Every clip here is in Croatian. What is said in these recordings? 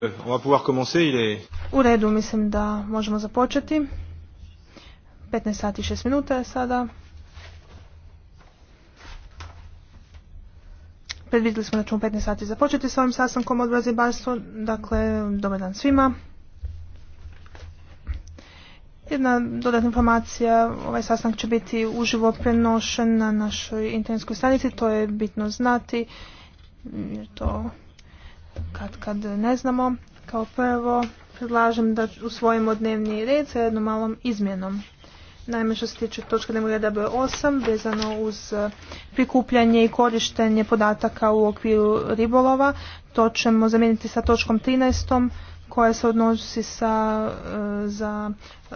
Euh, u redu, mislim da možemo započeti. 15 sati i 6 minuta je sada. Predvidjeli smo da ćemo 15 sati započeti s ovim sastankom od za Dakle, dobar dan svima. Jedna dodatna informacija, ovaj sastanak će biti uživo prenošen na našoj internetskoj stranici, to je bitno znati. To kad kad ne znamo. Kao prvo predlažem da usvojimo dnevni red sa jednom malom izmjenom. Naime, što se tiče točka dnevnog reda broj 8, vezano uz e, prikupljanje i korištenje podataka u okviru ribolova, to ćemo zamijeniti sa točkom 13 koja se odnosi sa, e, za e,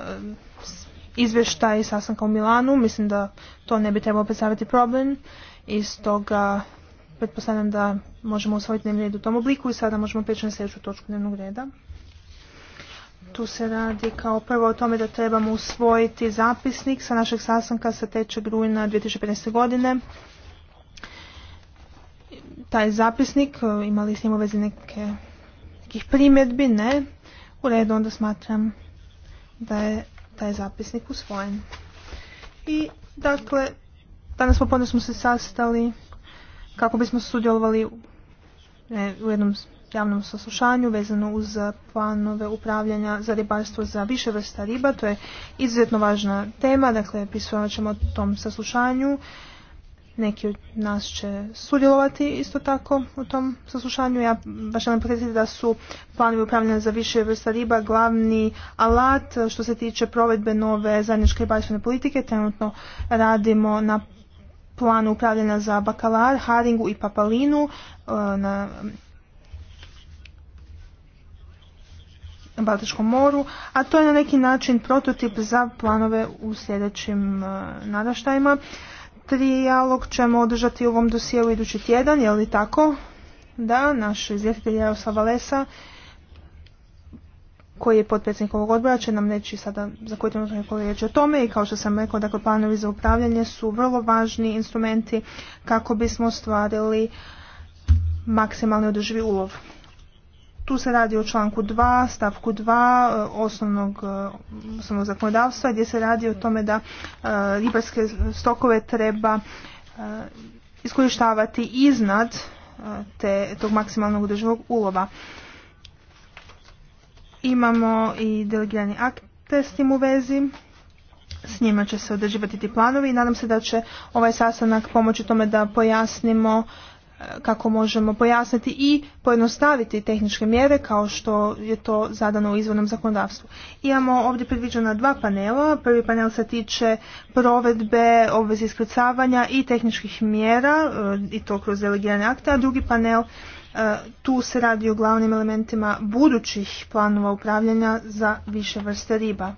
izvještaj sastanka u Milanu. Mislim da to ne bi trebalo predstaviti problem i toga pretpostavljam da možemo usvojiti dnevni red u tom obliku i sada možemo preći na sljedeću točku dnevnog reda. Tu se radi kao prvo o tome da trebamo usvojiti zapisnik sa našeg sastanka sa tečeg rujna 2015. godine. Taj zapisnik, e, imali s njim uvezi neke, nekih primjedbi? Ne. U redu onda smatram da je taj zapisnik usvojen. I dakle, danas popodne smo se sastali kako bismo sudjelovali u jednom javnom saslušanju vezano uz planove upravljanja za ribarstvo za više vrsta riba. To je izuzetno važna tema, dakle pisovat ćemo o tom saslušanju. Neki od nas će sudjelovati isto tako u tom saslušanju. Ja baš želim podsjetiti da su planovi upravljanja za više vrsta riba glavni alat što se tiče provedbe nove zajedničke ribarstvene politike. Trenutno radimo na planu upravljena za bakalar, haringu i papalinu e, na Baltičkom moru, a to je na neki način prototip za planove u sljedećim e, naraštajima. Trijalog ćemo održati u ovom dosijelu idući tjedan, je li tako? Da, naš izvjetitelj Jaroslav Valesa koji je potpredsjednik ovog odbora će nam reći sada za koji trenutno nekoliko reći o tome i kao što sam rekao, dakle planovi za upravljanje su vrlo važni instrumenti kako bismo stvarili maksimalni održivi ulov. Tu se radi o članku 2, stavku 2 e, osnovnog, e, osnovnog zakonodavstva gdje se radi o tome da e, ribarske stokove treba iskorištavati iznad te, tog maksimalnog održivog ulova. Imamo i delegirani akte s tim u vezi. S njima će se održivati ti planovi i nadam se da će ovaj sastanak pomoći tome da pojasnimo e, kako možemo pojasniti i pojednostaviti tehničke mjere kao što je to zadano u izvornom zakonodavstvu. Imamo ovdje predviđena dva panela. Prvi panel se tiče provedbe obveze iskrcavanja i tehničkih mjera e, i to kroz delegirane akte, a drugi panel E, tu se radi o glavnim elementima budućih planova upravljanja za više vrste riba.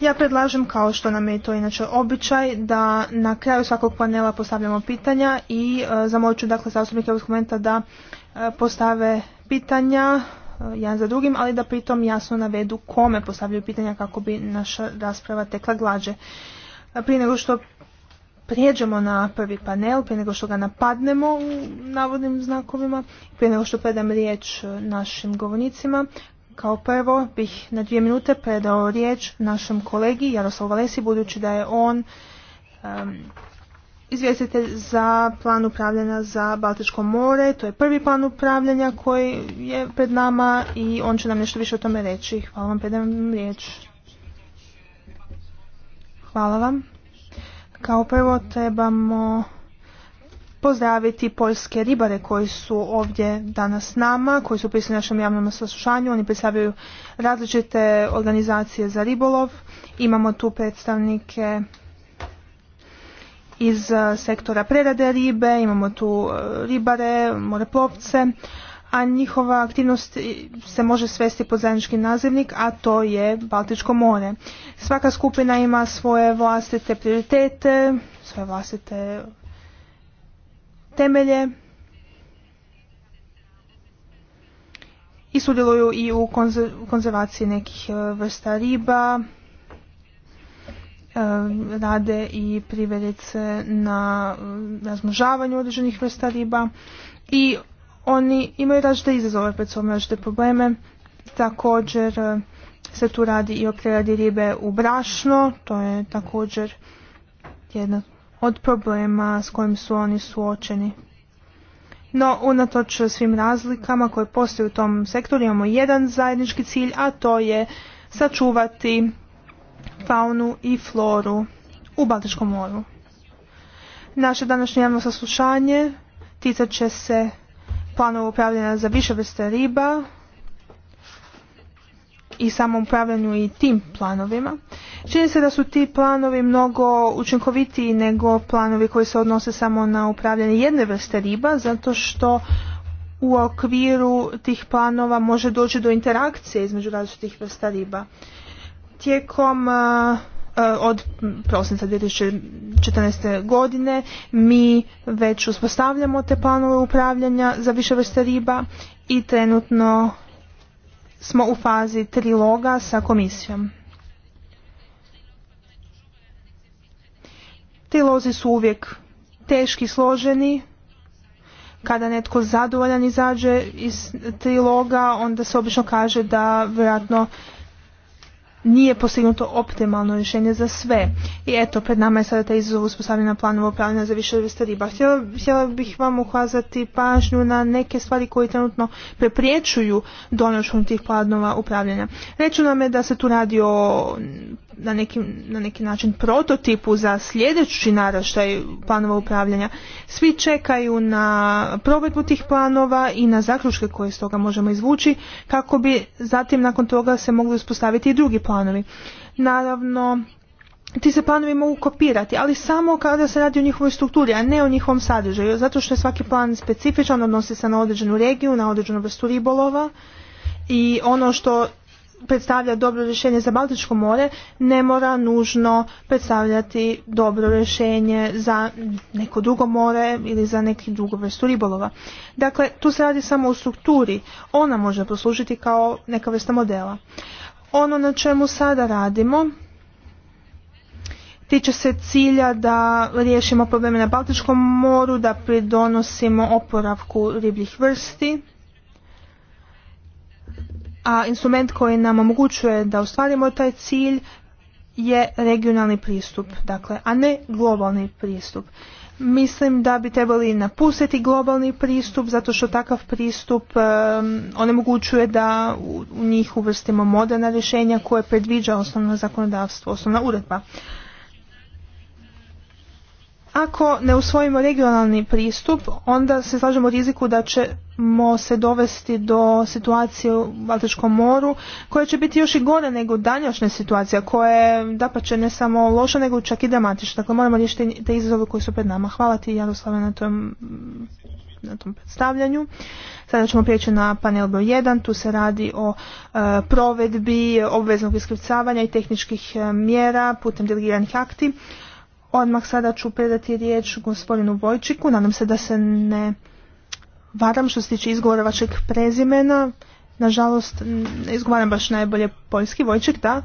Ja predlažem, kao što nam je to inače običaj, da na kraju svakog panela postavljamo pitanja i e, zamolit ću dakle zastupnike ovog momenta da e, postave pitanja jedan za drugim, ali da pritom jasno navedu kome postavljaju pitanja kako bi naša rasprava tekla glađe. Prije nego što prijeđemo na prvi panel, prije nego što ga napadnemo u navodnim znakovima, prije nego što predam riječ e, našim govornicima, kao prvo bih na dvije minute predao riječ našem kolegi Jaroslavu Valesi, budući da je on um, izvjestitelj za plan upravljanja za Baltičko more. To je prvi plan upravljanja koji je pred nama i on će nam nešto više o tome reći. Hvala vam, predam riječ. Hvala vam. Kao prvo trebamo pozdraviti poljske ribare koji su ovdje danas s nama, koji su prisutni našem javnom saslušanju. Oni predstavljaju različite organizacije za ribolov. Imamo tu predstavnike iz eh, sektora prerade ribe, imamo tu eh, ribare, moreplovce, a njihova aktivnost se može svesti pod zajednički nazivnik, a to je Baltičko more. Svaka skupina ima svoje vlastite prioritete, svoje vlastite temelje i sudjeluju i u konzervaciji nekih e, vrsta riba, e, rade i privedice na e, razmnožavanju određenih vrsta riba i oni imaju različite izazove pred sobom, različite probleme. Također e, se tu radi i o preradi ribe u brašno, to je također jedan od problema s kojim su oni suočeni. No, unatoč svim razlikama koje postoje u tom sektoru imamo jedan zajednički cilj, a to je sačuvati faunu i floru u Baltičkom moru. Naše današnje javno saslušanje ticat će se planova upravljanja za više vrste riba i samom upravljanju i tim planovima. Čini se da su ti planovi mnogo učinkovitiji nego planovi koji se odnose samo na upravljanje jedne vrste riba, zato što u okviru tih planova može doći do interakcije između različitih vrsta riba. Tijekom eh, E, od prosinca 2014. godine mi već uspostavljamo te planove upravljanja za više vrste riba i trenutno smo u fazi triloga sa komisijom. Trilozi su uvijek teški, složeni. Kada netko zadovoljan izađe iz triloga, onda se obično kaže da vjerojatno nije postignuto optimalno rješenje za sve. I eto, pred nama je sada taj izazov uspostavljena planova upravljanja za više vrste riba. Htjela, bih vam ukazati pažnju na neke stvari koje trenutno prepriječuju donošenju tih planova upravljanja. Reću nam je da se tu radi o na neki, na neki način prototipu za sljedeći naraštaj planova upravljanja. Svi čekaju na provedbu tih planova i na zaključke koje s toga možemo izvući kako bi zatim nakon toga se mogli uspostaviti i drugi planovi. Naravno, ti se planovi mogu kopirati, ali samo kada se radi o njihovoj strukturi, a ne o njihovom sadržaju, zato što je svaki plan specifičan, odnosi se na određenu regiju, na određenu vrstu ribolova i ono što predstavlja dobro rješenje za Baltičko more ne mora nužno predstavljati dobro rješenje za neko drugo more ili za neki drugu vrstu ribolova. Dakle, tu se radi samo o strukturi. Ona može poslužiti kao neka vrsta modela. Ono na čemu sada radimo tiče se cilja da riješimo probleme na Baltičkom moru, da pridonosimo oporavku ribljih vrsti a instrument koji nam omogućuje da ostvarimo taj cilj je regionalni pristup, dakle, a ne globalni pristup. Mislim da bi trebali napustiti globalni pristup zato što takav pristup onemogućuje da u, u njih uvrstimo moderna rješenja koje predviđa osnovno zakonodavstvo, osnovna uredba. Ako ne usvojimo regionalni pristup, onda se slažemo riziku da ćemo se dovesti do situacije u Baltičkom moru, koja će biti još i gore nego danjašnja situacija, koja je, da pa će ne samo loša, nego čak i dramatična. Dakle, moramo riješiti te izazove koji su pred nama. Hvala ti, Jaroslave, na tom, na tom predstavljanju. Sada ćemo prijeći na panel broj 1. Tu se radi o e, provedbi obveznog iskrcavanja i tehničkih e, mjera putem delegiranih akti. Odmah sada ću predati riječ gospodinu Vojčiku. Nadam se da se ne varam što se tiče izgovora vašeg prezimena. Nažalost, ne izgovaram baš najbolje poljski Vojčik, da.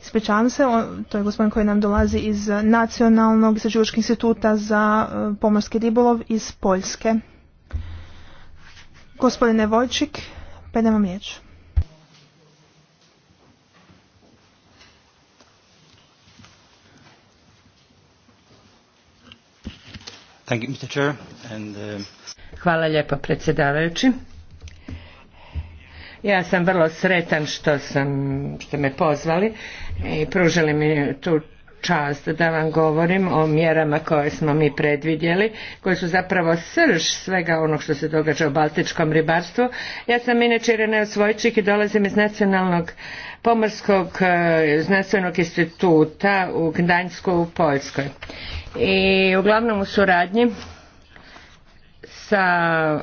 Ispričavam se, to je gospodin koji nam dolazi iz Nacionalnog istraživačkog instituta za e, pomorski ribolov iz Poljske. Gospodine Vojčik, predajem vam riječ. Um, Hvala lijepo predsjedavajući. Ja sam vrlo sretan što sam, što me pozvali i pružili mi tu čast da vam govorim o mjerama koje smo mi predvidjeli, koje su zapravo srž svega onog što se događa u baltičkom ribarstvu. Ja sam inače Irene Osvojčik i dolazim iz Nacionalnog pomorskog e, znanstvenog instituta u Gdańsku u Poljskoj i uglavnom u suradnji sa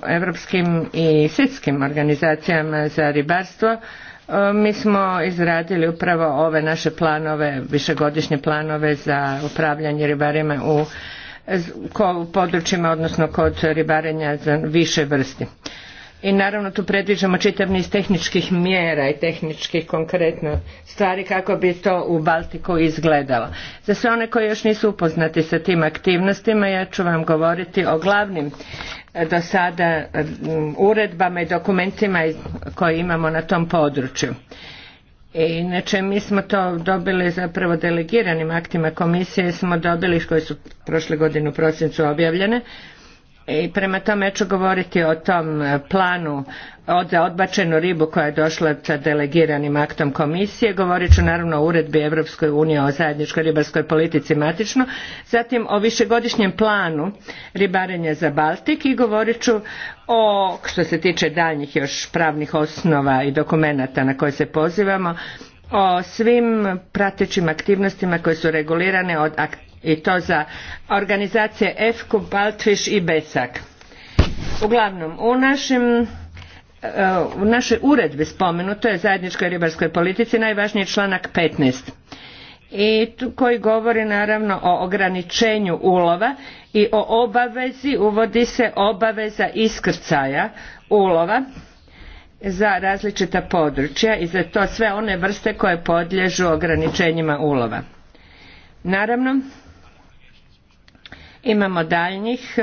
europskim i svjetskim organizacijama za ribarstvo e, mi smo izradili upravo ove naše planove, višegodišnje planove za upravljanje ribarima u područjima, odnosno kod ribarenja za više vrsti i naravno tu predviđamo čitav niz tehničkih mjera i tehničkih konkretno stvari kako bi to u Baltiku izgledalo. Za sve one koji još nisu upoznati sa tim aktivnostima ja ću vam govoriti o glavnim eh, do sada mm, uredbama i dokumentima koje imamo na tom području. E, inače, mi smo to dobili zapravo delegiranim aktima komisije, smo dobili, koji su prošle godinu u prosincu objavljene, i prema tome ja ću govoriti o tom e, planu za odbačenu ribu koja je došla sa delegiranim aktom komisije. Govorit ću naravno o uredbi Europskoj unije o zajedničkoj ribarskoj politici matično. Zatim o višegodišnjem planu ribarenja za Baltik i govorit ću o, što se tiče daljnjih još pravnih osnova i dokumenata na koje se pozivamo, o svim pratećim aktivnostima koje su regulirane od i to za organizacije EFKU, Baltfish i Besak. Uglavnom, u našem eh, u našoj uredbi spomenuto je zajedničkoj ribarskoj politici najvažniji članak 15 i koji govori naravno o ograničenju ulova i o obavezi uvodi se obaveza iskrcaja ulova za različita područja i za to sve one vrste koje podliježu ograničenjima ulova. Naravno, Imamo daljnjih,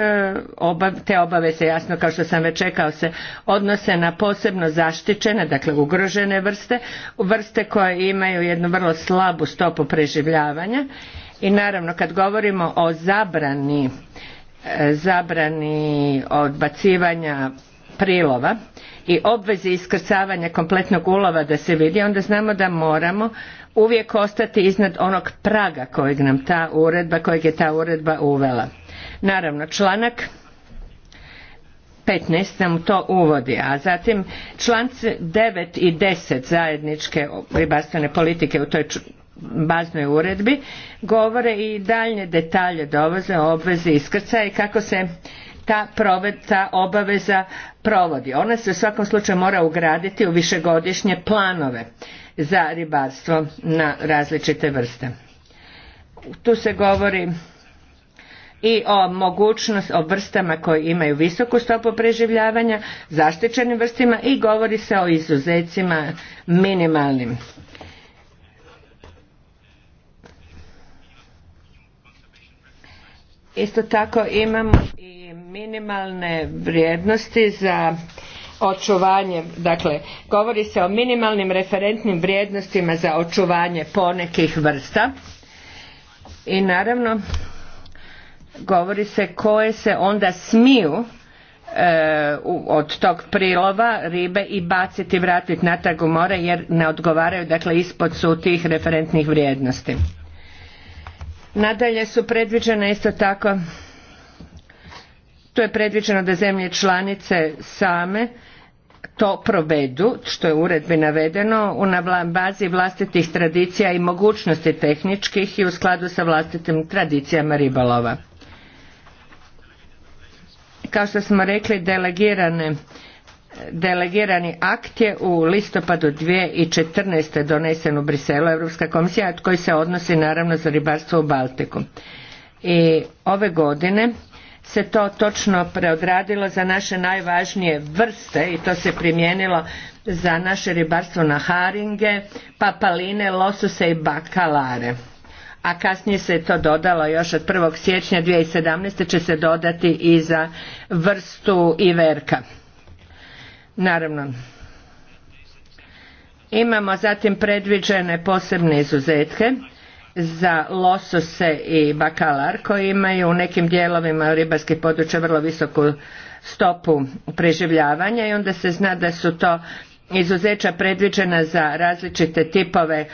e, te obaveze jasno kao što sam već čekao se odnose na posebno zaštićene, dakle ugrožene vrste, vrste koje imaju jednu vrlo slabu stopu preživljavanja i naravno kad govorimo o zabrani e, zabrani odbacivanja prilova i obvezi iskrcavanja kompletnog ulova da se vidi onda znamo da moramo uvijek ostati iznad onog praga kojeg nam ta uredba, kojeg je ta uredba uvela. Naravno, članak 15 nam to uvodi, a zatim članci 9 i 10 zajedničke ribarstvene politike u toj baznoj uredbi govore i daljnje detalje dovoze o obvezi iskrcaja i kako se ta, proved, ta obaveza provodi. Ona se u svakom slučaju mora ugraditi u višegodišnje planove za ribarstvo na različite vrste. Tu se govori i o mogućnost o vrstama koje imaju visoku stopu preživljavanja, zaštićenim vrstima i govori se o izuzecima minimalnim. Isto tako imamo i minimalne vrijednosti za očuvanje, dakle govori se o minimalnim referentnim vrijednostima za očuvanje ponekih vrsta i naravno govori se koje se onda smiju e, od tog prilova ribe i baciti, vratiti natrag u more jer ne odgovaraju dakle ispod su tih referentnih vrijednosti. Nadalje su predviđene isto tako tu je predviđeno da zemlje članice same to provedu, što je u uredbi navedeno, na bazi vlastitih tradicija i mogućnosti tehničkih i u skladu sa vlastitim tradicijama ribolova. Kao što smo rekli, delegirane delegirani akt je u listopadu 2014. donesen u Briselu Europska komisija koji se odnosi naravno za ribarstvo u Baltiku. I ove godine se to točno preodradilo za naše najvažnije vrste i to se primijenilo za naše ribarstvo na haringe, papaline, losuse i bakalare a kasnije se to dodalo još od 1. siječnja 2017. će se dodati i za vrstu verka Naravno, imamo zatim predviđene posebne izuzetke za losose i bakalar koji imaju u nekim dijelovima ribarskih područja vrlo visoku stopu preživljavanja i onda se zna da su to izuzeća predviđena za različite tipove e,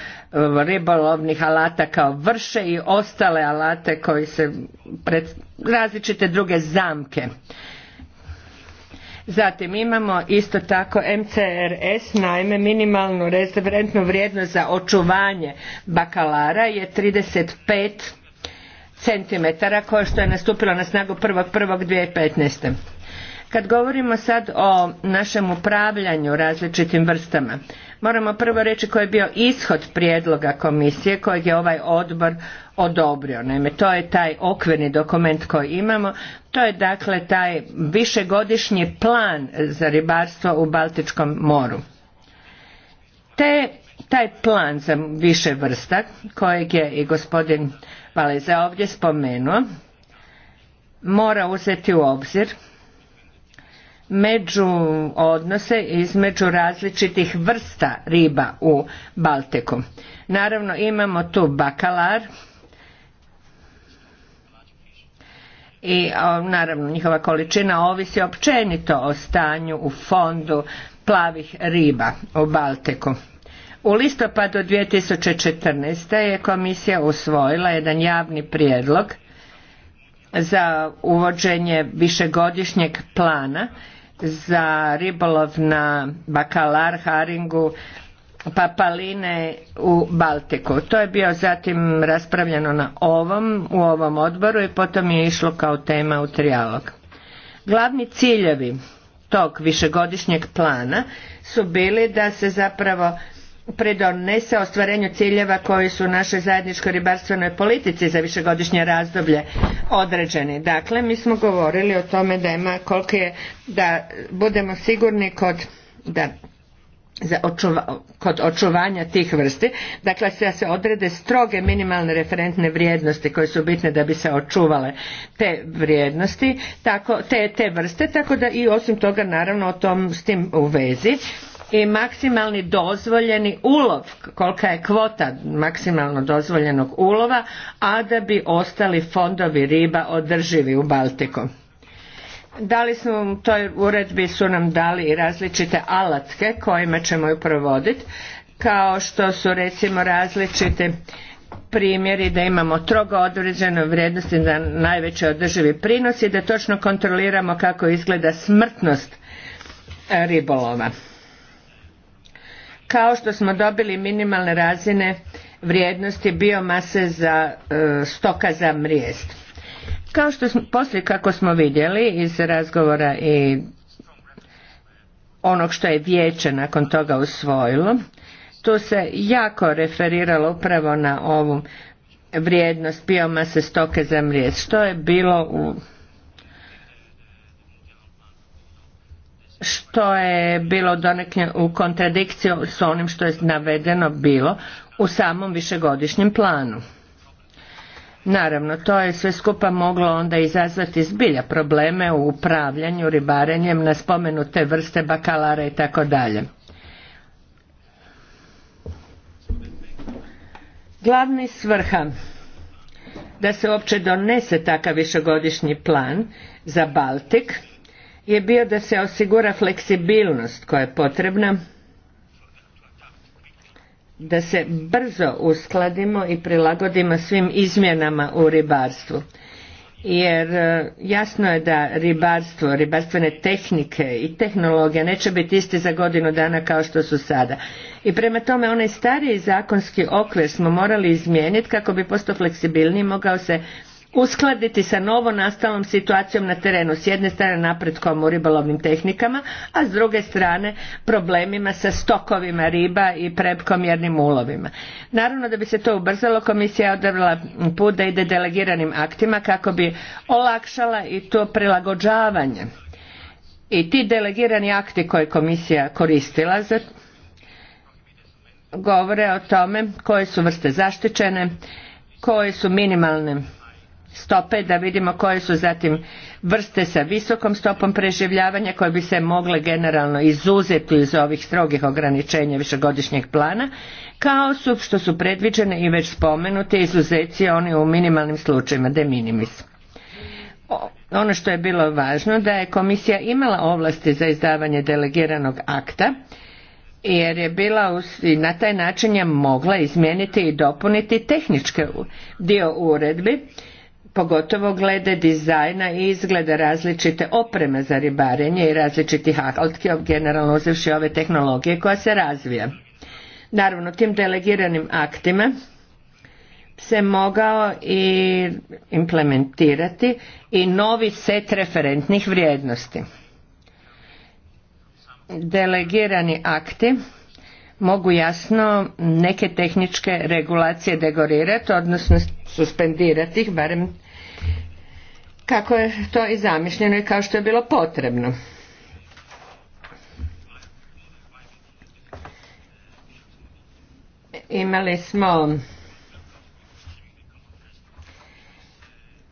ribolovnih alata kao vrše i ostale alate koji se različite druge zamke Zatim imamo isto tako MCRS, naime minimalnu referentnu vrijednost za očuvanje bakalara je 35 centimetara koja što je nastupila na snagu 1.1.2015. Kad govorimo sad o našem upravljanju različitim vrstama, moramo prvo reći koji je bio ishod prijedloga komisije kojeg je ovaj odbor odobrio. Naime, to je taj okvirni dokument koji imamo to je dakle taj višegodišnji plan za ribarstvo u Baltičkom moru. Te, taj plan za više vrsta, kojeg je i gospodin Valeza ovdje spomenuo, mora uzeti u obzir među odnose između različitih vrsta riba u Baltiku. Naravno imamo tu bakalar, i naravno njihova količina ovisi općenito o stanju u fondu plavih riba u Baltiku. U listopadu 2014. je komisija usvojila jedan javni prijedlog za uvođenje višegodišnjeg plana za ribolov na bakalar, haringu, papaline u Baltiku. To je bio zatim raspravljeno na ovom, u ovom odboru i potom je išlo kao tema u trijalog. Glavni ciljevi tog višegodišnjeg plana su bili da se zapravo pridonese ostvarenju ciljeva koji su u našoj zajedničkoj ribarstvenoj politici za višegodišnje razdoblje određeni. Dakle, mi smo govorili o tome da ima koliki je, da budemo sigurni kod da za kod očuvanja tih vrsti, dakle da se odrede stroge minimalne referentne vrijednosti koje su bitne da bi se očuvale te vrijednosti, tako, te, te vrste, tako da i osim toga naravno o tom s tim u vezi i maksimalni dozvoljeni ulov, kolika je kvota maksimalno dozvoljenog ulova, a da bi ostali fondovi riba održivi u Baltiku dali smo toj uredbi su nam dali i različite alatke kojima ćemo ju provoditi kao što su recimo različite primjeri da imamo trogo određene vrijednosti za najveći održivi prinos i da točno kontroliramo kako izgleda smrtnost e, ribolova. Kao što smo dobili minimalne razine vrijednosti biomase za e, stoka za mrijest kao što smo, poslije kako smo vidjeli iz razgovora i onog što je vijeće nakon toga usvojilo, tu se jako referiralo upravo na ovu vrijednost biomase stoke za mrijez, što je bilo u što je bilo donekle u kontradikciju s onim što je navedeno bilo u samom višegodišnjem planu. Naravno, to je sve skupa moglo onda izazvati zbilja probleme u upravljanju ribarenjem na spomenute vrste bakalara i tako dalje. Glavni svrha da se uopće donese takav višegodišnji plan za Baltik je bio da se osigura fleksibilnost koja je potrebna da se brzo uskladimo i prilagodimo svim izmjenama u ribarstvu. Jer e, jasno je da ribarstvo, ribarstvene tehnike i tehnologija neće biti isti za godinu dana kao što su sada. I prema tome onaj stariji zakonski okvir smo morali izmijeniti kako bi postao fleksibilniji mogao se uskladiti sa novo nastalom situacijom na terenu. S jedne strane napretkom u ribolovnim tehnikama, a s druge strane problemima sa stokovima riba i prekomjernim ulovima. Naravno da bi se to ubrzalo, komisija je odabrala put da ide delegiranim aktima kako bi olakšala i to prilagođavanje. I ti delegirani akti koje komisija koristila za govore o tome koje su vrste zaštićene, koje su minimalne stope da vidimo koje su zatim vrste sa visokom stopom preživljavanja koje bi se mogle generalno izuzeti iz ovih strogih ograničenja višegodišnjeg plana kao su što su predviđene i već spomenute izuzeci oni u minimalnim slučajevima de minimis. Ono što je bilo važno da je komisija imala ovlasti za izdavanje delegiranog akta jer je bila i na taj način je mogla izmijeniti i dopuniti tehničke dio uredbi pogotovo glede dizajna i izgleda različite opreme za ribarenje i različitih akti, generalno uzevši ove tehnologije koja se razvija. Naravno, tim delegiranim aktima se mogao i implementirati i novi set referentnih vrijednosti. Delegirani akti mogu jasno neke tehničke regulacije degorirati, odnosno suspendirati ih barem kako je to i zamišljeno i kao što je bilo potrebno. Imali smo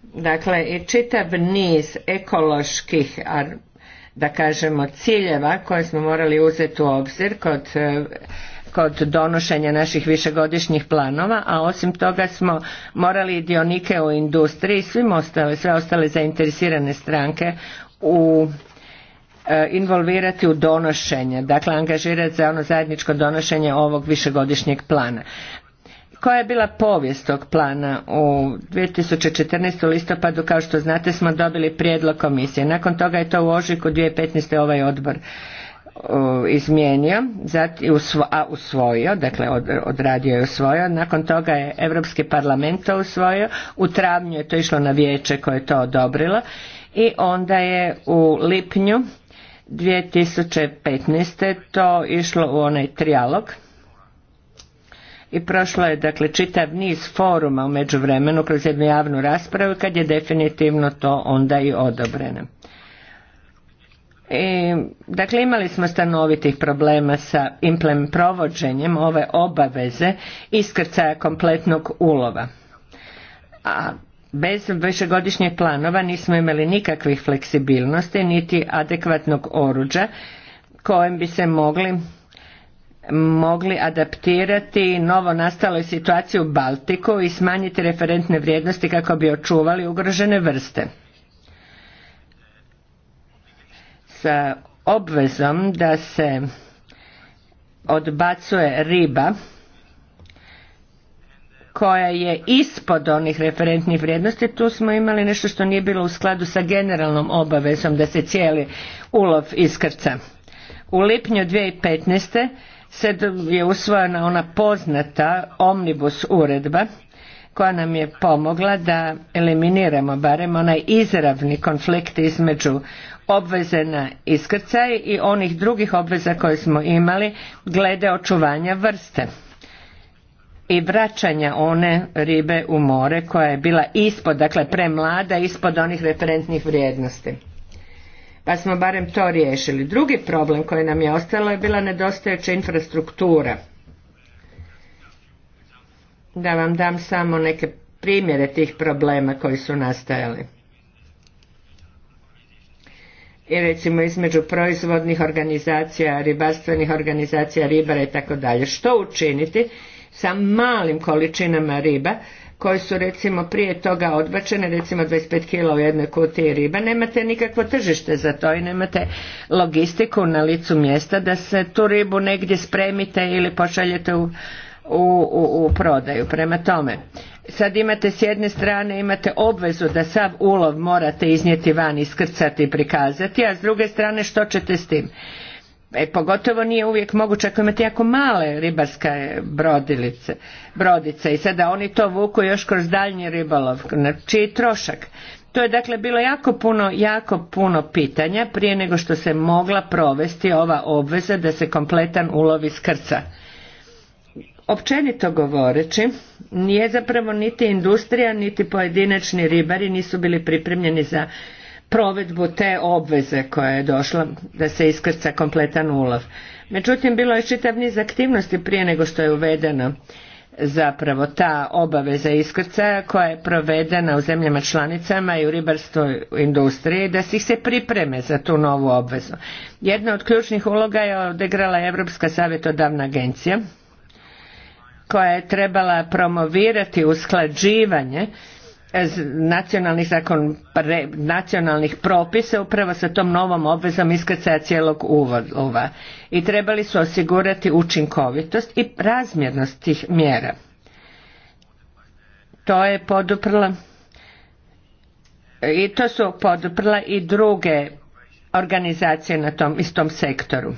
dakle i čitav niz ekoloških da kažemo ciljeva koje smo morali uzeti u obzir kod eh, kod donošenja naših višegodišnjih planova, a osim toga smo morali i dionike u industriji, svim ostale, sve ostale zainteresirane stranke u e, involvirati u donošenje, dakle angažirati za ono zajedničko donošenje ovog višegodišnjeg plana. Koja je bila povijest tog plana? U 2014. listopadu, kao što znate, smo dobili prijedlog komisije. Nakon toga je to u ožujku 2015. ovaj odbor izmijenio a usvojio, dakle odradio je usvojio, nakon toga je Europski parlament to usvojio, u travnju je to išlo na vijeće koje je to odobrilo i onda je u lipnju 2015. to išlo u onaj trijalog i prošlo je dakle čitav niz foruma u međuvremenu kroz jednu javnu raspravu kad je definitivno to onda i odobreno. I, dakle, imali smo stanovitih problema sa implement provođenjem ove obaveze iskrcaja kompletnog ulova. A bez višegodišnjih planova nismo imali nikakvih fleksibilnosti niti adekvatnog oruđa kojem bi se mogli mogli adaptirati novo nastaloj situaciji u Baltiku i smanjiti referentne vrijednosti kako bi očuvali ugrožene vrste. sa obvezom da se odbacuje riba koja je ispod onih referentnih vrijednosti, tu smo imali nešto što nije bilo u skladu sa generalnom obavezom da se cijeli ulov iskrca. U lipnju 2015. se je usvojena ona poznata omnibus uredba koja nam je pomogla da eliminiramo barem onaj izravni konflikt između obveze na iskrcaj i onih drugih obveza koje smo imali glede očuvanja vrste i vraćanja one ribe u more koja je bila ispod, dakle premlada, ispod onih referentnih vrijednosti. Pa smo barem to riješili. Drugi problem koji nam je ostalo je bila nedostajuća infrastruktura. Da vam dam samo neke primjere tih problema koji su nastajali i recimo između proizvodnih organizacija, ribarstvenih organizacija, ribara i tako dalje. Što učiniti sa malim količinama riba koje su recimo prije toga odbačene, recimo 25 kg u jednoj kutiji riba, nemate nikakvo tržište za to i nemate logistiku na licu mjesta da se tu ribu negdje spremite ili pošaljete u, u, u, u prodaju. Prema tome, sad imate s jedne strane imate obvezu da sav ulov morate iznijeti van, iskrcati i prikazati, a s druge strane što ćete s tim? E, pogotovo nije uvijek moguće ako imate jako male ribarske brodilice, brodice i sada oni to vuku još kroz daljnji ribolov, na čiji trošak. To je dakle bilo jako puno, jako puno pitanja prije nego što se mogla provesti ova obveza da se kompletan ulov iskrca. Općenito govoreći, nije zapravo niti industrija, niti pojedinačni ribari nisu bili pripremljeni za provedbu te obveze koja je došla da se iskrca kompletan ulov. Međutim, bilo je čitav niz aktivnosti prije nego što je uvedena zapravo ta obaveza iskrcaja koja je provedena u zemljama članicama i u ribarskoj industriji da se ih se pripreme za tu novu obvezu. Jedna od ključnih uloga je odigrala Europska savjetodavna agencija koja je trebala promovirati usklađivanje nacionalnih, zakon, nacionalnih propisa upravo sa tom novom obvezom iskrcaja cijelog uvodova i trebali su osigurati učinkovitost i razmjernost tih mjera. To je poduprla i to su poduprla i druge organizacije na tom istom sektoru.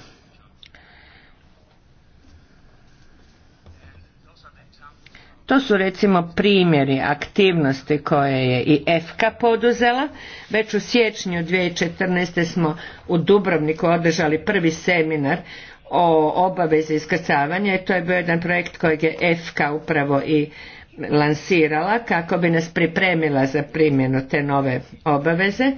To su recimo primjeri aktivnosti koje je i EFKA poduzela. Već u siječnju 2014. smo u Dubrovniku održali prvi seminar o obavezi iskrcavanja i to je bio jedan projekt kojeg je FK upravo i lansirala kako bi nas pripremila za primjenu te nove obaveze.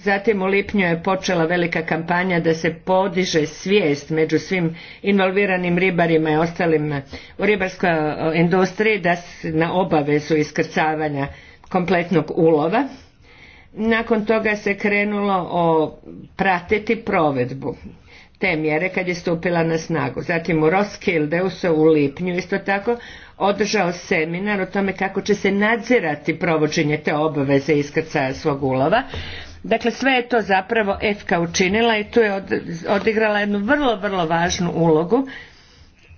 Zatim u lipnju je počela velika kampanja da se podiže svijest među svim involviranim ribarima i ostalim u ribarskoj e, industriji da na obavezu iskrcavanja kompletnog ulova. Nakon toga se krenulo o pratiti provedbu te mjere kad je stupila na snagu. Zatim u Roskildeu se u lipnju isto tako održao seminar o tome kako će se nadzirati provođenje te obaveze iskrcaja svog ulova Dakle, sve je to zapravo EFKA učinila i tu je odigrala jednu vrlo, vrlo važnu ulogu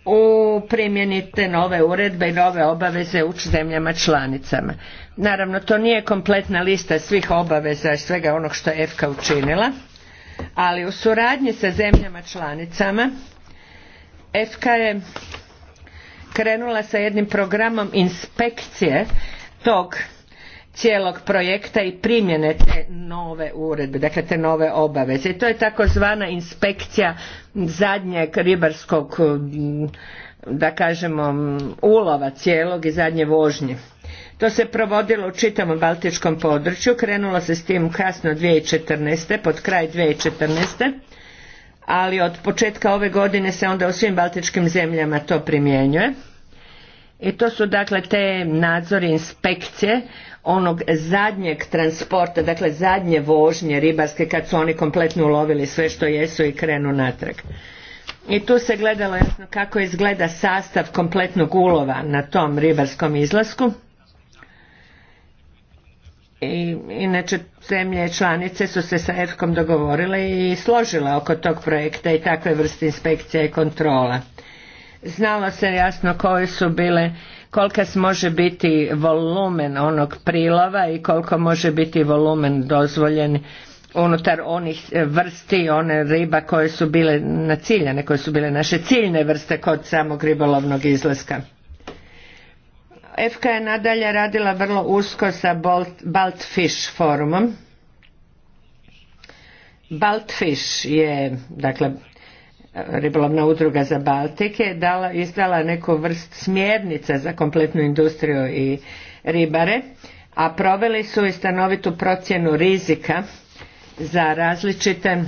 u primjeni te nove uredbe i nove obaveze u zemljama članicama. Naravno, to nije kompletna lista svih obaveza i svega onog što je EFKA učinila, ali u suradnji sa zemljama članicama EFKA je krenula sa jednim programom inspekcije tog cijelog projekta i primjene te nove uredbe, dakle te nove obaveze. I to je takozvana inspekcija zadnjeg ribarskog mm, da kažemo mm, ulova cijelog i zadnje vožnje. To se provodilo u čitavom baltičkom području, krenulo se s tim kasno 2014. pod kraj 2014. Ali od početka ove godine se onda u svim baltičkim zemljama to primjenjuje. I to su dakle te nadzori inspekcije onog zadnjeg transporta, dakle zadnje vožnje ribarske kad su oni kompletno ulovili sve što jesu i krenu natrag. I tu se gledalo jasno kako izgleda sastav kompletnog ulova na tom ribarskom izlasku. I, inače, zemlje članice su se sa EFKOM dogovorile i složile oko tog projekta i takve vrste inspekcija i kontrola. Znalo se jasno koje su bile kolika može biti volumen onog prilova i koliko može biti volumen dozvoljen unutar onih e, vrsti, one riba koje su bile ciljane, koje su bile naše ciljne vrste kod samog ribolovnog izlaska. FK je nadalje radila vrlo usko sa Baltfish forumom. Baltfish je, dakle, ribolovna udruga za Baltike izdala neku vrst smjernica za kompletnu industriju i ribare, a proveli su i stanovitu procjenu rizika za različite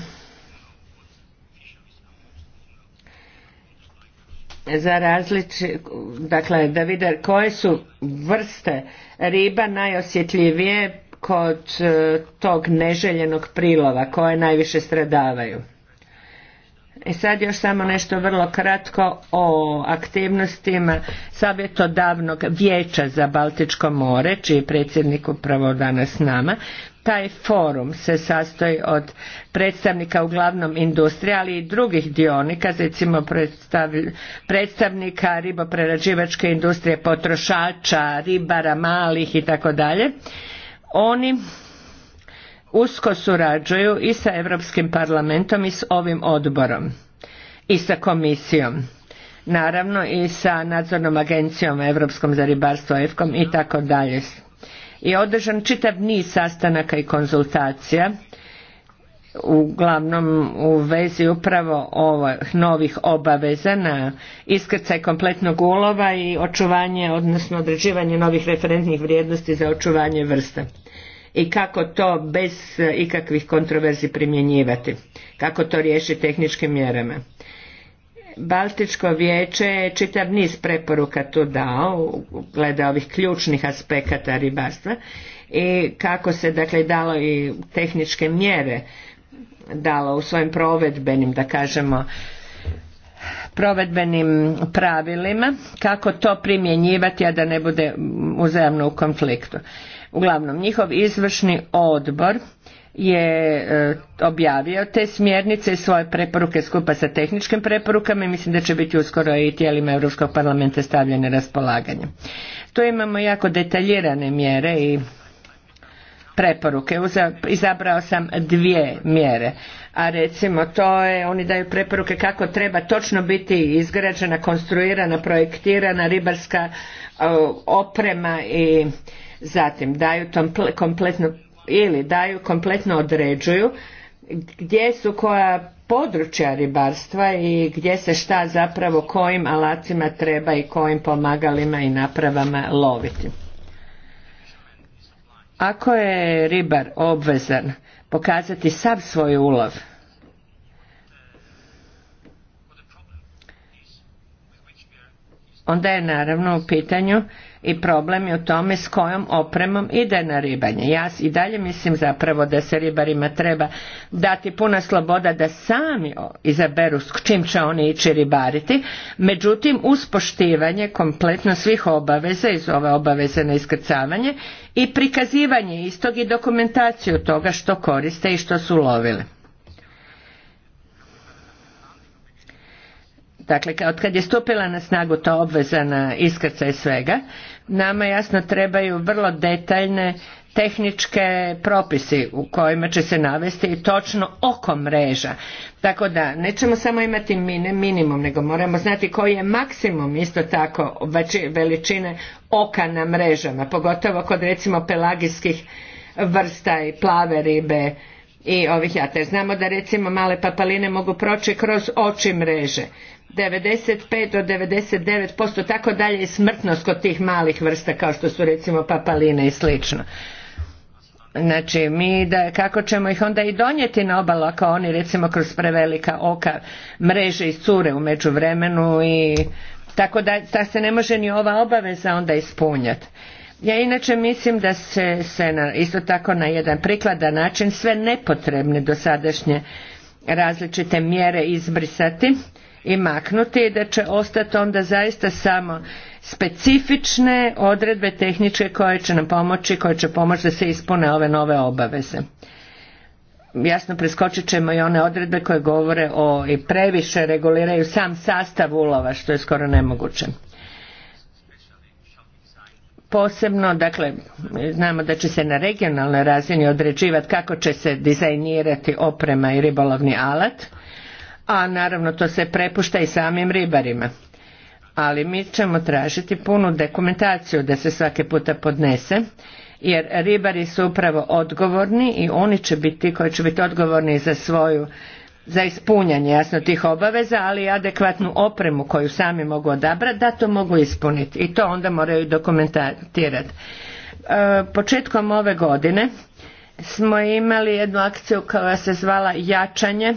za različite, dakle da vide koje su vrste riba najosjetljivije kod e, tog neželjenog prilova koje najviše stradavaju. I e sad još samo nešto vrlo kratko o aktivnostima savjetodavnog vijeća za Baltičko more, čiji je predsjednik upravo danas s nama. Taj forum se sastoji od predstavnika uglavnom industrije, ali i drugih dionika, recimo predstavnika riboprerađivačke industrije, potrošača, ribara, malih i tako dalje. Oni usko surađuju i sa Europskim parlamentom i s ovim odborom i sa komisijom. Naravno i sa nadzornom agencijom Europskom za ribarstvo EFKOM i tako dalje. I održan čitav niz sastanaka i konzultacija uglavnom u vezi upravo ovih novih obaveza na iskrcaj kompletnog ulova i očuvanje, odnosno određivanje novih referentnih vrijednosti za očuvanje vrsta i kako to bez e, ikakvih kontroverzi primjenjivati, kako to riješiti tehničkim mjerama. Baltičko vijeće je čitav niz preporuka tu dao, gleda ovih ključnih aspekata ribarstva i kako se dakle dalo i tehničke mjere dalo u svojim provedbenim, da kažemo, provedbenim pravilima, kako to primjenjivati, a da ne bude uzajamno u konfliktu. Uglavnom, njihov izvršni odbor je e, objavio te smjernice i svoje preporuke skupa sa tehničkim preporukama i mislim da će biti uskoro i tijelima Europskog parlamenta stavljene raspolaganje. Tu imamo jako detaljirane mjere i preporuke. Izabrao sam dvije mjere. A recimo to je, oni daju preporuke kako treba točno biti izgrađena, konstruirana, projektirana ribarska e, oprema i Zatim daju kompletno ili daju kompletno određuju gdje su koja područja ribarstva i gdje se šta zapravo kojim alacima treba i kojim pomagalima i napravama loviti. Ako je ribar obvezan pokazati sav svoj ulov, onda je naravno u pitanju i problem je u tome s kojom opremom ide na ribanje. Ja i dalje mislim zapravo da se ribarima treba dati puna sloboda da sami izaberu s čim će oni ići ribariti, međutim uz poštivanje kompletno svih obaveza iz ove obaveze na iskrcavanje i prikazivanje istog i dokumentaciju toga što koriste i što su lovili. Dakle, od kad je stupila na snagu ta obveza na iskrca i svega, nama jasno trebaju vrlo detaljne tehničke propisi u kojima će se navesti i točno oko mreža. Tako da nećemo samo imati minimum, nego moramo znati koji je maksimum isto tako veličine oka na mrežama, pogotovo kod recimo pelagijskih vrsta i plave ribe i ovih jata. Znamo da recimo male papaline mogu proći kroz oči mreže 95 do 99% tako dalje je smrtnost kod tih malih vrsta kao što su recimo papaline i slično. Znači, mi da, kako ćemo ih onda i donijeti na obalu ako oni recimo kroz prevelika oka mreže i cure u međuvremenu i tako da, da se ne može ni ova obaveza onda ispunjati. Ja inače mislim da se, se na, isto tako na jedan prikladan način sve nepotrebne dosadašnje različite mjere izbrisati i maknuti i da će ostati onda zaista samo specifične odredbe tehničke koje će nam pomoći, koje će pomoći da se ispune ove nove obaveze. Jasno preskočit ćemo i one odredbe koje govore o i previše reguliraju sam sastav ulova što je skoro nemoguće posebno, dakle znamo da će se na regionalnoj razini određivati kako će se dizajnirati oprema i ribolovni alat a naravno to se prepušta i samim ribarima. Ali mi ćemo tražiti punu dokumentaciju da se svake puta podnese, jer ribari su upravo odgovorni i oni će biti koji će biti odgovorni za svoju za ispunjanje jasno tih obaveza, ali i adekvatnu opremu koju sami mogu odabrati, da to mogu ispuniti i to onda moraju dokumentirati. E, početkom ove godine smo imali jednu akciju koja se zvala Jačanje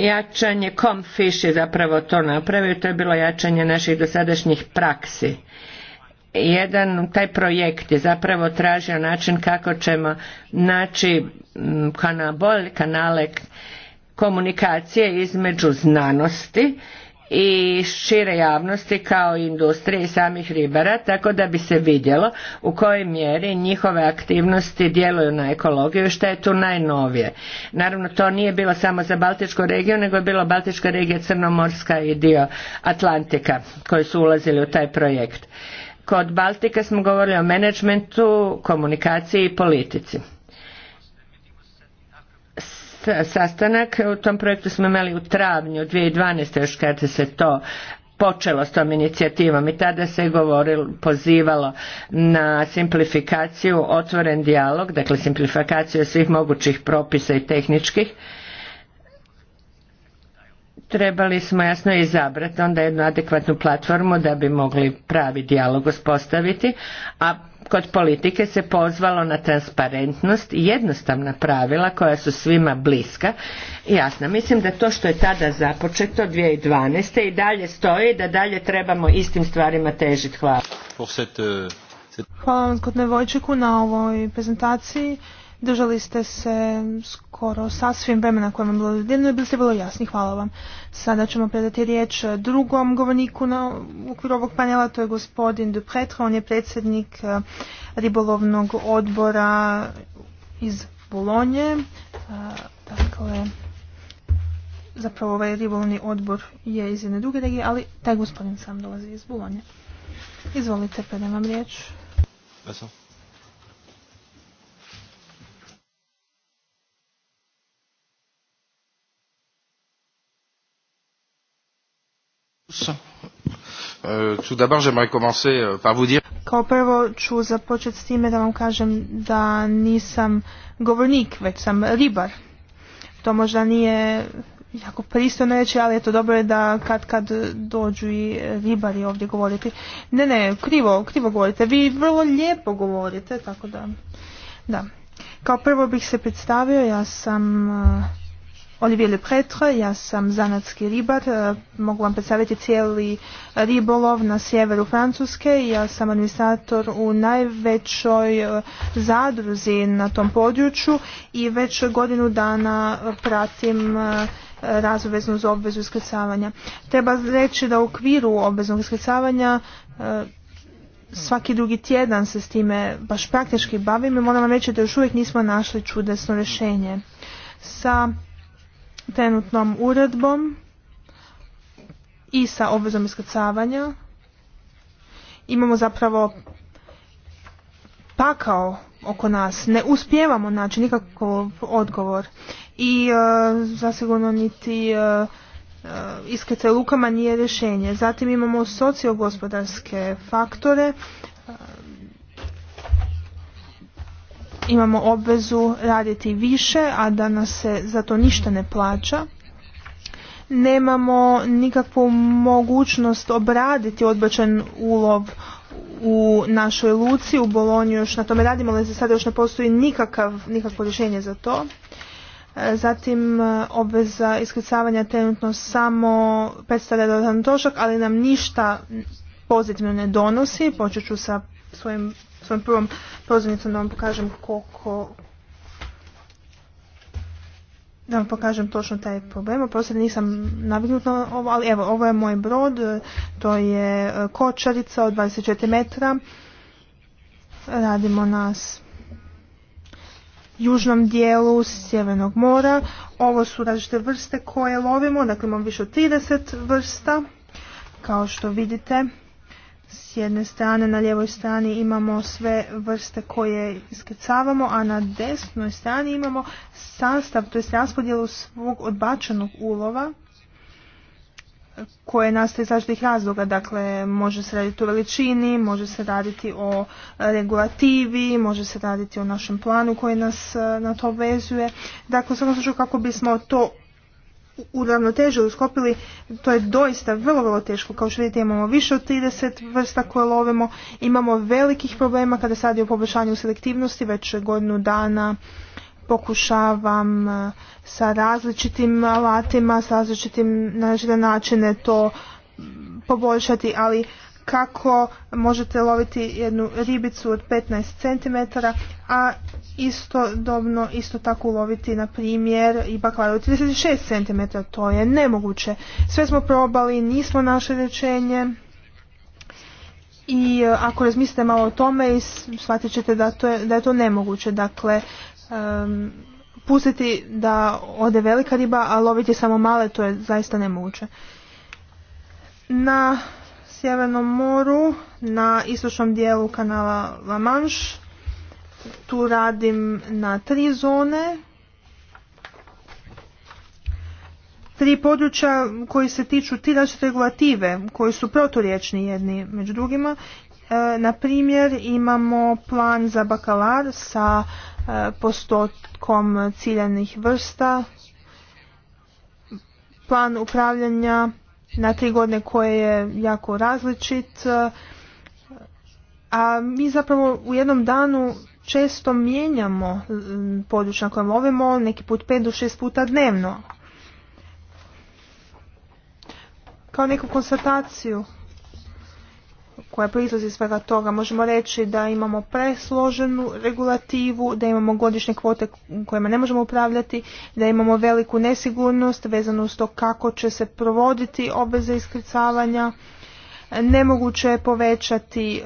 jačanje Comfish je zapravo to napravio, to je bilo jačanje naših dosadašnjih praksi. Jedan, taj projekt je zapravo tražio način kako ćemo naći mm, kanabol, kanale komunikacije između znanosti i šire javnosti kao i industrije i samih ribara tako da bi se vidjelo u kojoj mjeri njihove aktivnosti djeluju na ekologiju i šta je tu najnovije. Naravno to nije bilo samo za Baltičku regiju nego je bilo Baltička regija Crnomorska i dio Atlantika koji su ulazili u taj projekt. Kod Baltika smo govorili o menadžmentu, komunikaciji i politici sastanak. U tom projektu smo imali u travnju 2012. još kada se to počelo s tom inicijativom i tada se govorilo, pozivalo na simplifikaciju, otvoren dijalog, dakle simplifikaciju svih mogućih propisa i tehničkih. Trebali smo jasno izabrati onda jednu adekvatnu platformu da bi mogli pravi dijalog uspostaviti, a kod politike se pozvalo na transparentnost i jednostavna pravila koja su svima bliska. i jasna. mislim da to što je tada započeto 2012. i dalje stoji da dalje trebamo istim stvarima težiti. Hvala. Euh, Hvala vam kod na ovoj prezentaciji. Držali ste se skoro sasvim vremena koje vam bilo dodijeljeno i bili ste vrlo jasni. Hvala vam. Sada ćemo predati riječ drugom govorniku na okviru ovog panela, to je gospodin Dupretra, on je predsjednik eh, ribolovnog odbora iz Bolonje. Eh, dakle, zapravo ovaj ribolovni odbor je iz jedne druge regije, ali taj gospodin sam dolazi iz Bolonje. Izvolite, predam vam riječ. vam. E, euh, Kao prvo ću započeti s time da vam kažem da nisam govornik, već sam ribar. To možda nije jako pristojno reći, ali to dobro da kad kad dođu i ribari ovdje govoriti. Ne, ne, krivo, krivo govorite. Vi vrlo lijepo govorite, tako da... Da. Kao prvo bih se predstavio, ja sam Olivier Lepretre, ja sam zanatski ribar, e, mogu vam predstaviti cijeli ribolov na sjeveru Francuske, ja sam administrator u najvećoj e, zadruzi na tom području i već godinu dana pratim e, razoveznu za obvezu iskrcavanja. Treba reći da u okviru obveznog iskrcavanja svaki drugi tjedan se s time baš praktički bavim i moram vam reći da još uvijek nismo našli čudesno rješenje. Sa trenutnom uredbom i sa obvezom iskrcavanja imamo zapravo pakao oko nas. Ne uspijevamo naći nikakav odgovor i e, zasigurno niti e, e iskrcaj lukama nije rješenje. Zatim imamo sociogospodarske faktore imamo obvezu raditi više, a da nas se za to ništa ne plaća. Nemamo nikakvu mogućnost obraditi odbačen ulov u našoj luci, u Bolonju još na tome radimo, ali za sada još ne postoji nikakav, nikakvo rješenje za to. E, zatim e, obveza iskrcavanja trenutno samo predstavlja dodatan trošak, ali nam ništa pozitivno ne donosi. Počet ću sa svojim prvom pozornicom da vam pokažem koliko da vam pokažem točno taj problem. poslije nisam nabignut ovo, ali evo, ovo je moj brod, to je e, kočarica od 24 metra. Radimo nas južnom dijelu Sjevernog mora. Ovo su različite vrste koje lovimo, dakle imamo više od 30 vrsta. Kao što vidite, s jedne strane, na lijevoj strani imamo sve vrste koje iskrcavamo, a na desnoj strani imamo sastav, to je raspodjelu svog odbačenog ulova koje nastaje iz različitih razloga. Dakle, može se raditi o veličini, može se raditi o regulativi, može se raditi o našem planu koji nas eh, na to vezuje. Dakle, samo svakom kako bismo to u ravnotežu uskopili, to je doista vrlo, vrlo teško. Kao što vidite imamo više od 30 vrsta koje lovimo, imamo velikih problema kada se radi o poboljšanju selektivnosti, već godinu dana pokušavam e, sa različitim alatima, sa različitim načine to poboljšati, ali kako možete loviti jednu ribicu od 15 cm, a istodobno isto tako uloviti na primjer i od 36 cm. To je nemoguće. Sve smo probali, nismo našli rješenje. I eh, ako razmislite malo o tome shvatit ćete da, to je, da je to nemoguće. Dakle, pustiti da ode velika riba, a loviti samo male, to je zaista nemoguće. Na Sjevernom moru na istočnom dijelu kanala La Manche. Tu radim na tri zone, tri područja koji se tiču ti regulative koji su proturječni jedni među drugima. E, na primjer imamo plan za bakalar sa e, postotkom ciljenih vrsta, plan upravljanja na tri godine koje je jako različit. A mi zapravo u jednom danu često mijenjamo mm, područje na kojem lovimo, neki put pet do šest puta dnevno. Kao neku konstataciju koja proizlazi iz svega toga. Možemo reći da imamo presloženu regulativu, da imamo godišnje kvote kojima ne možemo upravljati, da imamo veliku nesigurnost vezanu uz to kako će se provoditi obveze iskrcavanja. Nemoguće je povećati e,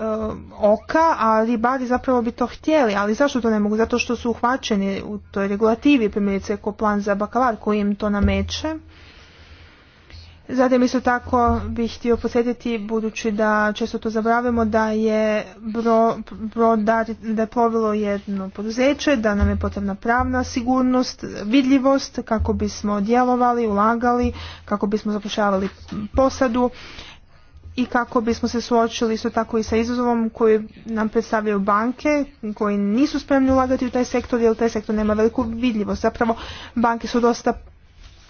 oka, a ribari zapravo bi to htjeli, ali zašto to ne mogu? Zato što su uhvaćeni u toj regulativi, primjerice ko plan za bakalar koji im to nameće Zatim isto tako bih htio posjetiti, budući da često to zabravimo, da je bro, da, da je plovilo jedno poduzeće, da nam je potrebna pravna sigurnost, vidljivost kako bismo djelovali, ulagali, kako bismo zapošljavali posadu i kako bismo se suočili isto tako i sa izazovom koji nam predstavljaju banke koji nisu spremni ulagati u taj sektor jer taj sektor nema veliku vidljivost. Zapravo banke su dosta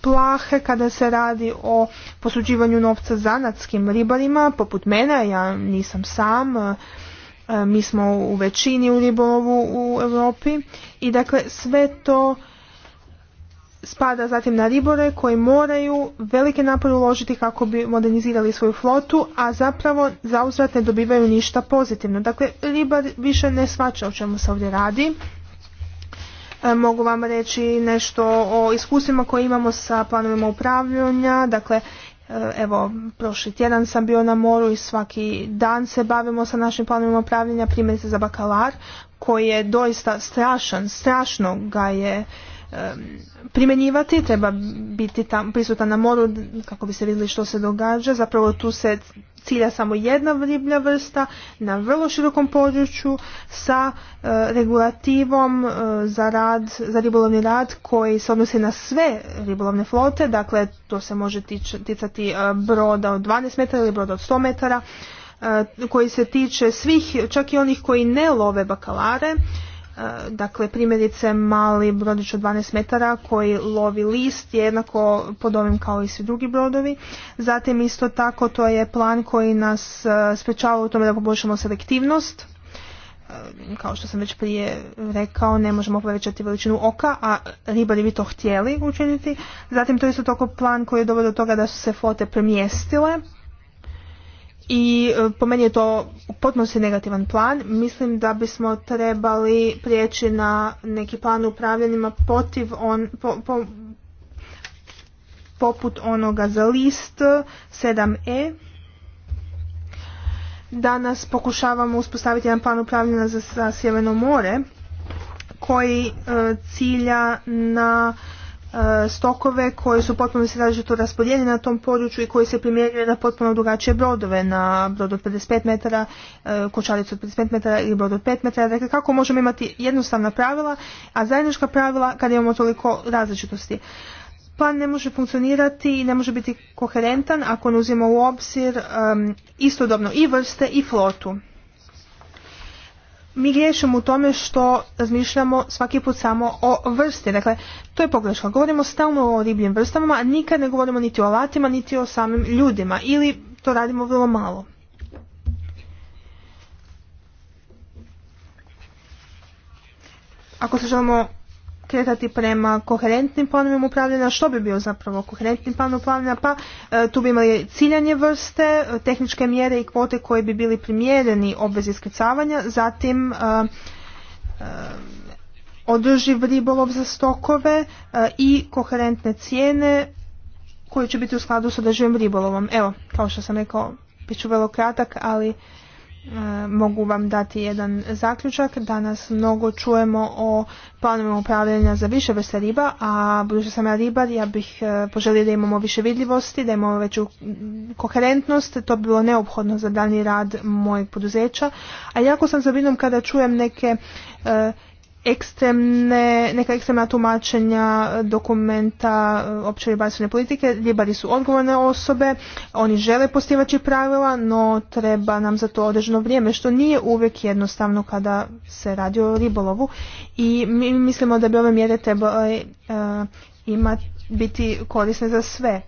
plahe kada se radi o posuđivanju novca zanatskim ribarima, poput mene, ja nisam sam, e, e, mi smo u većini u ribolovu u Europi i dakle sve to spada zatim na ribore koji moraju velike napore uložiti kako bi modernizirali svoju flotu, a zapravo zauzvrat ne dobivaju ništa pozitivno. Dakle, ribar više ne svača o čemu se ovdje radi E, mogu vam reći nešto o iskustvima koje imamo sa planovima upravljanja. Dakle, e, evo, prošli tjedan sam bio na moru i svaki dan se bavimo sa našim planovima upravljanja, primjerice za bakalar, koji je doista strašan, strašno ga je primjenjivati, treba biti tam prisutan na moru kako bi se vidjeli što se događa. Zapravo tu se cilja samo jedna riblja vrsta na vrlo širokom području sa e, regulativom e, za rad, za ribolovni rad koji se odnosi na sve ribolovne flote, dakle to se može ticati e, broda od 12 metara ili broda od 100 metara koji se tiče svih, čak i onih koji ne love bakalare dakle primjerice mali brodić od 12 metara koji lovi list jednako pod ovim kao i svi drugi brodovi. Zatim isto tako to je plan koji nas e, sprečava u tome da poboljšamo selektivnost. E, kao što sam već prije rekao, ne možemo povećati veličinu oka, a ribari bi to htjeli učiniti. Zatim to je isto tako plan koji je doveo do toga da su se flote premjestile i e, po meni je to potpuno se negativan plan. Mislim da bismo trebali prijeći na neki plan upravljanjima protiv on, poput onoga za list 7e. Danas pokušavamo uspostaviti jedan plan upravljanja za, za Sjeverno more koji e, cilja na E, stokove koji su potpuno se različito raspodijeljeni na tom području i koji se primjeruje na potpuno drugačije brodove, na brod od 55 metara, e, kočaricu od 55 metara ili brod od 5 metara. Dakle, kako možemo imati jednostavna pravila, a zajednička pravila kad imamo toliko različitosti? plan ne može funkcionirati i ne može biti koherentan ako ne u obzir istodobno i vrste i flotu mi griješimo u tome što razmišljamo svaki put samo o vrsti. Dakle, to je pogreška. Govorimo stalno o ribljim vrstama, a nikad ne govorimo niti o alatima, niti o samim ljudima. Ili to radimo vrlo malo. Ako se želimo kretati prema koherentnim planovima upravljanja. Što bi bio zapravo koherentni plan upravljanja? Pa e, tu bi imali ciljanje vrste, e, tehničke mjere i kvote koje bi bili primjereni obvezi iskrcavanja, zatim e, održiv ribolov za stokove i koherentne cijene koje će biti u skladu s održivim ribolovom. Evo, kao što sam rekao, bit ću vrlo kratak, ali mogu vam dati jedan zaključak. Danas mnogo čujemo o planovima upravljanja za više vrste riba, a budući sam ja ribar, ja bih e, poželio da imamo više vidljivosti, da imamo veću koherentnost, to bi bilo neophodno za dani rad mojeg poduzeća. A jako sam zabinom kada čujem neke e, ekstremne, neka ekstremna tumačenja dokumenta eh, opće ribarstvene politike. Ribari su odgovorne osobe, oni žele postivati pravila, no treba nam za to određeno vrijeme, što nije uvijek jednostavno kada se radi o ribolovu. I mi mislimo da bi ove mjere trebale eh, imati biti korisne za sve.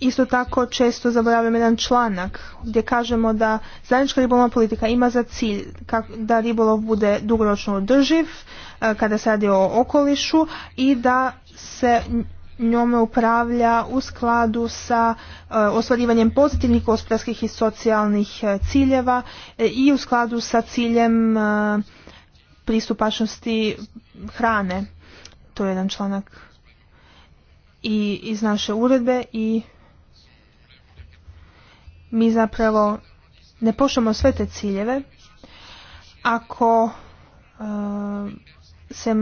Isto tako često zaboravljam jedan članak gdje kažemo da zajednička ribolovna politika ima za cilj da ribolov bude dugoročno održiv e, kada se radi o okolišu i da se njome upravlja u skladu sa e, ostvarivanjem pozitivnih gospodarskih i socijalnih e, ciljeva i u skladu sa ciljem pristupačnosti hrane. To je jedan članak i iz naše uredbe i mi zapravo ne poštujemo sve te ciljeve ako eh, se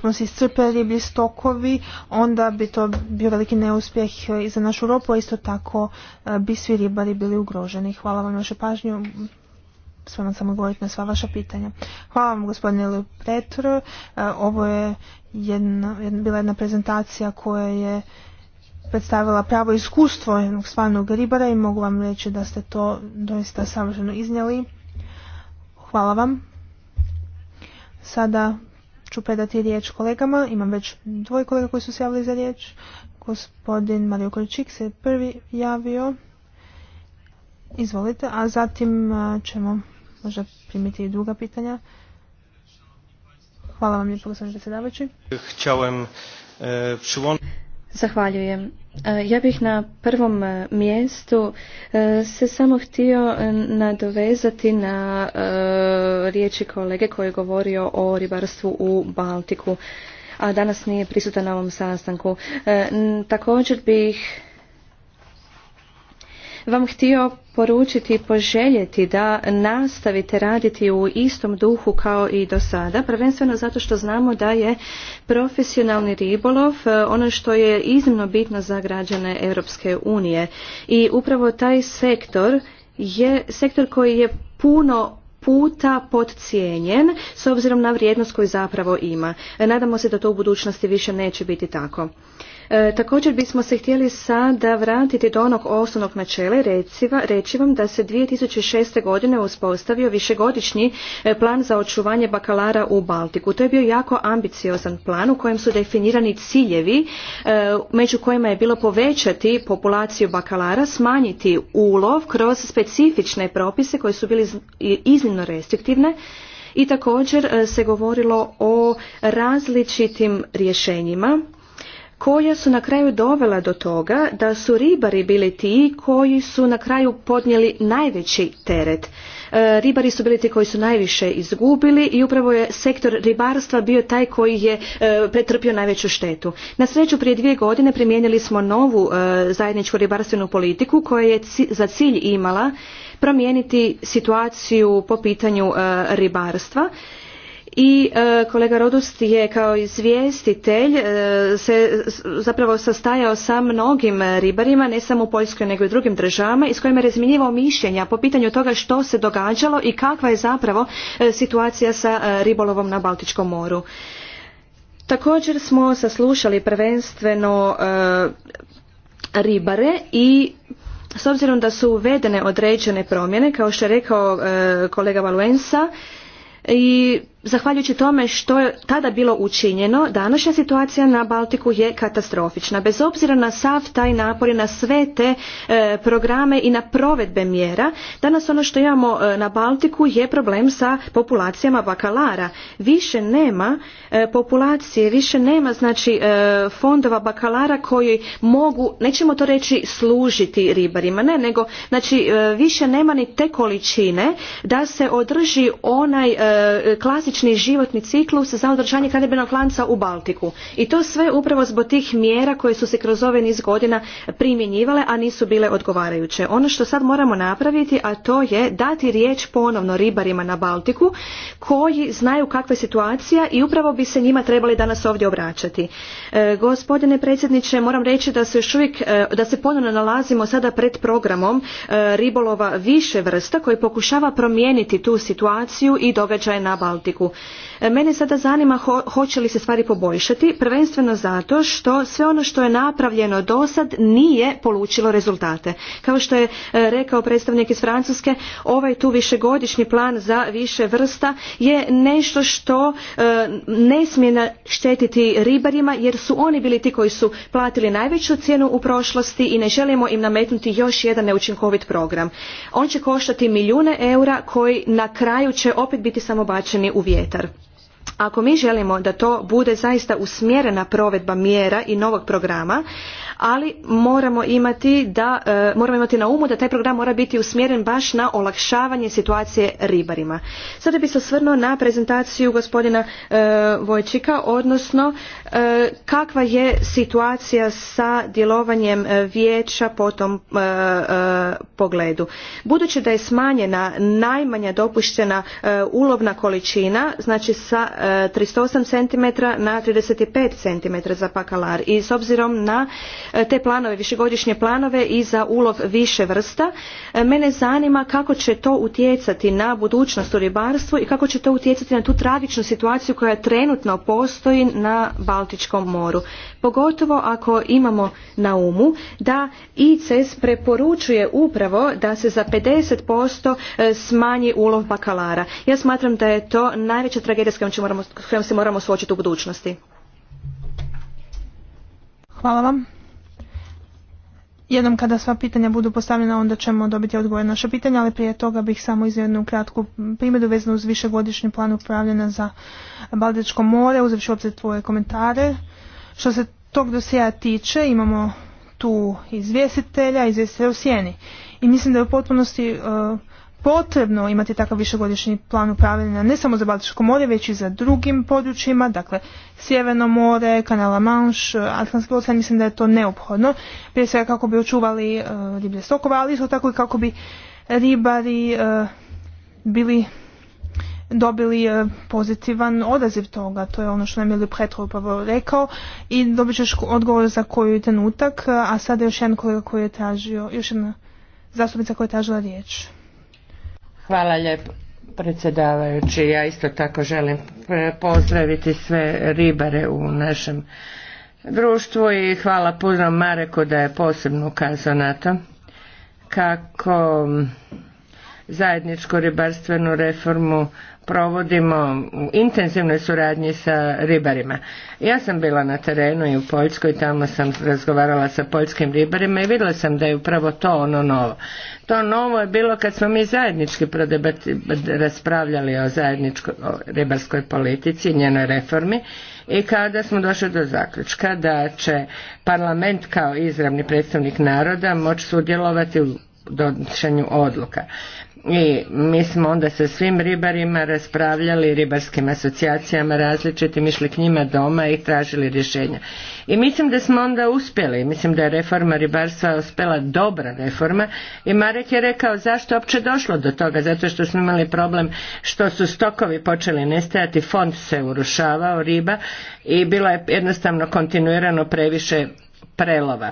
smo se iscrpili stokovi, onda bi to bio veliki neuspjeh eh, i za našu Europu, a isto tako eh, bi svi ribari bili ugroženi. Hvala vam na vašu pažnju. S vama sam odgovoriti na sva vaša pitanja. Hvala vam gospodine Lepretor. Ovo je jedna, bila jedna prezentacija koja je predstavila pravo iskustvo jednog stvarnog ribara i mogu vam reći da ste to doista savršeno iznijeli. Hvala vam. Sada ću predati riječ kolegama. Imam već dvoje kolega koji su se javili za riječ. Gospodin Mario Količik se prvi javio. Izvolite, a zatim ćemo možda primiti i druga pitanja. Hvala vam lijepo, gospodin predsjedavajući. Chciałem e, Zahvaljujem. E, ja bih na prvom e, mjestu e, se samo htio nadovezati na riječi kolege koji je govorio o ribarstvu u Baltiku, a danas nije prisutan na ovom sastanku. Također bih vam htio poručiti i poželjeti da nastavite raditi u istom duhu kao i do sada, prvenstveno zato što znamo da je profesionalni ribolov e, ono što je iznimno bitno za građane Europske unije i upravo taj sektor je sektor koji je puno puta podcijenjen s obzirom na vrijednost koju zapravo ima. E, nadamo se da to u budućnosti više neće biti tako. E, također bismo se htjeli sada vratiti do onog osnovnog načela i reći vam da se 2006. godine uspostavio višegodišnji e, plan za očuvanje bakalara u Baltiku. To je bio jako ambiciozan plan u kojem su definirani ciljevi e, među kojima je bilo povećati populaciju bakalara, smanjiti ulov kroz specifične propise koji su bili iznimno restriktivne i također se govorilo o različitim rješenjima koja su na kraju dovela do toga da su ribari bili ti koji su na kraju podnijeli najveći teret. E, ribari su bili ti koji su najviše izgubili i upravo je sektor ribarstva bio taj koji je e, pretrpio najveću štetu. Na sreću prije dvije godine primijenili smo novu e, zajedničku ribarstvenu politiku koja je za cilj imala promijeniti situaciju po pitanju ribarstva i e, kolega Rodust je kao izvjestitelj e, se zapravo sastajao sa mnogim ribarima, ne samo u Poljskoj nego i drugim državama i kojima je razminjivao mišljenja po pitanju toga što se događalo i kakva je zapravo e, situacija sa ribolovom na Baltičkom moru. Također smo saslušali prvenstveno ribare i s obzirom da su uvedene određene promjene, kao što je rekao kolega Valuensa, i Zahvaljujući tome što je tada bilo učinjeno, današnja situacija na Baltiku je katastrofična. Bez obzira na sav taj napor i na sve te e, programe i na provedbe mjera, danas ono što imamo e, na Baltiku je problem sa populacijama bakalara. Više nema e, populacije, više nema znači fondova bakalara koji mogu, nećemo to reći služiti ribarima, ne, nego znači više nema ni te količine da se održi onaj klasični životni ciklus za održanje hranidbenog lanca u Baltiku. I to sve upravo zbog tih mjera koje su se kroz ove ovaj niz godina primjenjivale, a nisu bile odgovarajuće. Ono što sad moramo napraviti, a to je dati riječ ponovno ribarima na Baltiku koji znaju kakva je situacija i upravo bi se njima trebali danas ovdje obraćati. E, gospodine predsjedniče, moram reći da se još uvijek, e, da se ponovno nalazimo sada pred programom e, ribolova više vrsta koji pokušava promijeniti tu situaciju i događaje na Baltiku politiku E, mene sada zanima hoće li se stvari poboljšati, prvenstveno zato što sve ono što je napravljeno do sad nije polučilo rezultate. Kao što je e, rekao predstavnik iz Francuske, ovaj tu višegodišnji plan za više vrsta je nešto što e, ne smije štetiti ribarima jer su oni bili ti koji su platili najveću cijenu u prošlosti i ne želimo im nametnuti još jedan neučinkovit program. On će koštati milijune eura koji na kraju će opet biti samo bačeni u vjetar ako mi želimo da to bude zaista usmjerena provedba mjera i novog programa, ali moramo imati, da, e, moramo imati na umu da taj program mora biti usmjeren baš na olakšavanje situacije ribarima. Sada bih se osvrnuo na prezentaciju gospodina e, Vojčika, odnosno e, kakva je situacija sa djelovanjem vijeća po tom pogledu. Budući da je smanjena najmanja dopuštena ulovna količina, znači sa 38 e, cm na 35 cm za pakalar i s obzirom na e, te planove, višegodišnje planove i za ulov više vrsta, e, mene zanima kako će to utjecati na budućnost u ribarstvu i kako će to utjecati na tu tragičnu situaciju koja trenutno postoji na Baltičkom moru. Pogotovo ako imamo na umu da ICES preporučuje upravo da se za 50% smanji ulov bakalara. Ja smatram da je to najveća tragedija s moramo, s se moramo suočiti u budućnosti. Hvala vam. Jednom kada sva pitanja budu postavljena, onda ćemo dobiti odgovor na naše pitanja, ali prije toga bih samo iz jednu kratku primjeru vezanu uz višegodišnji plan upravljanja za Baltičko more, uzevši obzir tvoje komentare. Što se tog dosija tiče, imamo tu izvjestitelja, izvjestitelja u sjeni. I mislim da je u potpunosti e, potrebno imati takav višegodišnji plan upravljanja ne samo za Baltičko more, već i za drugim područjima, dakle Sjeverno more, Kanala Manš, Atlantski ocean, mislim da je to neophodno. Prije svega kako bi očuvali e, riblje stokove, ali isto tako i kako bi ribari e, bili dobili e, pozitivan odaziv toga. To je ono što nam je Lipretro upravo rekao i dobit ćeš odgovor za koji trenutak, a sada još jedan kolega koji je tražio, još jedna zastupnica koja je tražila riječ. Hvala lijepo predsjedavajući. Ja isto tako želim pozdraviti sve ribare u našem društvu i hvala puno Mareku da je posebno ukazao na to kako zajedničku ribarstvenu reformu provodimo u intenzivnoj suradnji sa ribarima. Ja sam bila na terenu i u Poljskoj, tamo sam razgovarala sa poljskim ribarima i vidjela sam da je upravo to ono novo. To novo je bilo kad smo mi zajednički raspravljali o zajedničkoj ribarskoj politici, njenoj reformi i kada smo došli do zaključka da će parlament kao izravni predstavnik naroda moći sudjelovati u donošenju odluka i mi smo onda sa svim ribarima raspravljali, ribarskim asocijacijama različitim, išli k njima doma i tražili rješenja. I mislim da smo onda uspjeli, mislim da je reforma ribarstva uspjela dobra reforma i Marek je rekao zašto opće došlo do toga, zato što smo imali problem što su stokovi počeli nestajati, fond se urušavao riba i bilo je jednostavno kontinuirano previše prelova.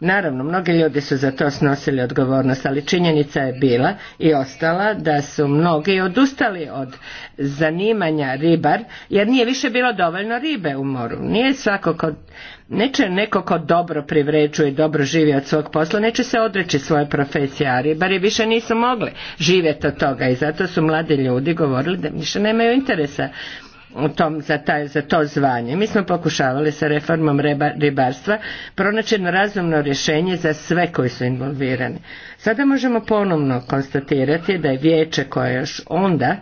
Naravno, mnogi ljudi su za to snosili odgovornost, ali činjenica je bila i ostala da su mnogi odustali od zanimanja ribar, jer nije više bilo dovoljno ribe u moru. Nije svako ko, neće neko ko dobro privređuje i dobro živi od svog posla, neće se odreći svoje profesije, a ribari više nisu mogli živjeti od toga i zato su mladi ljudi govorili da više nemaju interesa u tom, za, taj, za to zvanje. Mi smo pokušavali sa reformom reba, ribarstva pronaći razumno rješenje za sve koji su involvirani. Sada možemo ponovno konstatirati da je vijeće koje još onda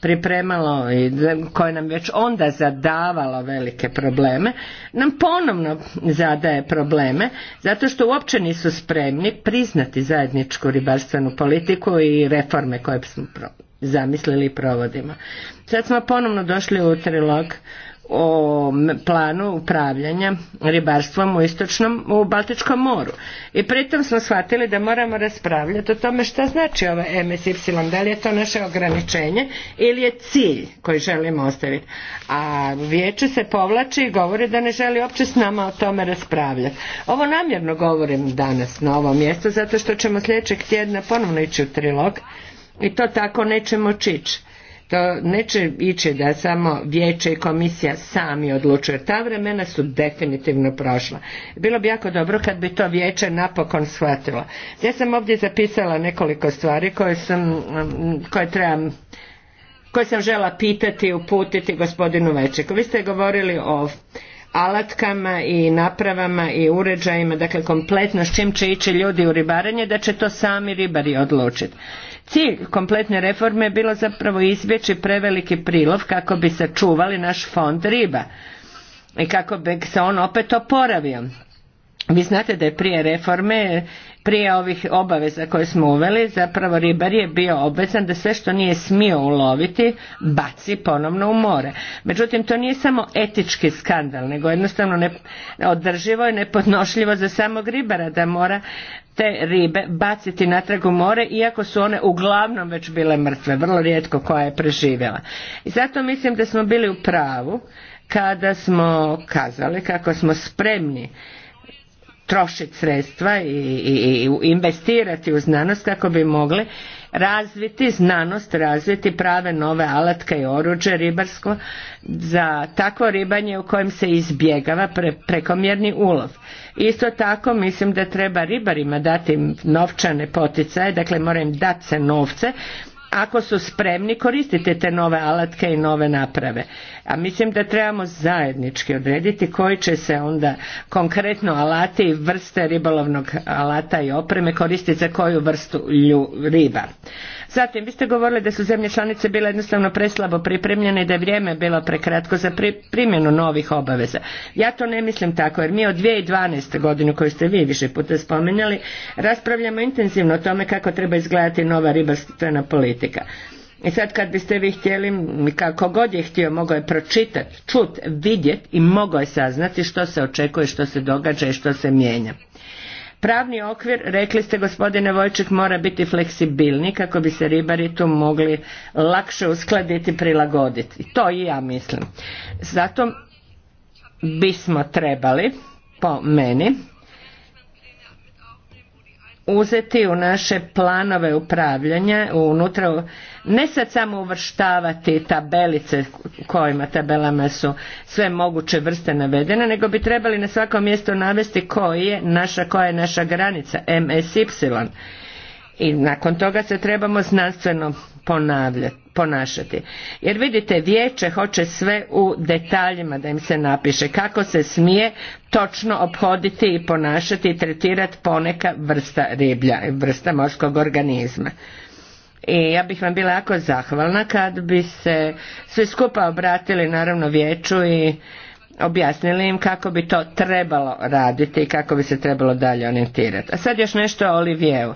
pripremalo i koje nam već onda zadavalo velike probleme, nam ponovno zadaje probleme zato što uopće nisu spremni priznati zajedničku ribarstvenu politiku i reforme koje smo zamislili i provodimo. Sad smo ponovno došli u trilog o planu upravljanja ribarstvom u istočnom u Baltičkom moru. I pritom smo shvatili da moramo raspravljati o tome što znači ova MSY, da li je to naše ograničenje ili je cilj koji želimo ostaviti. A vijeće se povlači i govori da ne želi uopće s nama o tome raspravljati. Ovo namjerno govorim danas na ovom mjestu zato što ćemo sljedećeg tjedna ponovno ići u trilog i to tako nećemo čići. To neće ići da samo vijeće i komisija sami odlučuju. Ta vremena su definitivno prošla. Bilo bi jako dobro kad bi to vijeće napokon shvatilo. Ja sam ovdje zapisala nekoliko stvari koje, sam, koje trebam koje sam žela pitati i uputiti gospodinu Večeku. Vi ste govorili o alatkama i napravama i uređajima, dakle kompletno s čim će ići ljudi u ribaranje, da će to sami ribari odlučiti. Cilj kompletne reforme je bilo zapravo izbjeći preveliki prilov kako bi sačuvali naš fond riba i kako bi se on opet oporavio. Vi znate da je prije reforme, prije ovih obaveza koje smo uveli, zapravo ribar je bio obvezan da sve što nije smio uloviti baci ponovno u more. Međutim, to nije samo etički skandal, nego jednostavno ne, održivo i nepodnošljivo za samog ribara da mora te ribe baciti natrag u more iako su one uglavnom već bile mrtve, vrlo rijetko koja je preživjela. I zato mislim da smo bili u pravu kada smo kazali kako smo spremni trošiti sredstva i, i investirati u znanost kako bi mogli razviti znanost, razviti prave nove alatke i oruđe ribarsko za takvo ribanje u kojem se izbjegava prekomjerni ulov. Isto tako mislim da treba ribarima dati novčane poticaje, dakle moram dati se novce ako su spremni koristiti te nove alatke i nove naprave. A mislim da trebamo zajednički odrediti koji će se onda konkretno alati i vrste ribolovnog alata i opreme koristiti za koju vrstu riba. Zatim, vi ste govorili da su zemlje članice bile jednostavno preslabo pripremljene i da je vrijeme bilo prekratko za primjenu novih obaveza. Ja to ne mislim tako, jer mi od 2012. godinu koju ste vi više puta spominjali, raspravljamo intenzivno o tome kako treba izgledati nova ribarstvena politika politika. I sad kad biste vi htjeli, kako god je htio, mogao je pročitati, čut, vidjet i mogao je saznati što se očekuje, što se događa i što se mijenja. Pravni okvir, rekli ste gospodine Vojček, mora biti fleksibilni kako bi se ribari tu mogli lakše uskladiti, prilagoditi. To i ja mislim. Zato bismo trebali, po meni, uzeti u naše planove upravljanja unutra, ne sad samo uvrštavati tabelice kojima tabelama su sve moguće vrste navedene, nego bi trebali na svako mjesto navesti koji je naša, koja je naša granica, MSY. I nakon toga se trebamo znanstveno ponašati. Jer vidite, vijeće hoće sve u detaljima da im se napiše kako se smije točno obhoditi i ponašati i tretirati poneka vrsta riblja, vrsta morskog organizma. I ja bih vam bila jako zahvalna kad bi se svi skupa obratili naravno vijeću i objasnili im kako bi to trebalo raditi i kako bi se trebalo dalje orientirati A sad još nešto o Olivijevu.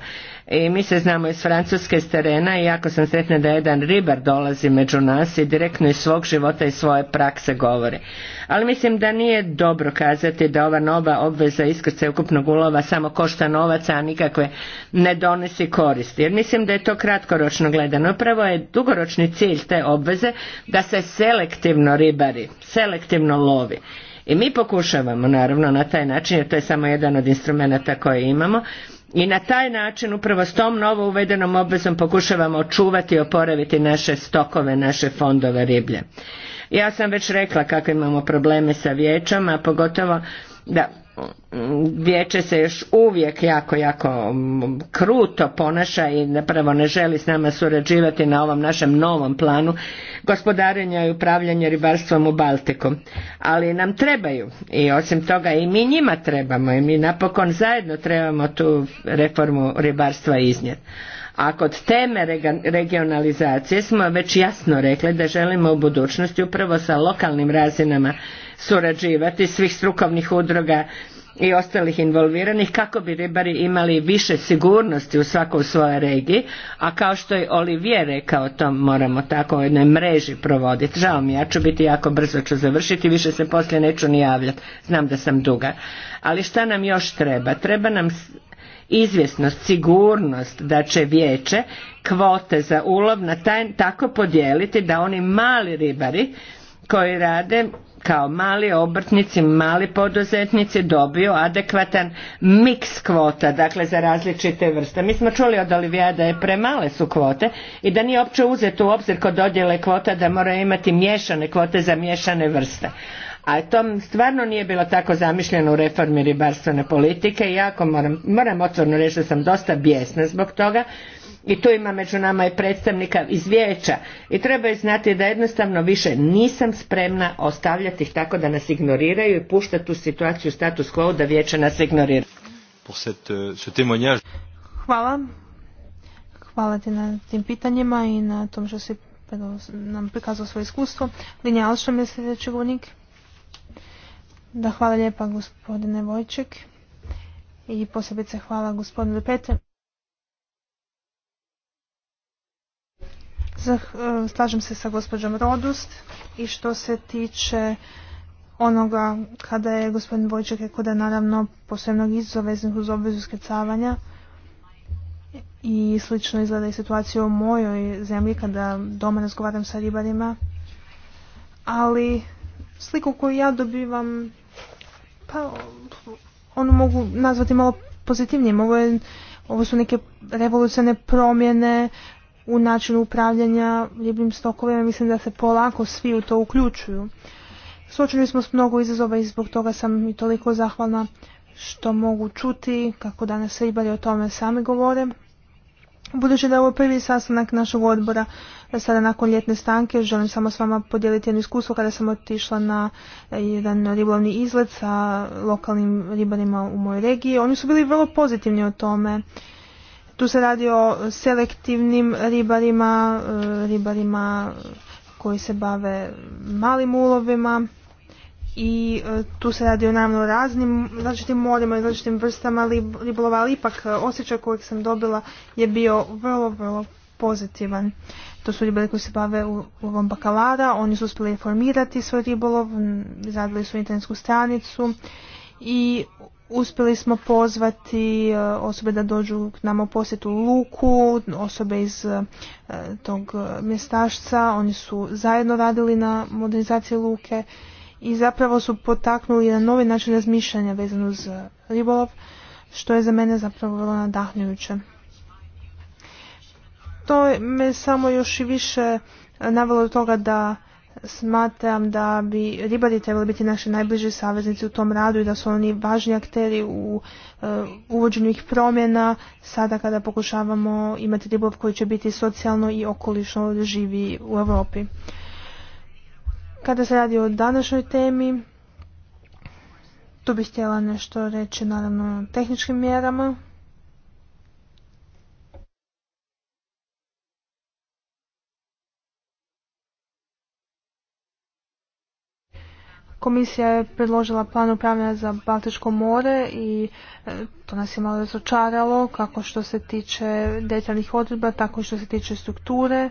I mi se znamo iz Francuske terena i jako sam sretna da jedan ribar dolazi među nas i direktno iz svog života i svoje prakse govori. Ali mislim da nije dobro kazati da ova nova obveza iskrca ukupnog ulova samo košta novaca, a nikakve ne donesi koristi. Jer mislim da je to kratkoročno gledano. Upravo je dugoročni cilj te obveze da se selektivno ribari, selektivno lovi. I mi pokušavamo naravno na taj način, jer to je samo jedan od instrumenta koje imamo, i na taj način upravo s tom novo uvedenom obvezom pokušavamo očuvati i oporaviti naše stokove, naše fondove riblje. Ja sam već rekla kakve imamo probleme sa vijećama, a pogotovo da Vijeće se još uvijek jako, jako kruto ponaša i napravo ne želi s nama surađivati na ovom našem novom planu gospodarenja i upravljanja ribarstvom u Baltiku. Ali nam trebaju i osim toga i mi njima trebamo i mi napokon zajedno trebamo tu reformu ribarstva iznijeti. A kod teme regionalizacije smo već jasno rekli da želimo u budućnosti upravo sa lokalnim razinama surađivati svih strukovnih udruga i ostalih involviranih kako bi ribari imali više sigurnosti u svakoj svojoj regiji, a kao što je Olivier rekao, to moramo tako u jednoj mreži provoditi. Žao mi, ja ću biti jako brzo ću završiti, više se poslije neću ni javljati, znam da sam duga. Ali šta nam još treba? Treba nam izvjesnost, sigurnost da će vijeće kvote za ulov na taj, tako podijeliti da oni mali ribari koji rade kao mali obrtnici, mali poduzetnici dobiju adekvatan miks kvota, dakle za različite vrste. Mi smo čuli od Olivija da je premale su kvote i da nije uopće uzeto u obzir kod dodjele kvota da moraju imati miješane kvote za miješane vrste a to stvarno nije bilo tako zamišljeno u reformi ribarstvene politike i jako moram, moram otvorno reći da sam dosta bijesna zbog toga i tu ima među nama i predstavnika iz vijeća i trebaju znati da jednostavno više nisam spremna ostavljati ih tako da nas ignoriraju i puštati tu situaciju status quo da vijeće nas ignorira. Euh, hvala. Hvala ti na tim pitanjima i na tom što si nam prikazao svoje iskustvo. Linja Alšem je sljedeći govornik. Da, hvala lijepa gospodine Vojček i posebice hvala gospodine Petre E, slažem se sa gospođom Rodust i što se tiče onoga kada je gospodin Vojček rekao da naravno posebnog izazova uz obvezu skrecavanja i slično izgleda i situacija u mojoj zemlji kada doma razgovaram sa ribarima ali sliku koju ja dobivam pa onu mogu nazvati malo pozitivnijim ovo, su neke revolucione promjene u načinu upravljanja ribljim stokovima. Mislim da se polako svi u to uključuju. suočili smo s mnogo izazova i zbog toga sam i toliko zahvalna što mogu čuti kako danas ribari o tome sami govore. Budući da je ovo prvi sastanak našeg odbora, sada nakon ljetne stanke, želim samo s vama podijeliti jedno iskustvo kada sam otišla na eh, jedan ribolovni izlet sa lokalnim ribarima u mojoj regiji. Oni su bili vrlo pozitivni o tome tu se radi o selektivnim ribarima, e, ribarima koji se bave malim ulovima i e, tu se radi o naravno raznim različitim morima i različitim vrstama ribolova, ali ipak e, osjećaj kojeg sam dobila je bio vrlo, vrlo pozitivan. To su ribari koji se bave ulovom bakalara, oni su uspjeli informirati svoj ribolov, izradili su internetsku stranicu i Uspjeli smo pozvati e, osobe da dođu k nama u posjetu Luku, osobe iz e, tog e, mjestašca, oni su zajedno radili na modernizaciji Luke i zapravo su potaknuli na novi način razmišljanja vezano uz ribolov, što je za mene zapravo vrlo nadahnjujuće. To me samo još i više navelo do toga da smatram da bi ribari trebali biti naši najbliži saveznici u tom radu i da su oni važni akteri u e, uvođenju ih promjena sada kada pokušavamo imati ribov koji će biti socijalno i okolišno živi u Europi. Kada se radi o današnjoj temi, tu bih htjela nešto reći naravno o tehničkim mjerama Komisija je predložila plan upravljanja za Baltičko more i e, to nas je malo razočaralo kako što se tiče detaljnih odredba, tako što se tiče strukture.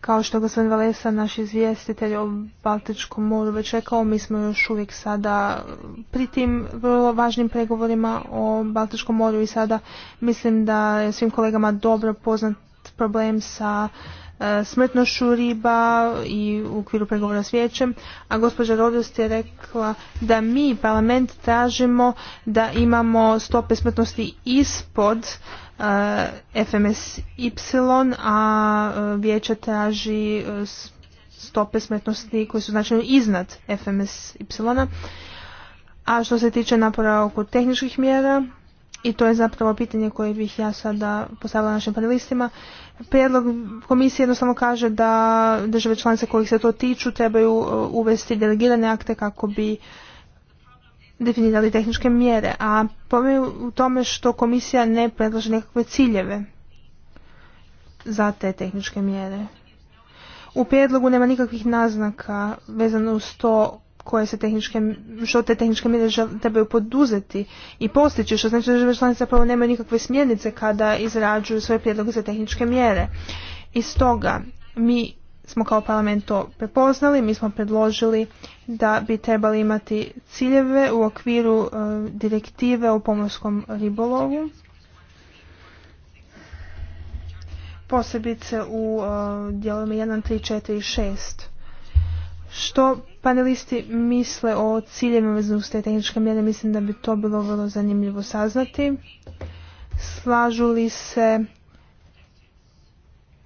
Kao što gospodin Valesa, naš izvjestitelj o Baltičkom moru već rekao, mi smo još uvijek sada pri tim vrlo važnim pregovorima o Baltičkom moru i sada mislim da je svim kolegama dobro poznat problem sa E, smrtnošću riba i u okviru pregovora s vijećem, a gospođa Rodost je rekla da mi, parlament, tražimo da imamo stope smrtnosti ispod e, FMS Y, a e, vijeće traži stope smrtnosti koje su značajno iznad FMS Y. A što se tiče napora oko tehničkih mjera, i to je zapravo pitanje koje bih ja sada postavila našim panelistima, Prijedlog komisije jednostavno kaže da države članice kojih se to tiču trebaju e, uvesti delegirane akte kako bi definirali tehničke mjere, a problem u tome što komisija ne predlaže nekakve ciljeve za te tehničke mjere. U prijedlogu nema nikakvih naznaka vezano uz to koje se tehničke, što te tehničke mjere trebaju poduzeti i postići, što znači da države članice zapravo nemaju nikakve smjernice kada izrađuju svoje prijedloge za tehničke mjere. I stoga mi smo kao parlament to prepoznali, mi smo predložili da bi trebali imati ciljeve u okviru e, direktive o pomorskom ribolovu. Posebice u e, dijelovima 1, 3, 4 i 6 što panelisti misle o ciljevima vezano uz te tehničke mjere, mislim da bi to bilo vrlo zanimljivo saznati. Slažu li se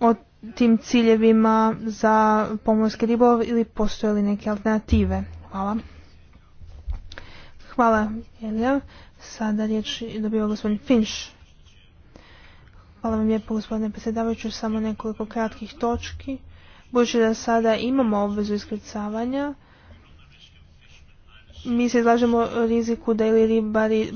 o tim ciljevima za pomorski ribolov ili postoje li neke alternative? Hvala. Hvala, Sada riječ dobiva gospodin Finš. Hvala vam lijepo, gospodine predsjedavajuću. Samo nekoliko kratkih točki Budući da sada imamo obvezu iskrcavanja, mi se izlažemo riziku da ili ribari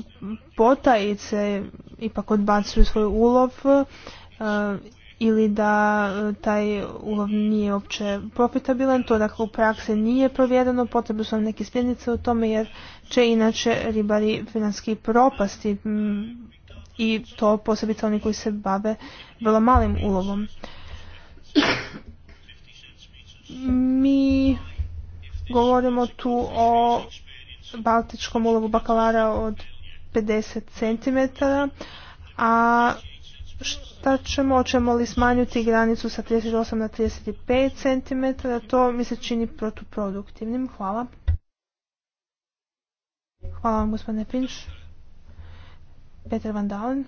potajice ipak odbacuju svoj ulov e, ili da e, taj ulov nije uopće profitabilan. To dakle u praksi nije provjereno, Potrebno su nam neke smjernice o tome jer će inače ribari finanski propasti i to posebice oni koji se bave vrlo malim ulovom. Mi govorimo tu o baltičkom ulovu bakalara od 50 cm, a šta ćemo, hoćemo li smanjiti granicu sa 38 na 35 cm, to mi se čini protuproduktivnim. Hvala. Hvala vam gospodine Finč. Peter van Dalen.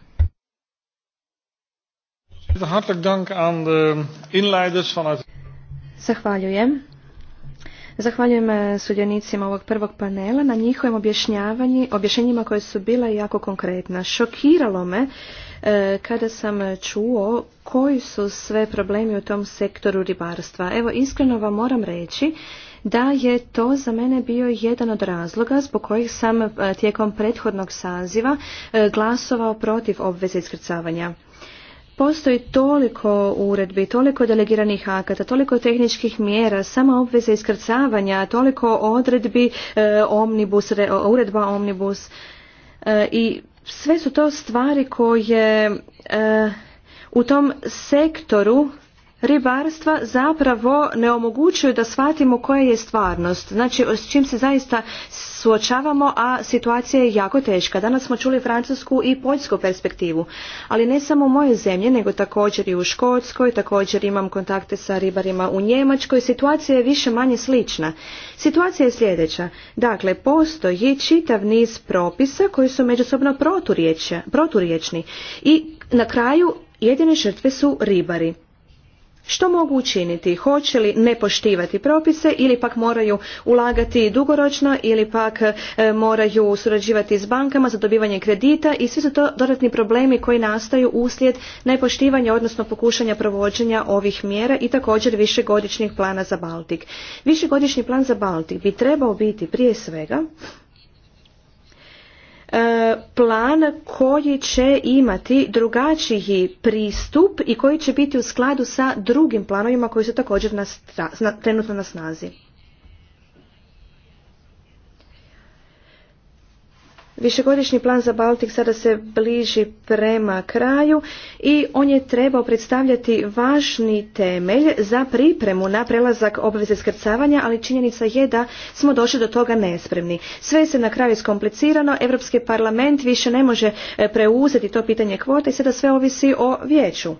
Hartelijk dank aan de inleiders vanuit... Zahvaljujem. Zahvaljujem e, sudionicima ovog prvog panela na njihovim objašnjenjima koje su bila jako konkretna. Šokiralo me e, kada sam čuo koji su sve problemi u tom sektoru ribarstva. Evo, iskreno vam moram reći da je to za mene bio jedan od razloga zbog kojih sam e, tijekom prethodnog saziva glasovao protiv obveze iskrcavanja. Postoji toliko uredbi, toliko delegiranih akata, toliko tehničkih mjera, sama obveze iskrcavanja, toliko odredbi e, omnibus, uredba omnibus e, i sve su to stvari koje e, u tom sektoru ribarstva zapravo ne omogućuju da shvatimo koja je stvarnost, znači s čim se zaista suočavamo, a situacija je jako teška. Danas smo čuli francusku i poljsku perspektivu, ali ne samo u mojoj zemlji, nego također i u Škotskoj, također imam kontakte sa ribarima u Njemačkoj, situacija je više manje slična. Situacija je sljedeća, dakle postoji čitav niz propisa koji su međusobno proturječni i na kraju jedine žrtve su ribari. Što mogu učiniti? Hoće li ne poštivati propise ili pak moraju ulagati dugoročno ili pak e, moraju surađivati s bankama za dobivanje kredita i svi su to dodatni problemi koji nastaju uslijed nepoštivanja odnosno pokušanja provođenja ovih mjera i također višegodišnjeg plana za Baltik. Višegodišnji plan za Baltik bi trebao biti prije svega E, plan koji će imati drugačiji pristup i koji će biti u skladu sa drugim planovima koji su također trenutno na snazi. Višegodišnji plan za Baltik sada se bliži prema kraju i on je trebao predstavljati važni temelj za pripremu na prelazak obveze skrcavanja, ali činjenica je da smo došli do toga nespremni. Sve se na kraju skomplicirano, Europski parlament više ne može e, preuzeti to pitanje kvota i sada sve ovisi o vijeću.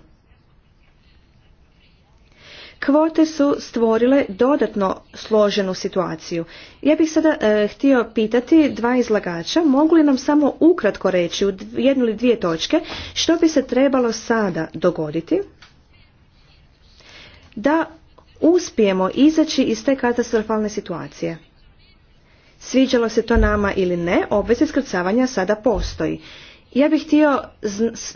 Kvote su stvorile dodatno složenu situaciju. Ja bih sada e, htio pitati dva izlagača, mogu li nam samo ukratko reći u jednu ili dvije točke što bi se trebalo sada dogoditi da uspijemo izaći iz te katastrofalne situacije. Sviđalo se to nama ili ne, obveze skrcavanja sada postoji. Ja bih htio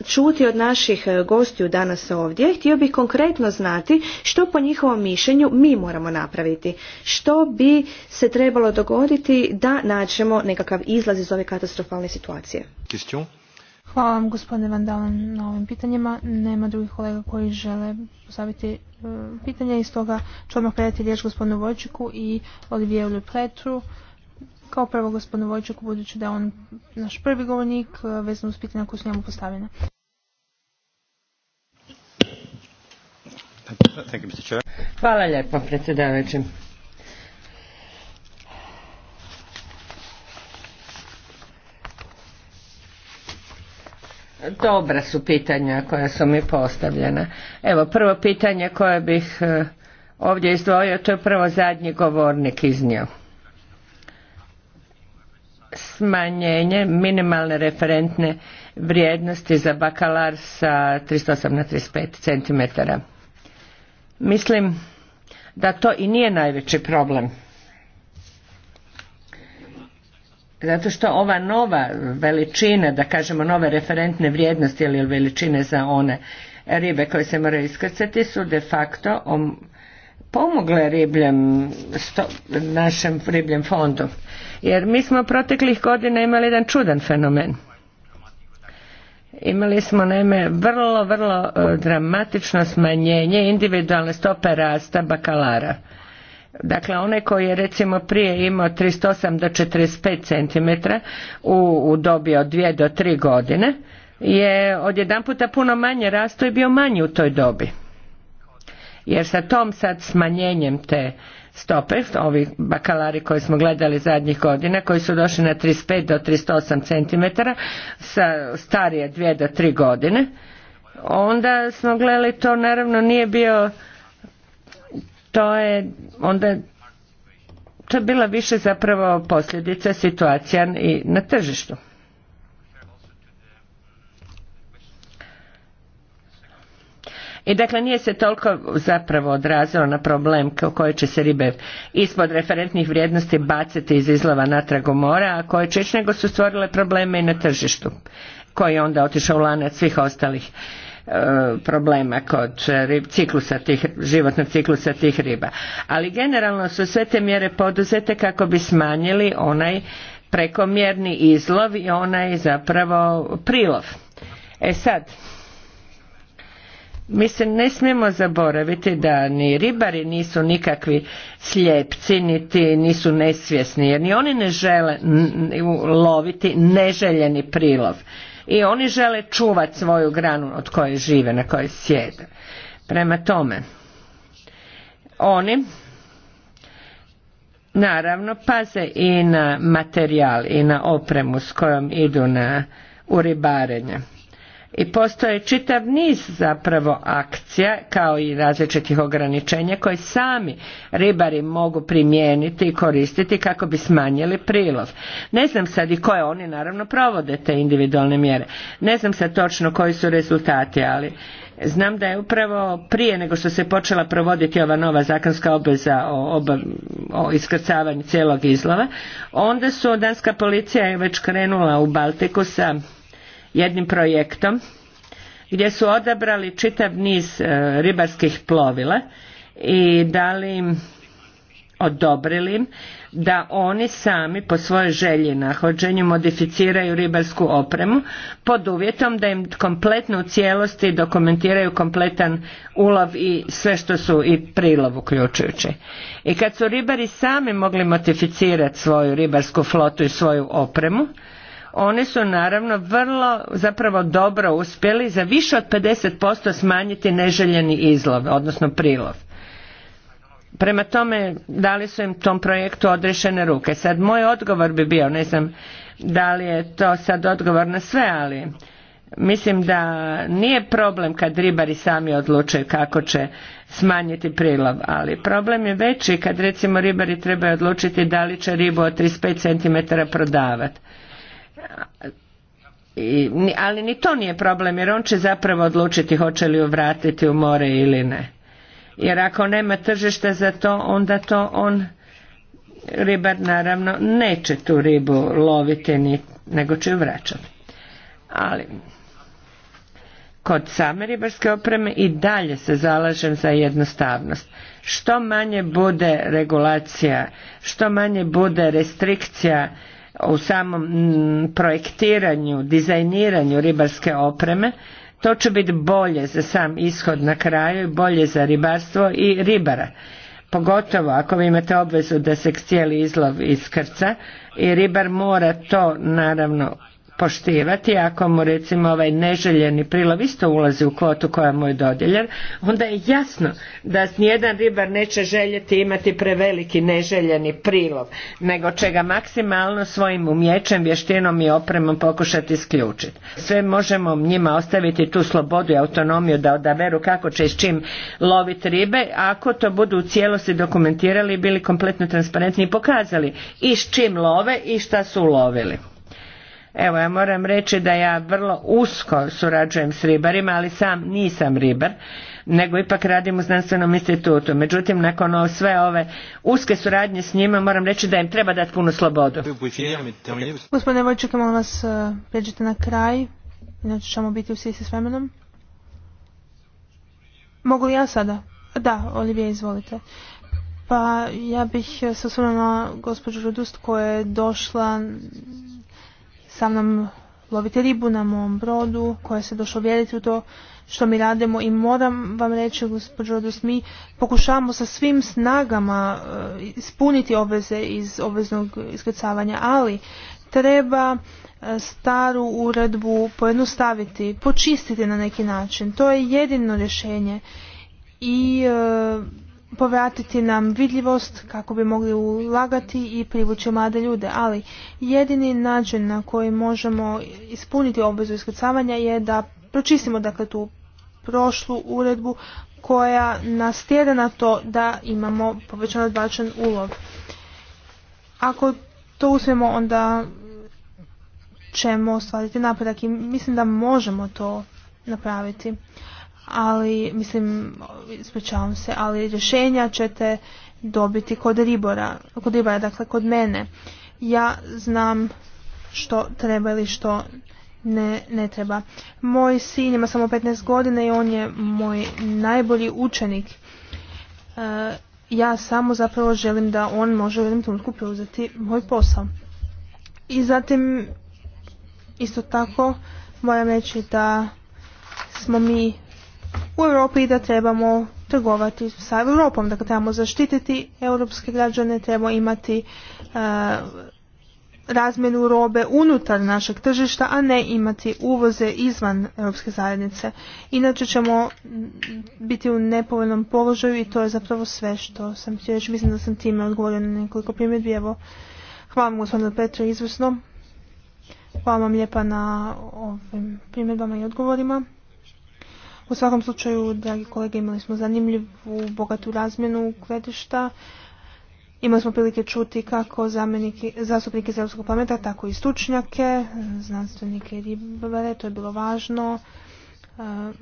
čuti od naših e, gostiju danas ovdje, htio bih konkretno znati što po njihovom mišljenju mi moramo napraviti, što bi se trebalo dogoditi da nađemo nekakav izlaz iz ove katastrofalne situacije. Hvala vam gospodine Vandalen na ovim pitanjima. Nema drugih kolega koji žele postaviti e, pitanje. pitanja i stoga ću odmah predati riječ gospodinu Vojčiku i pletru. Kao prvo gospodinu Vojčeku, budući da je on naš prvi govornik, eh, vezano uz pitanja koje su njemu postavljene. Hvala lijepo, predsjedavajući. Dobra su pitanja koja su mi postavljena. Evo, prvo pitanje koje bih eh, ovdje izdvojio, to je prvo zadnji govornik iznio smanjenje minimalne referentne vrijednosti za bakalar sa 308 na 35 cm. Mislim da to i nije najveći problem. Zato što ova nova veličina, da kažemo nove referentne vrijednosti ili veličine za one ribe koje se moraju iskrcati su de facto pomogle ribljem, našem ribljem fondu. Jer mi smo proteklih godina imali jedan čudan fenomen. Imali smo naime vrlo, vrlo e, dramatično smanjenje individualne stope rasta bakalara. Dakle, onaj koji je recimo prije imao 38 do 45 cm u, dobi od 2 do 3 godine je puta puno manje rasto i bio manji u toj dobi. Jer sa tom sad smanjenjem te stope, ovi bakalari koje smo gledali zadnjih godina, koji su došli na 35 do 38 cm, sa starije 2 do tri godine, onda smo gledali to naravno nije bio to je onda to je bila više zapravo posljedica situacija i na tržištu. I dakle nije se toliko zapravo odrazilo na problem koje će se ribe ispod referentnih vrijednosti baciti iz izlova natrag u mora, a koje će nego su stvorile probleme i na tržištu koji je onda otišao u lanac svih ostalih e, problema kod ciklusa tih, životnog ciklusa tih riba. Ali generalno su sve te mjere poduzete kako bi smanjili onaj prekomjerni izlov i onaj zapravo prilov. E sad, mi se ne smijemo zaboraviti da ni ribari nisu nikakvi slijepci, niti nisu nesvjesni, jer ni oni ne žele loviti neželjeni prilov. I oni žele čuvati svoju granu od koje žive, na kojoj sjede. Prema tome, oni naravno paze i na materijal i na opremu s kojom idu na, u ribarenje i postoje čitav niz zapravo akcija kao i različitih ograničenja koje sami ribari mogu primijeniti i koristiti kako bi smanjili prilov. Ne znam sad i koje oni naravno provode te individualne mjere. Ne znam sad točno koji su rezultati, ali znam da je upravo prije nego što se počela provoditi ova nova zakonska obveza o, o iskrcavanju cijelog izlova, onda su danska policija je već krenula u Baltiku sa jednim projektom gdje su odabrali čitav niz e, ribarskih plovila i dali im odobrili im da oni sami po svojoj želji nahođenju modificiraju ribarsku opremu pod uvjetom da im kompletno u cijelosti dokumentiraju kompletan ulov i sve što su i prilov uključujući. I kad su ribari sami mogli modificirati svoju ribarsku flotu i svoju opremu oni su naravno vrlo zapravo dobro uspjeli za više od 50% smanjiti neželjeni izlov, odnosno prilov. Prema tome, dali su im tom projektu odrešene ruke. Sad, moj odgovor bi bio, ne znam da li je to sad odgovor na sve, ali mislim da nije problem kad ribari sami odlučuju kako će smanjiti prilov, ali problem je veći kad recimo ribari trebaju odlučiti da li će ribu od 35 cm prodavati ali ni to nije problem jer on će zapravo odlučiti hoće li ju vratiti u more ili ne. Jer ako nema tržišta za to onda to on ribar naravno neće tu ribu loviti ni, nego će ju vraćati. Ali kod same ribarske opreme i dalje se zalažem za jednostavnost. Što manje bude regulacija, što manje bude restrikcija u samom mm, projektiranju, dizajniranju ribarske opreme, to će biti bolje za sam ishod na kraju i bolje za ribarstvo i ribara. Pogotovo ako vi imate obvezu da se cijeli izlov iskrca i ribar mora to naravno poštivati, ako mu recimo ovaj neželjeni prilov isto ulazi u kvotu koja mu je dodjeljen, onda je jasno da nijedan ribar neće željeti imati preveliki neželjeni prilov, nego će ga maksimalno svojim umjećem, vještinom i opremom pokušati isključiti. Sve možemo njima ostaviti tu slobodu i autonomiju da odaberu kako će s čim loviti ribe, ako to budu u cijelosti dokumentirali i bili kompletno transparentni i pokazali i s čim love i šta su ulovili. Evo, ja moram reći da ja vrlo usko surađujem s ribarima, ali sam nisam ribar, nego ipak radim u znanstvenom institutu. Međutim, nakon sve ove uske suradnje s njima, moram reći da im treba dati punu slobodu. Gospodine Vojčuk, molim vas, e, pređite na kraj, inače ćemo biti u sisi s vremenom. Mogu li ja sada? Da, Olivije, izvolite. Pa ja bih se osvrnula gospođu Rudust koja je došla sam mnom loviti ribu na mom brodu, koja se došla vjeriti u to što mi radimo i moram vam reći, gospođo Rodos, mi pokušavamo sa svim snagama eh, ispuniti obveze iz obveznog iskrcavanja, ali treba eh, staru uredbu pojednostaviti, počistiti na neki način. To je jedino rješenje i eh, povratiti nam vidljivost kako bi mogli ulagati i privući mlade ljude, ali jedini način na koji možemo ispuniti obvezu iskrcavanja je da pročistimo dakle tu prošlu uredbu koja nas tjera na to da imamo povećan odbačan ulov. Ako to uspijemo onda ćemo ostvariti napredak i mislim da možemo to napraviti ali mislim, ispričavam se, ali rješenja ćete dobiti kod ribora, kod ribara, dakle kod mene. Ja znam što treba ili što ne, ne treba. Moj sin ima samo 15 godina i on je moj najbolji učenik. E, ja samo zapravo želim da on može u jednom trenutku preuzeti moj posao. I zatim, isto tako, moram reći da smo mi u Europi i da trebamo trgovati sa Europom, da dakle, trebamo zaštititi europske građane, trebamo imati e, razmenu robe unutar našeg tržišta, a ne imati uvoze izvan Europske zajednice. Inače ćemo biti u nepovoljnom položaju i to je zapravo sve što sam htio reći. Mislim da sam time odgovorio na nekoliko primjedbi. Evo, hvala vam gospodinu Petru izvrsno. Hvala vam lijepa na ovim primjedbama i odgovorima. U svakom slučaju, dragi kolege, imali smo zanimljivu, bogatu razmjenu gledišta. Imali smo prilike čuti kako zastupnike iz Europskog parlamenta, tako i stručnjake, znanstvenike i ribare, to je bilo važno. E,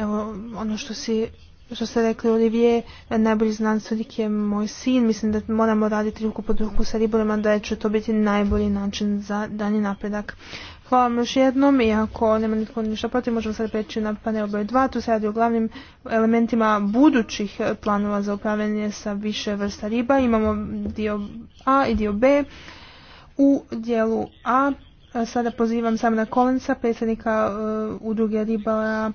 evo, ono što si što ste rekli Olivije, najbolji znanstvenik je moj sin. Mislim da moramo raditi ruku pod ruku sa ribarima, da će to biti najbolji način za danji napredak. Hvala vam još jednom i ako nema nitko ništa protiv možemo sad preći na panel broj 2. Tu se radi o glavnim elementima budućih planova za upravljanje sa više vrsta riba. Imamo dio A i dio B. U dijelu A sada pozivam na Kolenca, predsjednika e, udruge ribala e,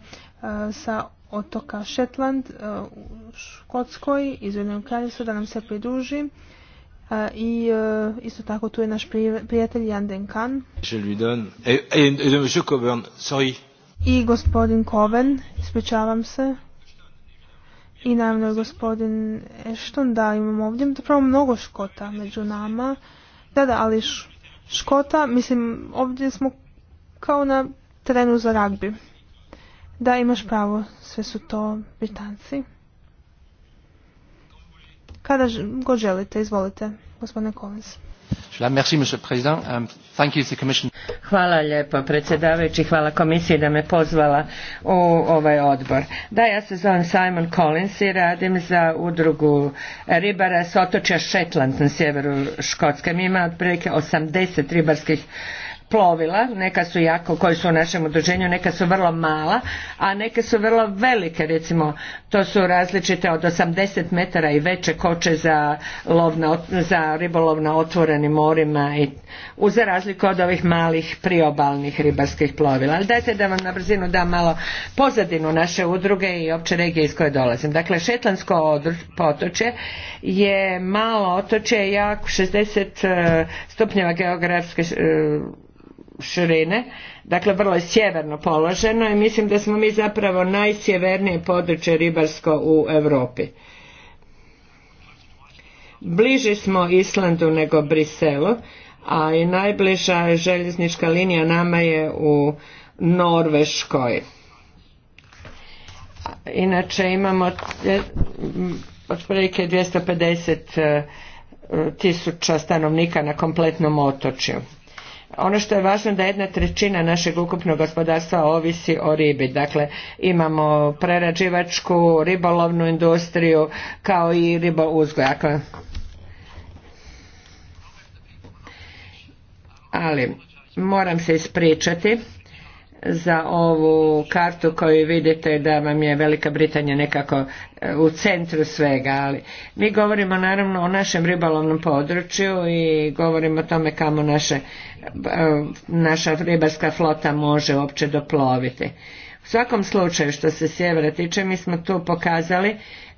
sa otoka Shetland e, u Škotskoj iz Ujednog kraljevstva da nam se pridruži i e, isto tako tu je naš prijatelj Jan Denkan. I gospodin Coven, ispričavam se. I naravno je gospodin Ešton, da imamo ovdje zapravo mnogo škota među nama. Da, da, ali škota, mislim, ovdje smo kao na terenu za ragbi. Da, imaš pravo, sve su to Britanci. Kada god želite, izvolite, gospodine Collins. Um, hvala lijepo predsjedavajući, hvala komisiji da me pozvala u ovaj odbor. Da, ja se zovem Simon Collins i radim za udrugu ribara s otočja Shetland na sjeveru Škotske. Mi ima otprilike 80 ribarskih plovila, neka su jako, koji su u našem udruženju, neka su vrlo mala, a neke su vrlo velike, recimo to su različite od 80 metara i veće koče za, ribolovno ribolov na otvorenim morima i za razliku od ovih malih priobalnih ribarskih plovila. Ali dajte da vam na brzinu dam malo pozadinu naše udruge i opće regije iz koje dolazim. Dakle, Šetlansko potočje je malo otočje, jak 60 e, stupnjeva geografske e, širine, dakle vrlo je sjeverno položeno i mislim da smo mi zapravo najsjevernije područje ribarsko u Europi. Bliži smo Islandu nego Briselu, a i najbliža željeznička linija nama je u Norveškoj. Inače imamo e, otprilike 250 e, tisuća stanovnika na kompletnom otočju ono što je važno da jedna trećina našeg ukupnog gospodarstva ovisi o ribi. Dakle, imamo prerađivačku, ribolovnu industriju kao i ribo ali moram se ispričati za ovu kartu koju vidite da vam je Velika Britanija nekako e, u centru svega, ali mi govorimo naravno o našem ribolovnom području i govorimo o tome kamo naše, e, naša ribarska flota može uopće doploviti. U svakom slučaju što se sjevera tiče mi smo tu pokazali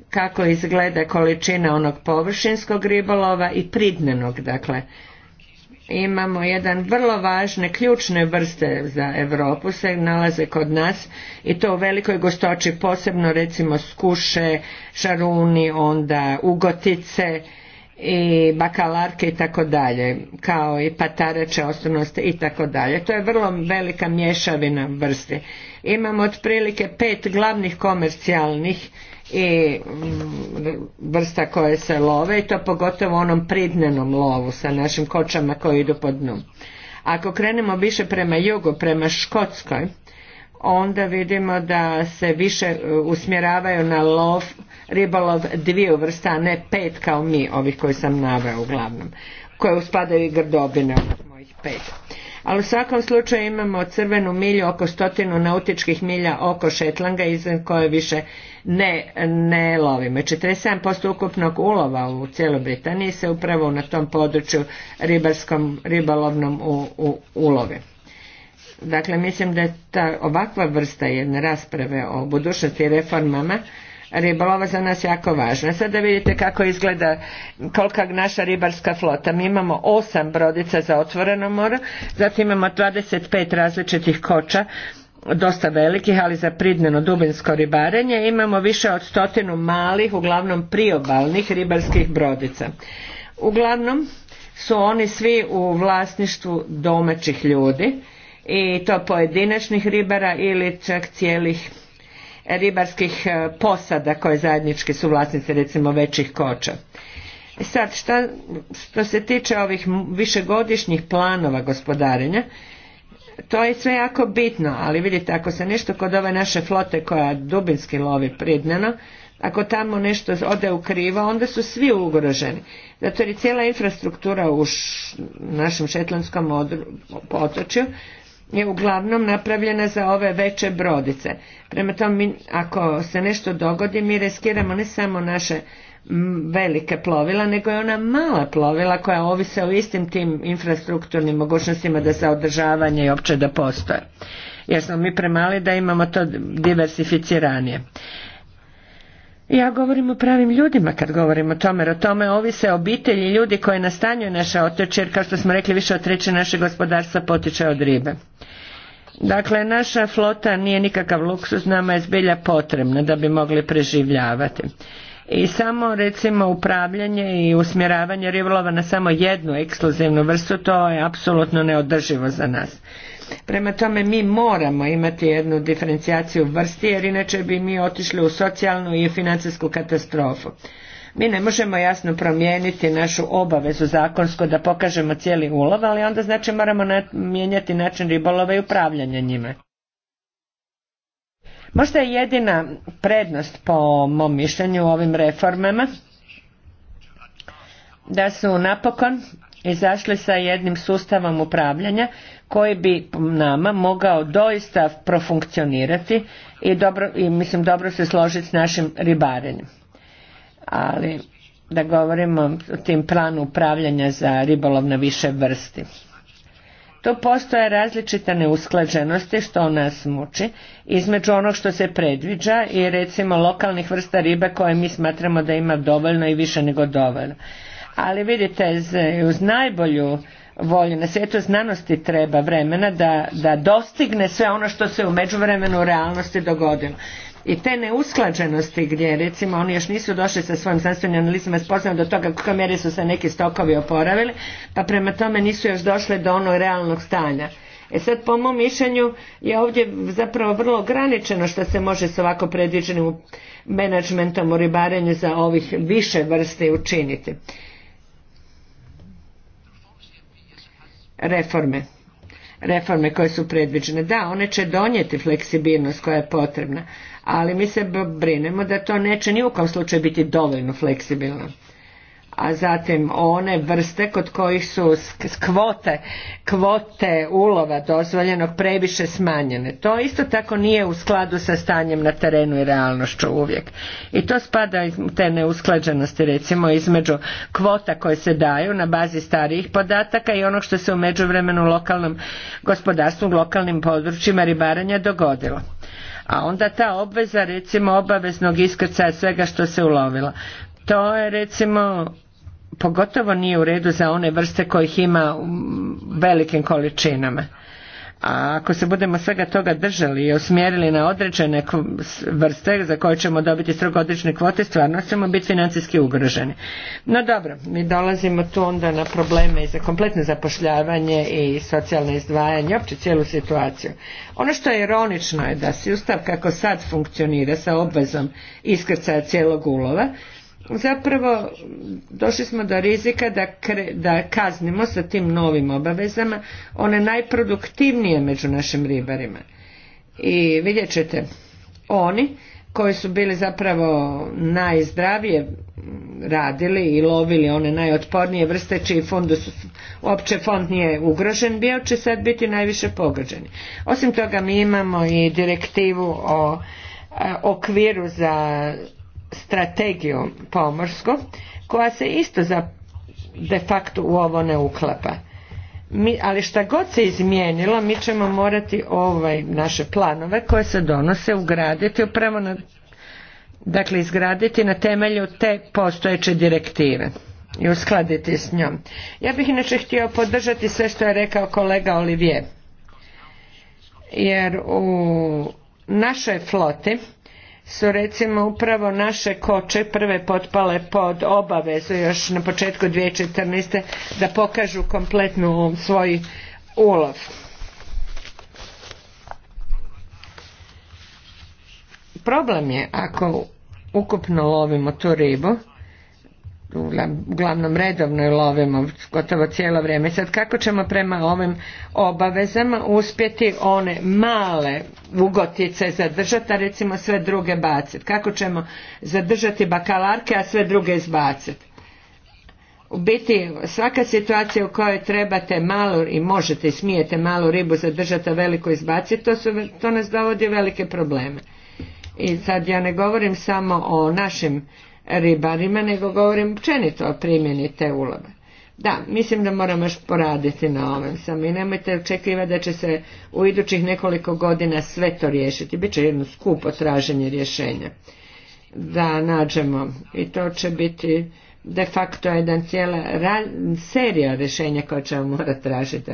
kako izgleda količina onog površinskog ribolova i pridnenog dakle imamo jedan vrlo važne ključne vrste za Europu se nalaze kod nas i to u velikoj gostoći posebno recimo skuše, šaruni, onda ugotice i bakalarke i tako dalje kao i patareće osnovnosti i tako dalje. To je vrlo velika mješavina vrste. Imamo otprilike pet glavnih komercijalnih i mm, vrsta koje se love i to pogotovo onom pridnenom lovu sa našim kočama koji idu po dnu. Ako krenemo više prema jugu, prema Škotskoj, onda vidimo da se više e, usmjeravaju na lov, ribolov dviju vrsta, a ne pet kao mi, ovih koji sam naveo uglavnom, koje uspadaju i grdobine mojih pet ali u svakom slučaju imamo crvenu milju oko stotinu nautičkih milja oko Šetlanga izvan koje više ne, ne lovimo. 47% ukupnog ulova u cijeloj Britaniji se upravo na tom području ribarskom, ribolovnom u, ulove. Dakle, mislim da je ta ovakva vrsta jedne rasprave o budućnosti i reformama ribolova za nas jako važna. Sada vidite kako izgleda kolika naša ribarska flota. Mi imamo osam brodica za otvoreno more, zatim imamo 25 različitih koča dosta velikih, ali za pridneno dubinsko ribarenje. Imamo više od stotinu malih, uglavnom priobalnih ribarskih brodica. Uglavnom su oni svi u vlasništvu domaćih ljudi i to pojedinačnih ribara ili čak cijelih ribarskih e, posada koje zajednički su vlasnici recimo većih koča. E sad, što se tiče ovih višegodišnjih planova gospodarenja, to je sve jako bitno, ali vidite, ako se nešto kod ove naše flote koja dubinski lovi pridnjeno, ako tamo nešto ode u krivo, onda su svi ugroženi. Zato je cijela infrastruktura u našem šetlanskom otočju je uglavnom napravljena za ove veće brodice. Prema tome, ako se nešto dogodi, mi reskiramo ne samo naše velike plovila, nego i ona mala plovila koja ovise o istim tim infrastrukturnim mogućnostima da se održavanje i opće da postoje. Jer smo mi premali da imamo to diversificiranje. Ja govorim o pravim ljudima kad govorim o tome, jer o tome ovise obitelji i ljudi koji nastanjuju naša oteče, jer kao što smo rekli više od treće naše gospodarstva potiče od ribe. Dakle, naša flota nije nikakav luksuz, nama je zbilja potrebna da bi mogli preživljavati. I samo recimo upravljanje i usmjeravanje ribolova na samo jednu ekskluzivnu vrstu, to je apsolutno neodrživo za nas. Prema tome mi moramo imati jednu diferencijaciju vrsti jer inače bi mi otišli u socijalnu i financijsku katastrofu. Mi ne možemo jasno promijeniti našu obavezu zakonsku da pokažemo cijeli ulov, ali onda znači moramo mijenjati način ribolova i upravljanja njime. Možda je jedina prednost po mom mišljenju u ovim reformama da su napokon izašli sa jednim sustavom upravljanja koji bi nama mogao doista profunkcionirati i, dobro, i mislim dobro se složiti s našim ribarenjem. Ali da govorimo o tim planu upravljanja za ribolov na više vrsti. Tu postoje različite neusklađenosti što nas muči između onog što se predviđa i recimo lokalnih vrsta ribe koje mi smatramo da ima dovoljno i više nego dovoljno. Ali vidite, uz najbolju na Svijetu znanosti treba vremena da, da dostigne sve ono što se u međuvremenu u realnosti dogodilo i te neusklađenosti gdje recimo oni još nisu došli sa svojim znanstvenim analizama spoznali do toga kako mjeri su se neki stokovi oporavili pa prema tome nisu još došli do onog realnog stanja. E sad po mom mišljenju je ovdje zapravo vrlo ograničeno što se može s ovako predviđenim menadžmentom u ribarenju za ovih više vrste učiniti. reforme reforme koje su predviđene. Da, one će donijeti fleksibilnost koja je potrebna, ali mi se brinemo da to neće ni u kom slučaju biti dovoljno fleksibilno a zatim one vrste kod kojih su kvote, kvote ulova dozvoljenog previše smanjene. To isto tako nije u skladu sa stanjem na terenu i realnošću uvijek. I to spada te neusklađenosti recimo između kvota koje se daju na bazi starijih podataka i onog što se u međuvremenu lokalnom gospodarstvu, lokalnim područjima ribaranja dogodilo a onda ta obveza recimo obaveznog iskrcaja svega što se ulovilo. To je recimo pogotovo nije u redu za one vrste kojih ima u velikim količinama. A ako se budemo svega toga držali i usmjerili na određene vrste za koje ćemo dobiti trogodišnje kvote, stvarno ćemo biti financijski ugroženi. No dobro, mi dolazimo tu onda na probleme i za kompletno zapošljavanje i socijalne izdvajanje, opće cijelu situaciju. Ono što je ironično je da sustav kako sad funkcionira sa obvezom iskrcaja cijelog ulova, zapravo došli smo do rizika da, kre, da kaznimo sa tim novim obavezama one najproduktivnije među našim ribarima. I vidjet ćete, oni koji su bili zapravo najzdravije radili i lovili one najotpornije vrste čiji fondu uopće fond nije ugrožen bio će sad biti najviše pogođeni. Osim toga mi imamo i direktivu o, o e, okviru za strategiju pomorsku koja se isto za de facto u ovo ne uklapa. Mi, ali šta god se izmijenilo mi ćemo morati ovaj naše planove koje se donose ugraditi upravo na dakle izgraditi na temelju te postojeće direktive i uskladiti s njom. Ja bih inače htio podržati sve što je rekao kolega Olivier jer u našoj floti su recimo upravo naše koče prve potpale pod obavezu još na početku 2014. da pokažu kompletnu svoj ulov. Problem je ako ukupno lovimo tu ribu, uglavnom redovno lovimo gotovo cijelo vrijeme. Sad kako ćemo prema ovim obavezama uspjeti one male ugotice zadržati, a recimo sve druge baciti? Kako ćemo zadržati bakalarke, a sve druge izbaciti? U biti svaka situacija u kojoj trebate malo i možete i smijete malu ribu zadržati, a veliko izbaciti, to, su, to nas dovodi velike probleme. I sad ja ne govorim samo o našim ribarima, nego govorim općenito o primjeni te uloge. Da, mislim da moramo još poraditi na ovom sam i nemojte očekivati da će se u idućih nekoliko godina sve to riješiti. Biće jedno skupo traženje rješenja da nađemo i to će biti de facto jedan cijela serija rješenja koja ćemo morati tražiti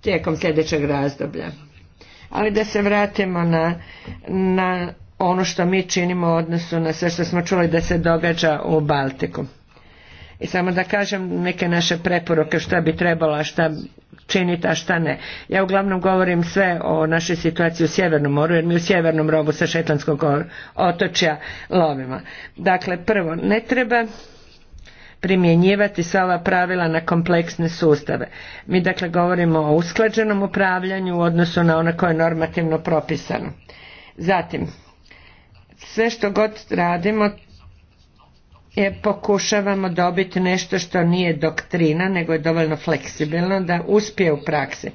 tijekom sljedećeg razdoblja. Ali da se vratimo na, na ono što mi činimo u odnosu na sve što smo čuli da se događa u Baltiku. I samo da kažem neke naše preporuke šta bi trebalo, a šta činiti, a šta ne. Ja uglavnom govorim sve o našoj situaciji u Sjevernom moru, jer mi u Sjevernom robu sa Šetlanskog otočja lovimo. Dakle, prvo, ne treba primjenjivati sva ova pravila na kompleksne sustave. Mi dakle govorimo o usklađenom upravljanju u odnosu na ono koje je normativno propisano. Zatim, sve što god radimo je pokušavamo dobiti nešto što nije doktrina nego je dovoljno fleksibilno da uspije u praksi.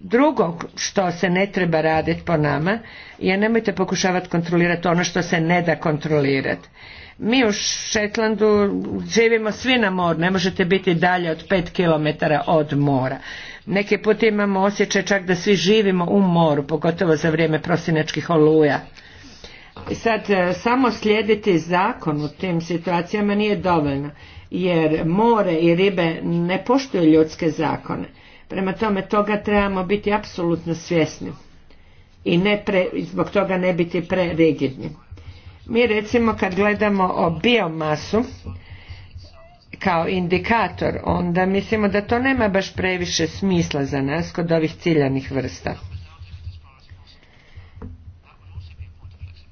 Drugo što se ne treba raditi po nama je nemojte pokušavati kontrolirati ono što se ne da kontrolirati. Mi u Šetlandu živimo svi na moru, ne možete biti dalje od 5 km od mora. Neki put imamo osjećaj čak da svi živimo u moru, pogotovo za vrijeme prosinečkih oluja. Sad, e, samo slijediti zakon u tim situacijama nije dovoljno, jer more i ribe ne poštuju ljudske zakone. Prema tome, toga trebamo biti apsolutno svjesni i ne zbog toga ne biti prerigidni. Mi recimo kad gledamo o biomasu kao indikator, onda mislimo da to nema baš previše smisla za nas kod ovih ciljanih vrsta.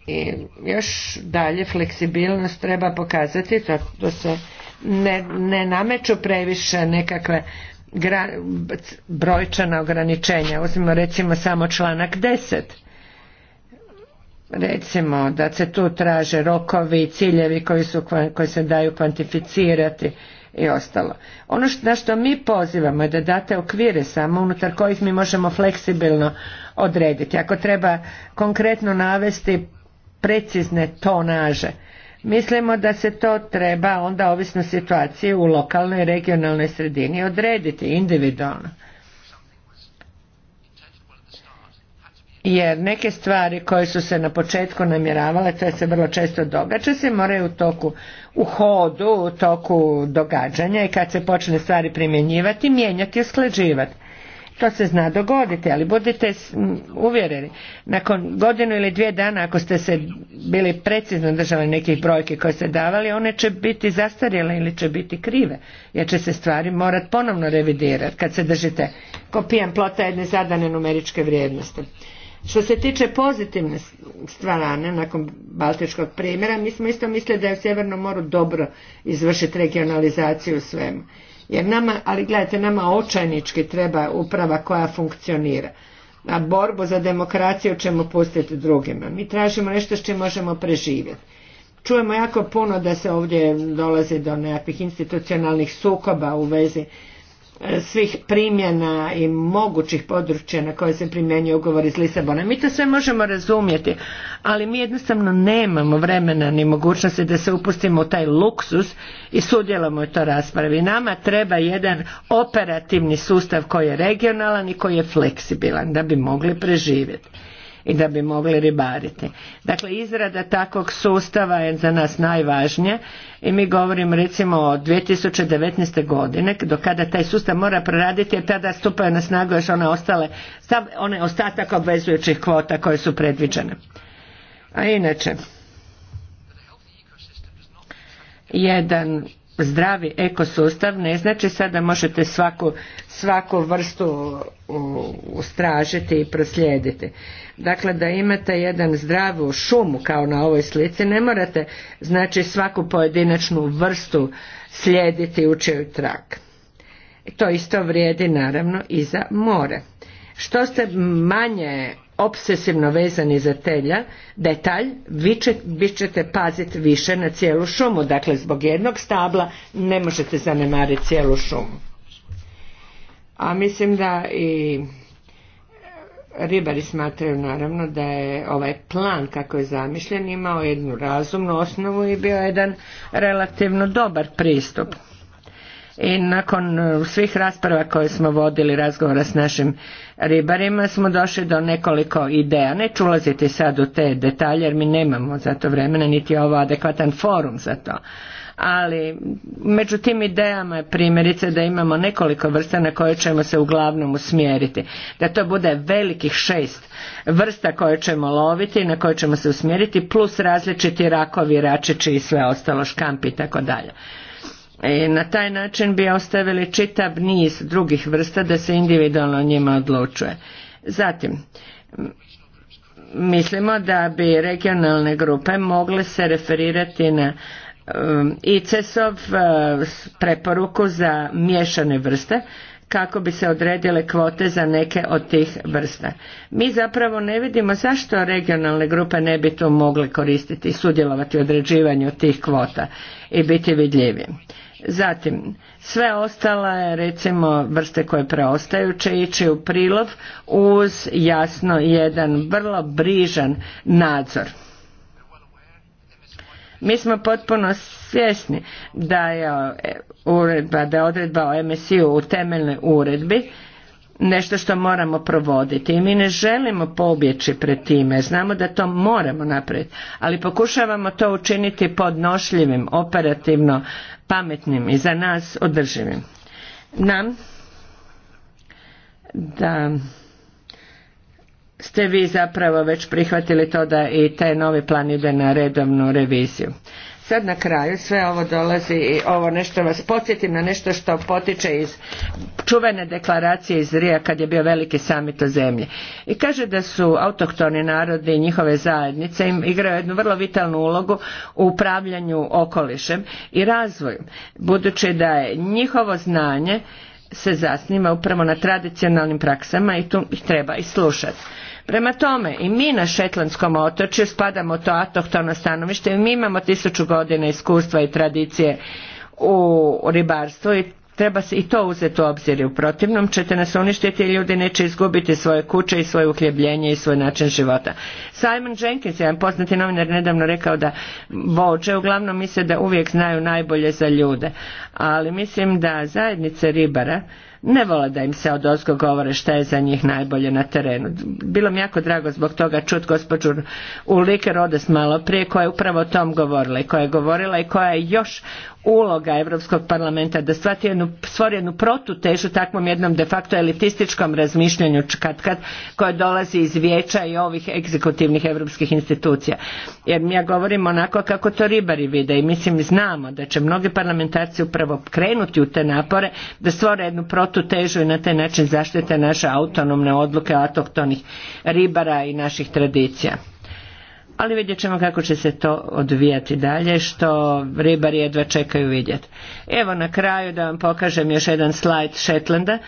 I još dalje fleksibilnost treba pokazati da se ne, ne nameću previše nekakve brojčana ograničenja. Uzmimo recimo samo članak 10. Recimo da se tu traže rokovi i ciljevi koji, su, koji se daju kvantificirati i ostalo. Ono na što mi pozivamo je da date okvire samo unutar kojih mi možemo fleksibilno odrediti. Ako treba konkretno navesti precizne tonaže. Mislimo da se to treba onda ovisno situacije u lokalnoj i regionalnoj sredini odrediti individualno. Jer neke stvari koje su se na početku namjeravale, to se vrlo često događa, se moraju u toku u hodu, u toku događanja i kad se počne stvari primjenjivati, mijenjati i usklađivati. To se zna dogoditi, ali budite uvjereni, nakon godinu ili dvije dana ako ste se bili precizno držali nekih brojke koje ste davali, one će biti zastarjele ili će biti krive, jer će se stvari morati ponovno revidirati kad se držite kopijan plota jedne zadane numeričke vrijednosti. Što se tiče pozitivne strane, nakon baltičkog primjera, mi smo isto mislili da je u Sjevernom moru dobro izvršiti regionalizaciju svemu. Jer nama, ali gledajte, nama očajnički treba uprava koja funkcionira. A borbu za demokraciju ćemo pustiti drugima. Mi tražimo nešto s čim možemo preživjeti. Čujemo jako puno da se ovdje dolazi do nekakvih institucionalnih sukoba u vezi svih primjena i mogućih područja na koje se primjenjuje ugovor iz Lisabona. Mi to sve možemo razumjeti, ali mi jednostavno nemamo vremena ni mogućnosti da se upustimo u taj luksus i sudjelamo u toj raspravi. Nama treba jedan operativni sustav koji je regionalan i koji je fleksibilan da bi mogli preživjeti i da bi mogli ribariti. Dakle, izrada takvog sustava je za nas najvažnija i mi govorim recimo od 2019. godine do kada taj sustav mora proraditi jer tada stupaju na snagu još one ostale one ostatak obvezujućih kvota koje su predviđene. A inače, jedan zdravi ekosustav ne znači sada možete svaku, vrstu ustražiti i proslijediti. Dakle, da imate jedan zdravu šumu kao na ovoj slici, ne morate znači svaku pojedinačnu vrstu slijediti čiju trak. To isto vrijedi naravno i za more. Što se manje obsesivno vezani za telja, detalj, vi, vi ćete paziti više na cijelu šumu. Dakle, zbog jednog stabla ne možete zanemariti cijelu šumu. A mislim da i ribari smatraju naravno da je ovaj plan kako je zamišljen imao jednu razumnu osnovu i bio jedan relativno dobar pristup i nakon e, svih rasprava koje smo vodili, razgovora s našim ribarima, smo došli do nekoliko ideja. Neću ulaziti sad u te detalje jer mi nemamo za to vremena, niti je ovo adekvatan forum za to. Ali među tim idejama je primjerice da imamo nekoliko vrsta na koje ćemo se uglavnom usmjeriti. Da to bude velikih šest vrsta koje ćemo loviti, na koje ćemo se usmjeriti, plus različiti rakovi, račići i sve ostalo, škampi i tako dalje. I na taj način bi ostavili čitav niz drugih vrsta da se individualno njima odlučuje. Zatim, mislimo da bi regionalne grupe mogle se referirati na um, ICES-ov uh, preporuku za miješane vrste kako bi se odredile kvote za neke od tih vrsta. Mi zapravo ne vidimo zašto regionalne grupe ne bi to mogle koristiti i sudjelovati u određivanju tih kvota i biti vidljivi. Zatim, sve ostale recimo vrste koje preostaju će ići u prilov uz jasno jedan vrlo brižan nadzor. Mi smo potpuno svjesni da je e, uredba, da je odredba o MSI-u u temeljnoj uredbi nešto što moramo provoditi i mi ne želimo pobjeći pred time, znamo da to moramo napraviti, ali pokušavamo to učiniti podnošljivim, operativno, pametnim i za nas održivim. Nam da ste vi zapravo već prihvatili to da i taj novi plan ide na redovnu reviziju sad na kraju sve ovo dolazi i ovo nešto vas podsjetim na nešto što potiče iz čuvene deklaracije iz Rija kad je bio veliki samit o zemlji. I kaže da su autohtoni narodi i njihove zajednice im igraju jednu vrlo vitalnu ulogu u upravljanju okolišem i razvoju, budući da je njihovo znanje se zasniva upravo na tradicionalnim praksama i tu ih treba i slušati. Prema tome, i mi na šetlanskom otočju spadamo to atohtono stanovište i mi imamo tisuću godina iskustva i tradicije u ribarstvu i treba se i to uzeti u obzir i u protivnom ćete nas uništiti i ljudi neće izgubiti svoje kuće i svoje uhljebljenje i svoj način života. Simon Jenkins, jedan poznati novinar, nedavno rekao da vođe uglavnom misle da uvijek znaju najbolje za ljude, ali mislim da zajednice ribara ne vole da im se od ozgo govore šta je za njih najbolje na terenu. Bilo mi jako drago zbog toga čut gospođu Ulike Rodes malo prije koja je upravo o tom govorila i koja je govorila i koja je još uloga Europskog parlamenta da stvori jednu, stvori jednu protutežu takvom jednom de facto elitističkom razmišljanju kad, kad koje dolazi iz vijeća i ovih egzekutivnih europskih institucija. Jer mi ja govorim onako kako to ribari vide i mislim znamo da će mnogi parlamentarci upravo krenuti u te napore da stvore jednu protutežu i na taj način zaštite naše autonomne odluke autohtonih ribara i naših tradicija ali vidjet ćemo kako će se to odvijati dalje, što ribari jedva čekaju vidjeti. Evo na kraju da vam pokažem još jedan slajd Shetlanda,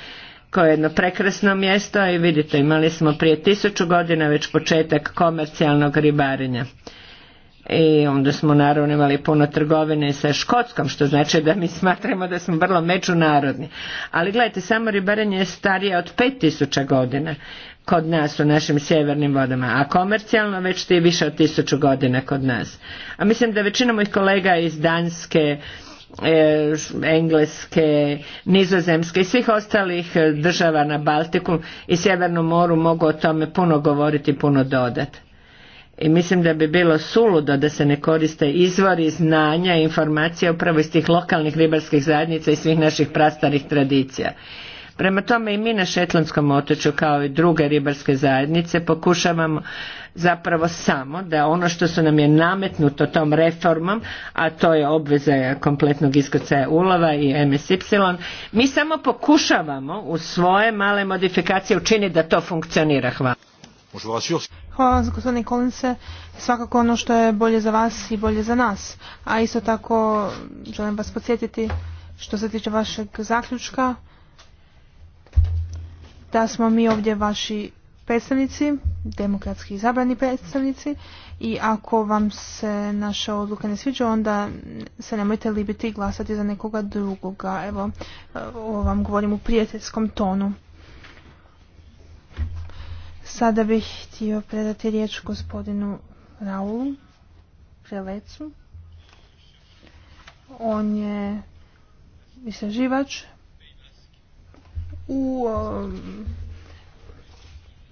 koje je jedno prekrasno mjesto i vidite imali smo prije tisuću godina već početak komercijalnog ribarenja i onda smo naravno imali puno trgovine sa Škotskom, što znači da mi smatramo da smo vrlo međunarodni. Ali gledajte, samo ribarenje je starije od 5000 godina kod nas u našim sjevernim vodama, a komercijalno već ti više od tisuću godina kod nas. A mislim da većina mojih kolega iz Danske, e, Engleske, Nizozemske i svih ostalih e, država na Baltiku i Sjevernom moru mogu o tome puno govoriti, puno dodati. I mislim da bi bilo suludo da se ne koriste izvori znanja i informacija upravo iz tih lokalnih ribarskih zajednica i svih naših prastarih tradicija. Prema tome i mi na Šetlanskom otoču kao i druge ribarske zajednice pokušavamo zapravo samo da ono što su nam je nametnuto tom reformom, a to je obveza kompletnog iskrcaja ulova i MSY, mi samo pokušavamo u svoje male modifikacije učiniti da to funkcionira. Hvala. Hvala vam, gospodine Kolince. Svakako ono što je bolje za vas i bolje za nas. A isto tako želim vas podsjetiti što se tiče vašeg zaključka da smo mi ovdje vaši predstavnici, demokratski izabrani predstavnici i ako vam se naša odluka ne sviđa onda se nemojte libiti glasati za nekoga drugoga. Evo, ovo vam govorim u prijateljskom tonu. Sada bih htio predati riječ gospodinu Raulu Prelecu. On je istraživač, u um,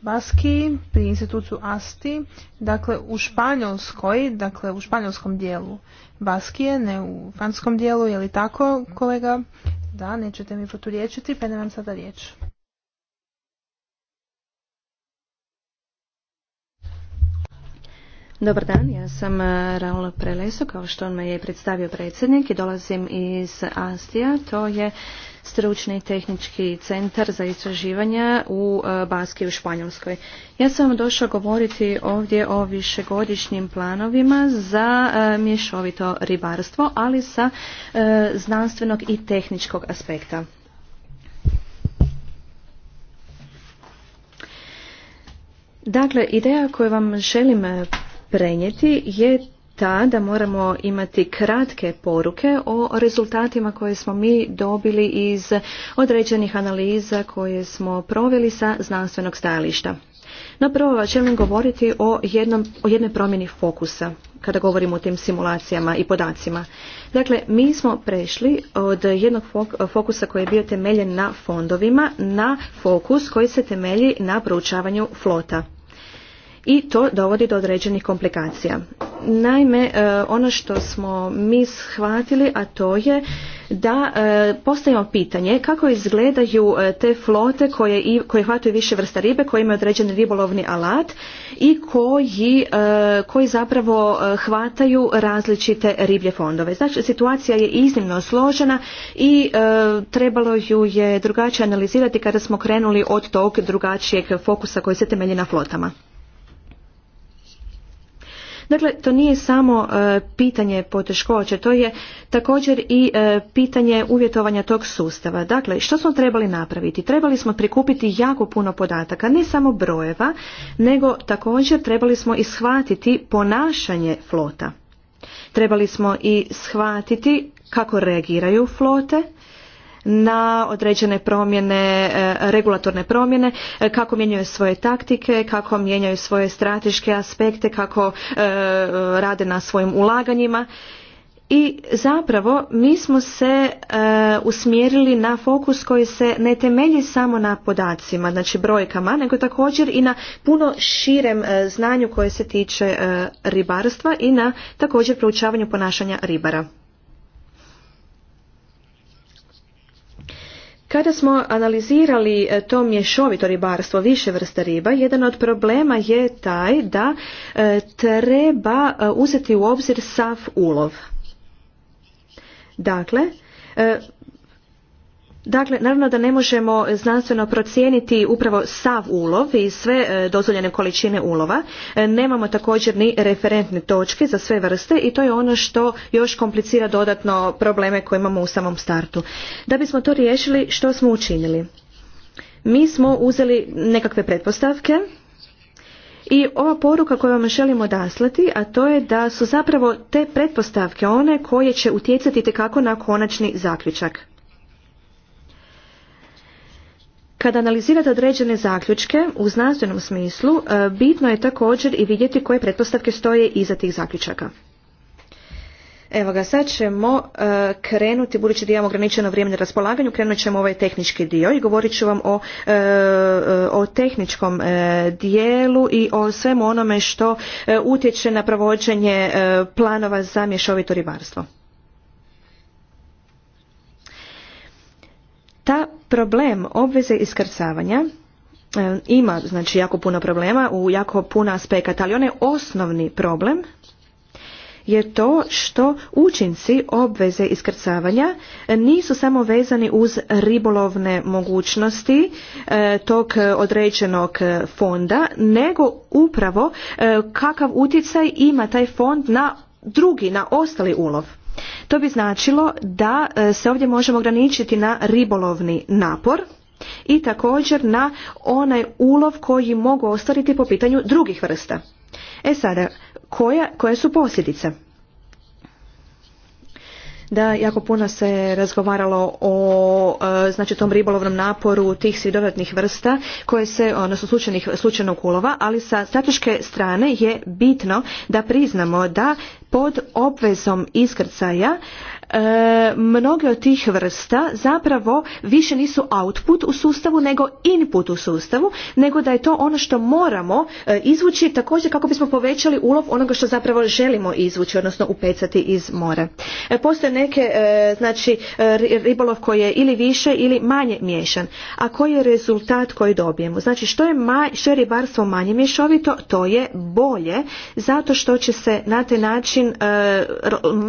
Baski, pri institucu Asti, dakle u Španjolskoj, dakle u španjolskom dijelu Baskije, ne u franskom dijelu, je li tako kolega? Da, nećete mi proturiječiti pa vam sada riječ. Dobar dan, ja sam uh, Raul Preleso, kao što on me je predstavio predsjednik i dolazim iz Astija. To je stručni i tehnički centar za istraživanja u e, Baski u Španjolskoj. Ja sam vam došla govoriti ovdje o višegodišnjim planovima za e, mješovito ribarstvo, ali sa e, znanstvenog i tehničkog aspekta. Dakle, ideja koju vam želim prenijeti je ta da moramo imati kratke poruke o rezultatima koje smo mi dobili iz određenih analiza koje smo proveli sa znanstvenog stajališta. No prvo želim govoriti o, jednom, o jednoj promjeni fokusa kada govorimo o tim simulacijama i podacima. Dakle, mi smo prešli od jednog fokusa koji je bio temeljen na fondovima na fokus koji se temelji na proučavanju flota i to dovodi do određenih komplikacija. Naime, e, ono što smo mi shvatili, a to je da e, postavimo pitanje kako izgledaju e, te flote koje, koje hvataju više vrsta ribe, koje imaju određeni ribolovni alat i koji, koji zapravo hvataju različite riblje fondove. Znači, situacija je iznimno složena i trebalo ju je drugačije analizirati kada smo krenuli od tog drugačijeg fokusa koji se temelji na flotama. Dakle, to nije samo e, pitanje poteškoće, to je također i e, pitanje uvjetovanja tog sustava. Dakle, što smo trebali napraviti? Trebali smo prikupiti jako puno podataka, ne samo brojeva, nego također trebali smo i shvatiti ponašanje flota. Trebali smo i shvatiti kako reagiraju flote, na određene promjene, e, regulatorne promjene, e, kako mijenjaju svoje taktike, kako mijenjaju svoje strateške aspekte, kako e, rade na svojim ulaganjima i zapravo mi smo se usmjerili na fokus koji se ne temelji samo na podacima znači brojkama nego također i na puno širem znanju koje se tiče ribarstva i na također proučavanju ponašanja ribara Kada smo analizirali e, to mješovito ribarstvo, više vrsta riba, jedan od problema je taj da e, treba e, uzeti u obzir sav ulov. Dakle, Dakle, naravno da ne možemo znanstveno procijeniti upravo sav ulov i sve e, dozvoljene količine ulova. E, nemamo također ni referentne točke za sve vrste i to je ono što još komplicira dodatno probleme koje imamo u samom startu. Da bismo to riješili, što smo učinili? Mi smo uzeli nekakve pretpostavke i ova poruka koju vam želimo daslati, a to je da su zapravo te pretpostavke one koje će utjecati tekako na konačni zaključak. Kada analizirate određene zaključke u znanstvenom smislu, e, bitno je također i vidjeti koje pretpostavke stoje iza tih zaključaka. Evo ga, sad ćemo e, krenuti, budući da imamo ograničeno vrijeme na raspolaganju, krenut ćemo ovaj tehnički dio i govorit ću vam o, e, o tehničkom dijelu i o svemu onome što utječe na provođenje planova za mješovito ribarstvo. Ta Problem obveze iskrcavanja e, ima znači jako puno problema u jako puno aspekata, ali onaj osnovni problem je to što učinci obveze iskrcavanja nisu samo vezani uz ribolovne mogućnosti e, tog određenog fonda, nego upravo e, kakav utjecaj ima taj fond na drugi, na ostali ulov. To bi značilo da e, se ovdje možemo ograničiti na ribolovni napor i također na onaj ulov koji mogu ostvariti po pitanju drugih vrsta. E sada, koja, koje su posljedice? Da, jako puno se razgovaralo o e, znači tom ribolovnom naporu tih svih dodatnih vrsta koje se, odnosno slučajnih, slučajnog ulova, ali sa strateške strane je bitno da priznamo da pod obvezom iskrcaja E, mnoge od tih vrsta zapravo više nisu output u sustavu nego input u sustavu, nego da je to ono što moramo e, izvući također kako bismo povećali ulov onoga što zapravo želimo izvući, odnosno upecati iz mora. E, postoje neke, e, znači, ribolov koji je ili više ili manje miješan, a koji je rezultat koji dobijemo. Znači, što je, ma, što ribarstvo manje mješovito, to je bolje, zato što će se na taj način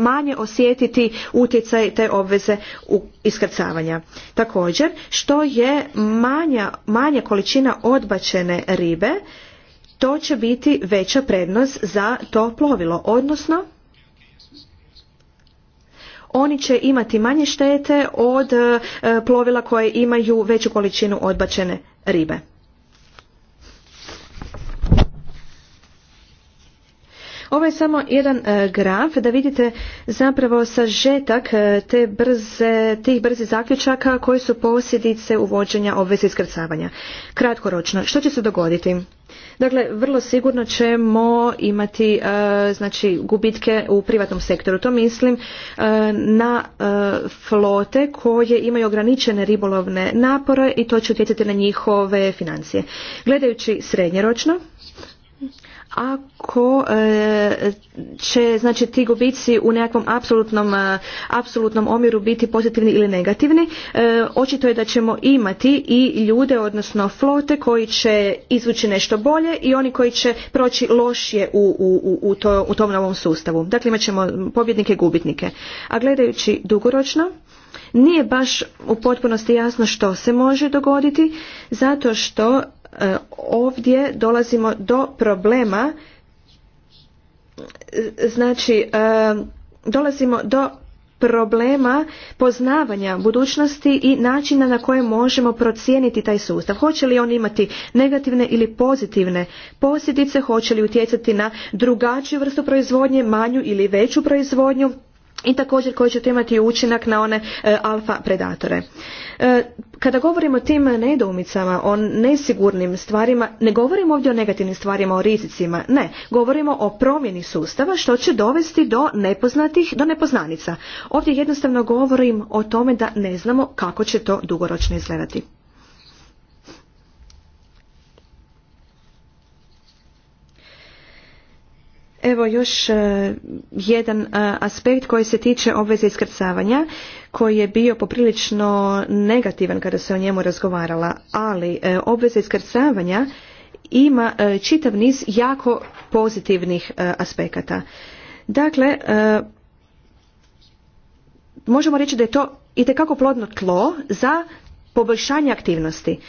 manje osjetiti utjecaj te obveze iskrcavanja. Također, što je manja, količina odbačene ribe, to će biti veća prednost za to plovilo, odnosno oni će imati manje štete od e, plovila koje imaju veću količinu odbačene ribe. Ovo je samo jedan e, graf da vidite zapravo sažetak e, te brze, tih brzih zaključaka koji su posljedice uvođenja obveze iskrcavanja. Kratkoročno, što će se dogoditi? Dakle, vrlo sigurno ćemo imati e, znači gubitke u privatnom sektoru. To mislim na flote koje imaju ograničene ribolovne napore i to će utjecati na njihove financije. Gledajući srednjeročno, ako e, će znači ti gubici u nekakvom apsolutnom, e, apsolutnom omjeru biti pozitivni ili negativni e, očito je da ćemo imati i ljude odnosno flote koji će izvući nešto bolje i oni koji će proći lošije u, u, u, u tom novom sustavu dakle imat ćemo pobjednike i gubitnike a gledajući dugoročno nije baš u potpunosti jasno što se može dogoditi zato što E, ovdje dolazimo do problema e, znači e, dolazimo do problema poznavanja budućnosti i načina na koje možemo procijeniti taj sustav. Hoće li on imati negativne ili pozitivne posljedice, hoće li utjecati na drugačiju vrstu proizvodnje, manju ili veću proizvodnju, i također koji će to imati učinak na one e, alfa predatore. E, kada govorimo o tim nedoumicama, o nesigurnim stvarima, ne govorimo ovdje o negativnim stvarima, o rizicima, ne. Govorimo o promjeni sustava što će dovesti do nepoznatih, do nepoznanica. Ovdje jednostavno govorim o tome da ne znamo kako će to dugoročno izgledati. Evo još e, jedan e, aspekt koji se tiče obveze iskrcavanja koji je bio poprilično negativan kada se o njemu razgovarala, ali e, obveze iskrcavanja ima čitav niz jako pozitivnih aspekata. Dakle, možemo reći da je to itekako plodno tlo za poboljšanje aktivnosti.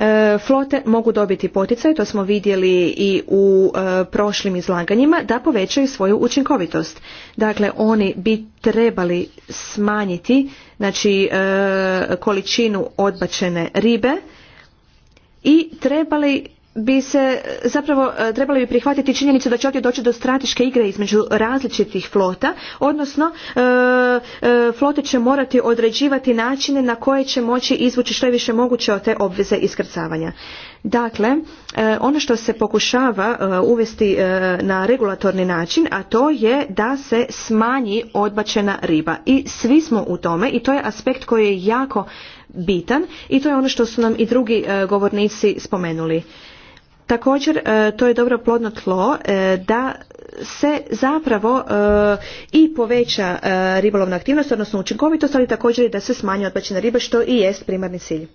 E, flote mogu dobiti poticaj, to smo vidjeli i u e, prošlim izlaganjima, da povećaju svoju učinkovitost. Dakle, oni bi trebali smanjiti znači, e, količinu odbačene ribe i trebali bi se e, zapravo e, trebali bi prihvatiti činjenicu da će ovdje doći do strateške igre između različitih flota, odnosno e, flote će morati određivati načine na koje će moći izvući što je više moguće od te obveze iskrcavanja. Dakle, ono što se pokušava uvesti na regulatorni način, a to je da se smanji odbačena riba. I svi smo u tome i to je aspekt koji je jako bitan i to je ono što su nam i drugi govornici spomenuli. Također e, to je dobro plodno tlo e, da se zapravo e, i poveća ribolovna aktivnost, odnosno učinkovitost, ali također i da se smanje odbačena riba, što i jest primarni cilj.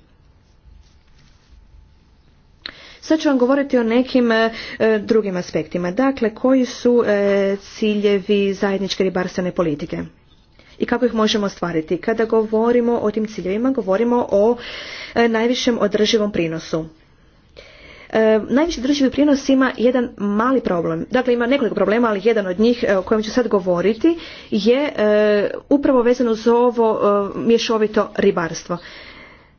Sad ću vam govoriti o nekim drugim aspektima. Dakle, koji su ciljevi zajedničke ribarstvene politike? I kako ih možemo ostvariti? Kada govorimo o tim ciljevima, govorimo o najvišem održivom prinosu. Najviši e, najviše prinos ima jedan mali problem. Dakle, ima nekoliko problema, ali jedan od njih e, o kojem ću sad govoriti je e, upravo vezano za ovo mješovito ribarstvo.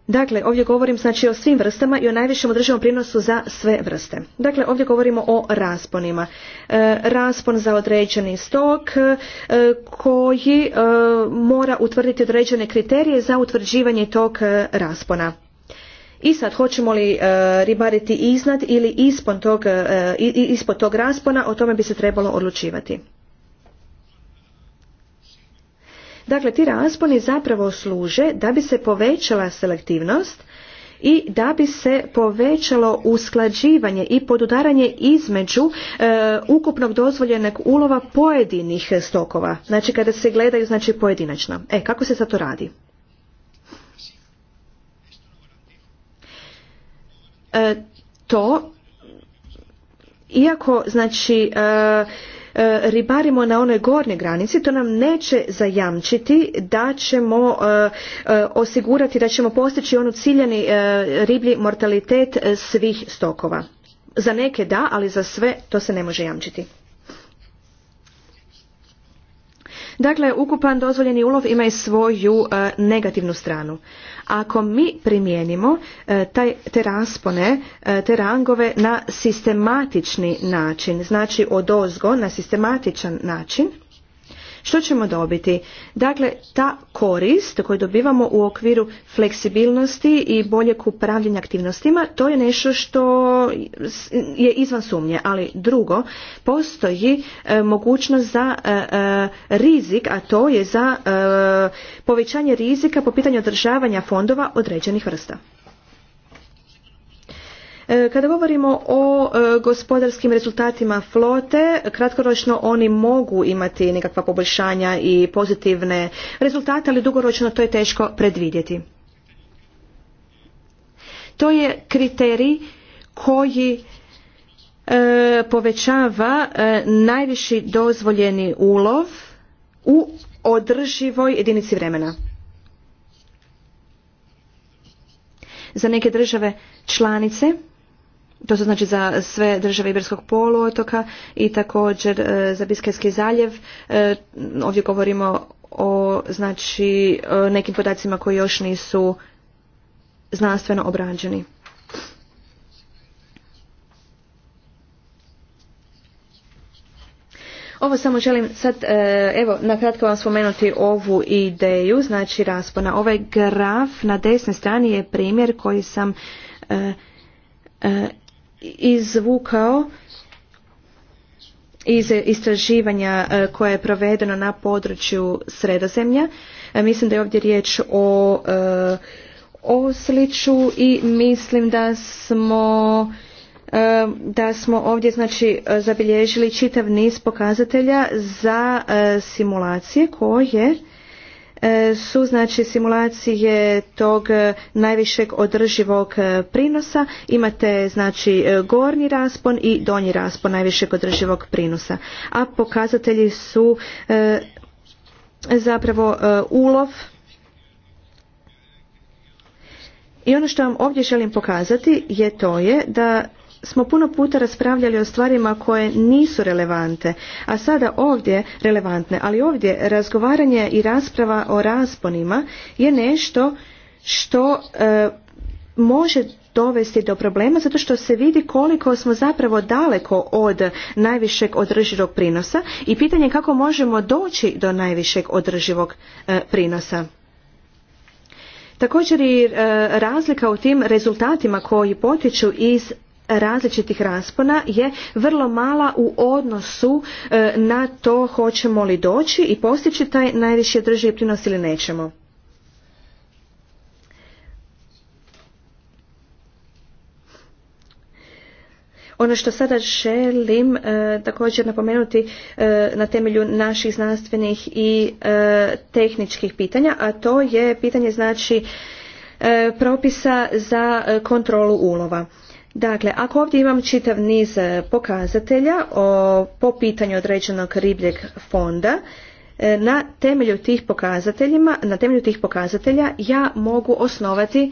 Dakle, ovdje govorim znači o svim vrstama i o najvišem održivom prinosu za sve vrste. Dakle, ovdje govorimo o rasponima. raspon za određeni stok koji mora utvrditi određene kriterije za utvrđivanje tog raspona. I sad, hoćemo li e, ribariti iznad ili ispod tog, e, tog raspona, o tome bi se trebalo odlučivati. Dakle, ti rasponi zapravo služe da bi se povećala selektivnost i da bi se povećalo usklađivanje i podudaranje između e, ukupnog dozvoljenog ulova pojedinih stokova. Znači, kada se gledaju znači, pojedinačno. E, kako se sad to radi? E, to iako znači e, e, ribarimo na onoj gornjoj granici, to nam neće zajamčiti da ćemo osigurati, da ćemo postići onu ciljani riblji mortalitet svih stokova. Za neke da, ali za sve to se ne može jamčiti. Dakle, ukupan dozvoljeni ulov ima i svoju e, negativnu stranu. Ako mi primijenimo e, taj, te raspone, e, te rangove na sistematični način, znači od ozgo na sistematičan način, što ćemo dobiti? Dakle, ta korist koju dobivamo u okviru fleksibilnosti i boljeg upravljanja aktivnostima, to je nešto što je izvan sumnje. Ali drugo, postoji e, mogućnost za e, e, rizik, a to je za povećanje rizika po pitanju održavanja fondova određenih vrsta. E, kada govorimo o e, gospodarskim rezultatima flote, kratkoročno oni mogu imati nekakva poboljšanja i pozitivne rezultate, ali dugoročno to je teško predvidjeti. To je kriterij koji e, povećava najviši dozvoljeni ulov u održivoj jedinici vremena. Za neke države članice to su znači za sve države Iberskog poluotoka i također e, za Biskajski zaljev. E, ovdje govorimo o znači e, nekim podacima koji još nisu znanstveno obrađeni. Ovo samo želim sad, evo, na kratko vam spomenuti ovu ideju, znači raspona. Ovaj graf na desnoj strani je primjer koji sam izvukao iz istraživanja e, koje je provedeno na području sredozemlja. E, mislim da je ovdje riječ o e, osliču i mislim da smo da smo ovdje znači zabilježili čitav niz pokazatelja za simulacije koje E, su znači simulacije tog e, najvišeg održivog e, prinosa. Imate znači gornji raspon i donji raspon najvišeg održivog prinosa. A pokazatelji su zapravo ulov i ono što vam ovdje želim pokazati je to je da smo puno puta raspravljali o stvarima koje nisu relevante, a sada ovdje relevantne, ali ovdje razgovaranje i rasprava o rasponima je nešto što e, može dovesti do problema zato što se vidi koliko smo zapravo daleko od najvišeg održivog prinosa i pitanje kako možemo doći do najvišeg održivog e, prinosa. Također i e, razlika u tim rezultatima koji potiču iz različitih raspona je vrlo mala u odnosu e, na to hoćemo li doći i postići taj najviši održivi prinos ili nećemo. Ono što sada želim e, također napomenuti e, na temelju naših znanstvenih i tehničkih pitanja, a to je pitanje znači propisa za kontrolu ulova. Dakle, ako ovdje imam čitav niz e, pokazatelja o, po pitanju određenog ribljeg fonda, e, na temelju tih pokazateljima, na temelju tih pokazatelja ja mogu osnovati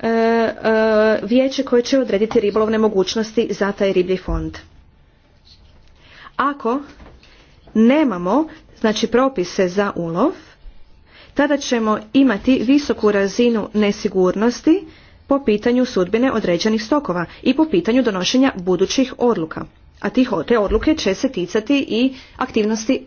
e, e, vijeće koje će odrediti ribolovne mogućnosti za taj riblji fond. Ako nemamo znači propise za ulov, tada ćemo imati visoku razinu nesigurnosti po pitanju sudbine određenih stokova i po pitanju donošenja budućih odluka. A tih, te odluke će se ticati i aktivnosti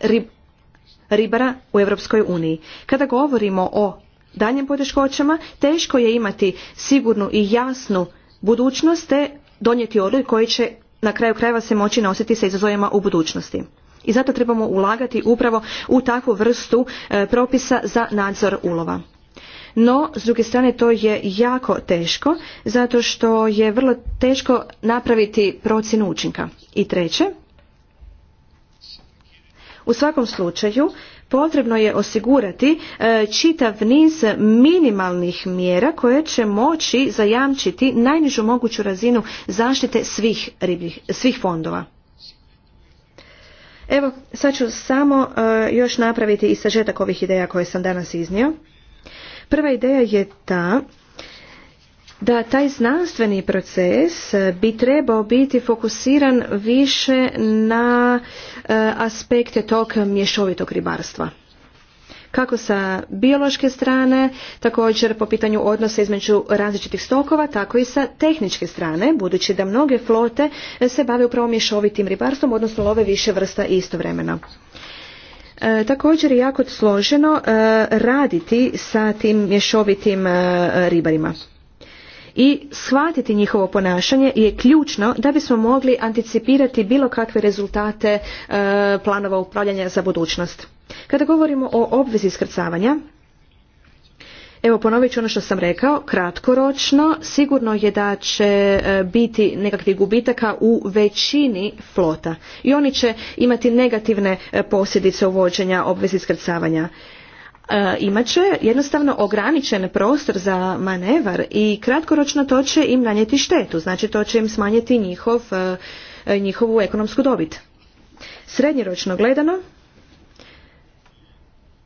ribara u Europskoj uniji. Kada govorimo o danjem poteškoćama, teško je imati sigurnu i jasnu budućnost te donijeti odluke koji će na kraju krajeva se moći nositi sa izazovima u budućnosti. I zato trebamo ulagati upravo u takvu vrstu e, propisa za nadzor ulova no s druge strane to je jako teško zato što je vrlo teško napraviti procjenu učinka. I treće, u svakom slučaju potrebno je osigurati e, čitav niz minimalnih mjera koje će moći zajamčiti najnižu moguću razinu zaštite svih, svih fondova. Evo, sad ću samo e, još napraviti i sažetak ovih ideja koje sam danas iznio. Prva ideja je ta da taj znanstveni proces e, bi trebao biti fokusiran više na e, aspekte tog mješovitog ribarstva kako sa biološke strane, također po pitanju odnosa između različitih stokova, tako i sa tehničke strane, budući da mnoge flote se bave upravo mješovitim ribarstvom, odnosno love više vrsta istovremeno. E, također je jako složeno e, raditi sa tim mješovitim e, ribarima. I shvatiti njihovo ponašanje je ključno da bismo mogli anticipirati bilo kakve rezultate e, planova upravljanja za budućnost. Kada govorimo o obvezi skrcavanja, Evo ponovit ću ono što sam rekao, kratkoročno sigurno je da će e, biti nekakvih gubitaka u većini flota i oni će imati negativne e, posljedice uvođenja obvezi skrcavanja. E, imat će jednostavno ograničen prostor za manevar i kratkoročno to će im nanijeti štetu, znači to će im smanjiti njihov, njihovu ekonomsku dobit. Srednjeročno gledano,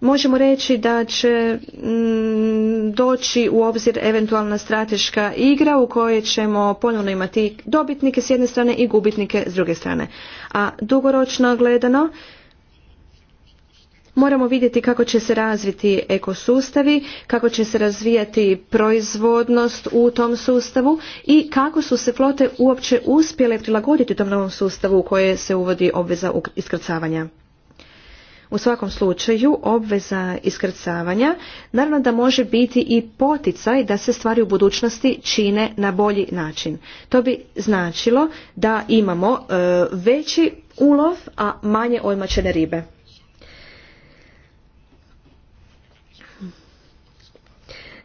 možemo reći da će mm, doći u obzir eventualna strateška igra u kojoj ćemo ponovno imati dobitnike s jedne strane i gubitnike s druge strane. A dugoročno gledano moramo vidjeti kako će se razviti ekosustavi, kako će se razvijati proizvodnost u tom sustavu i kako su se flote uopće uspjele prilagoditi tom novom sustavu u koje se uvodi obveza iskrcavanja u svakom slučaju obveza iskrcavanja naravno da može biti i poticaj da se stvari u budućnosti čine na bolji način. To bi značilo da imamo e, veći ulov, a manje ojmačene ribe.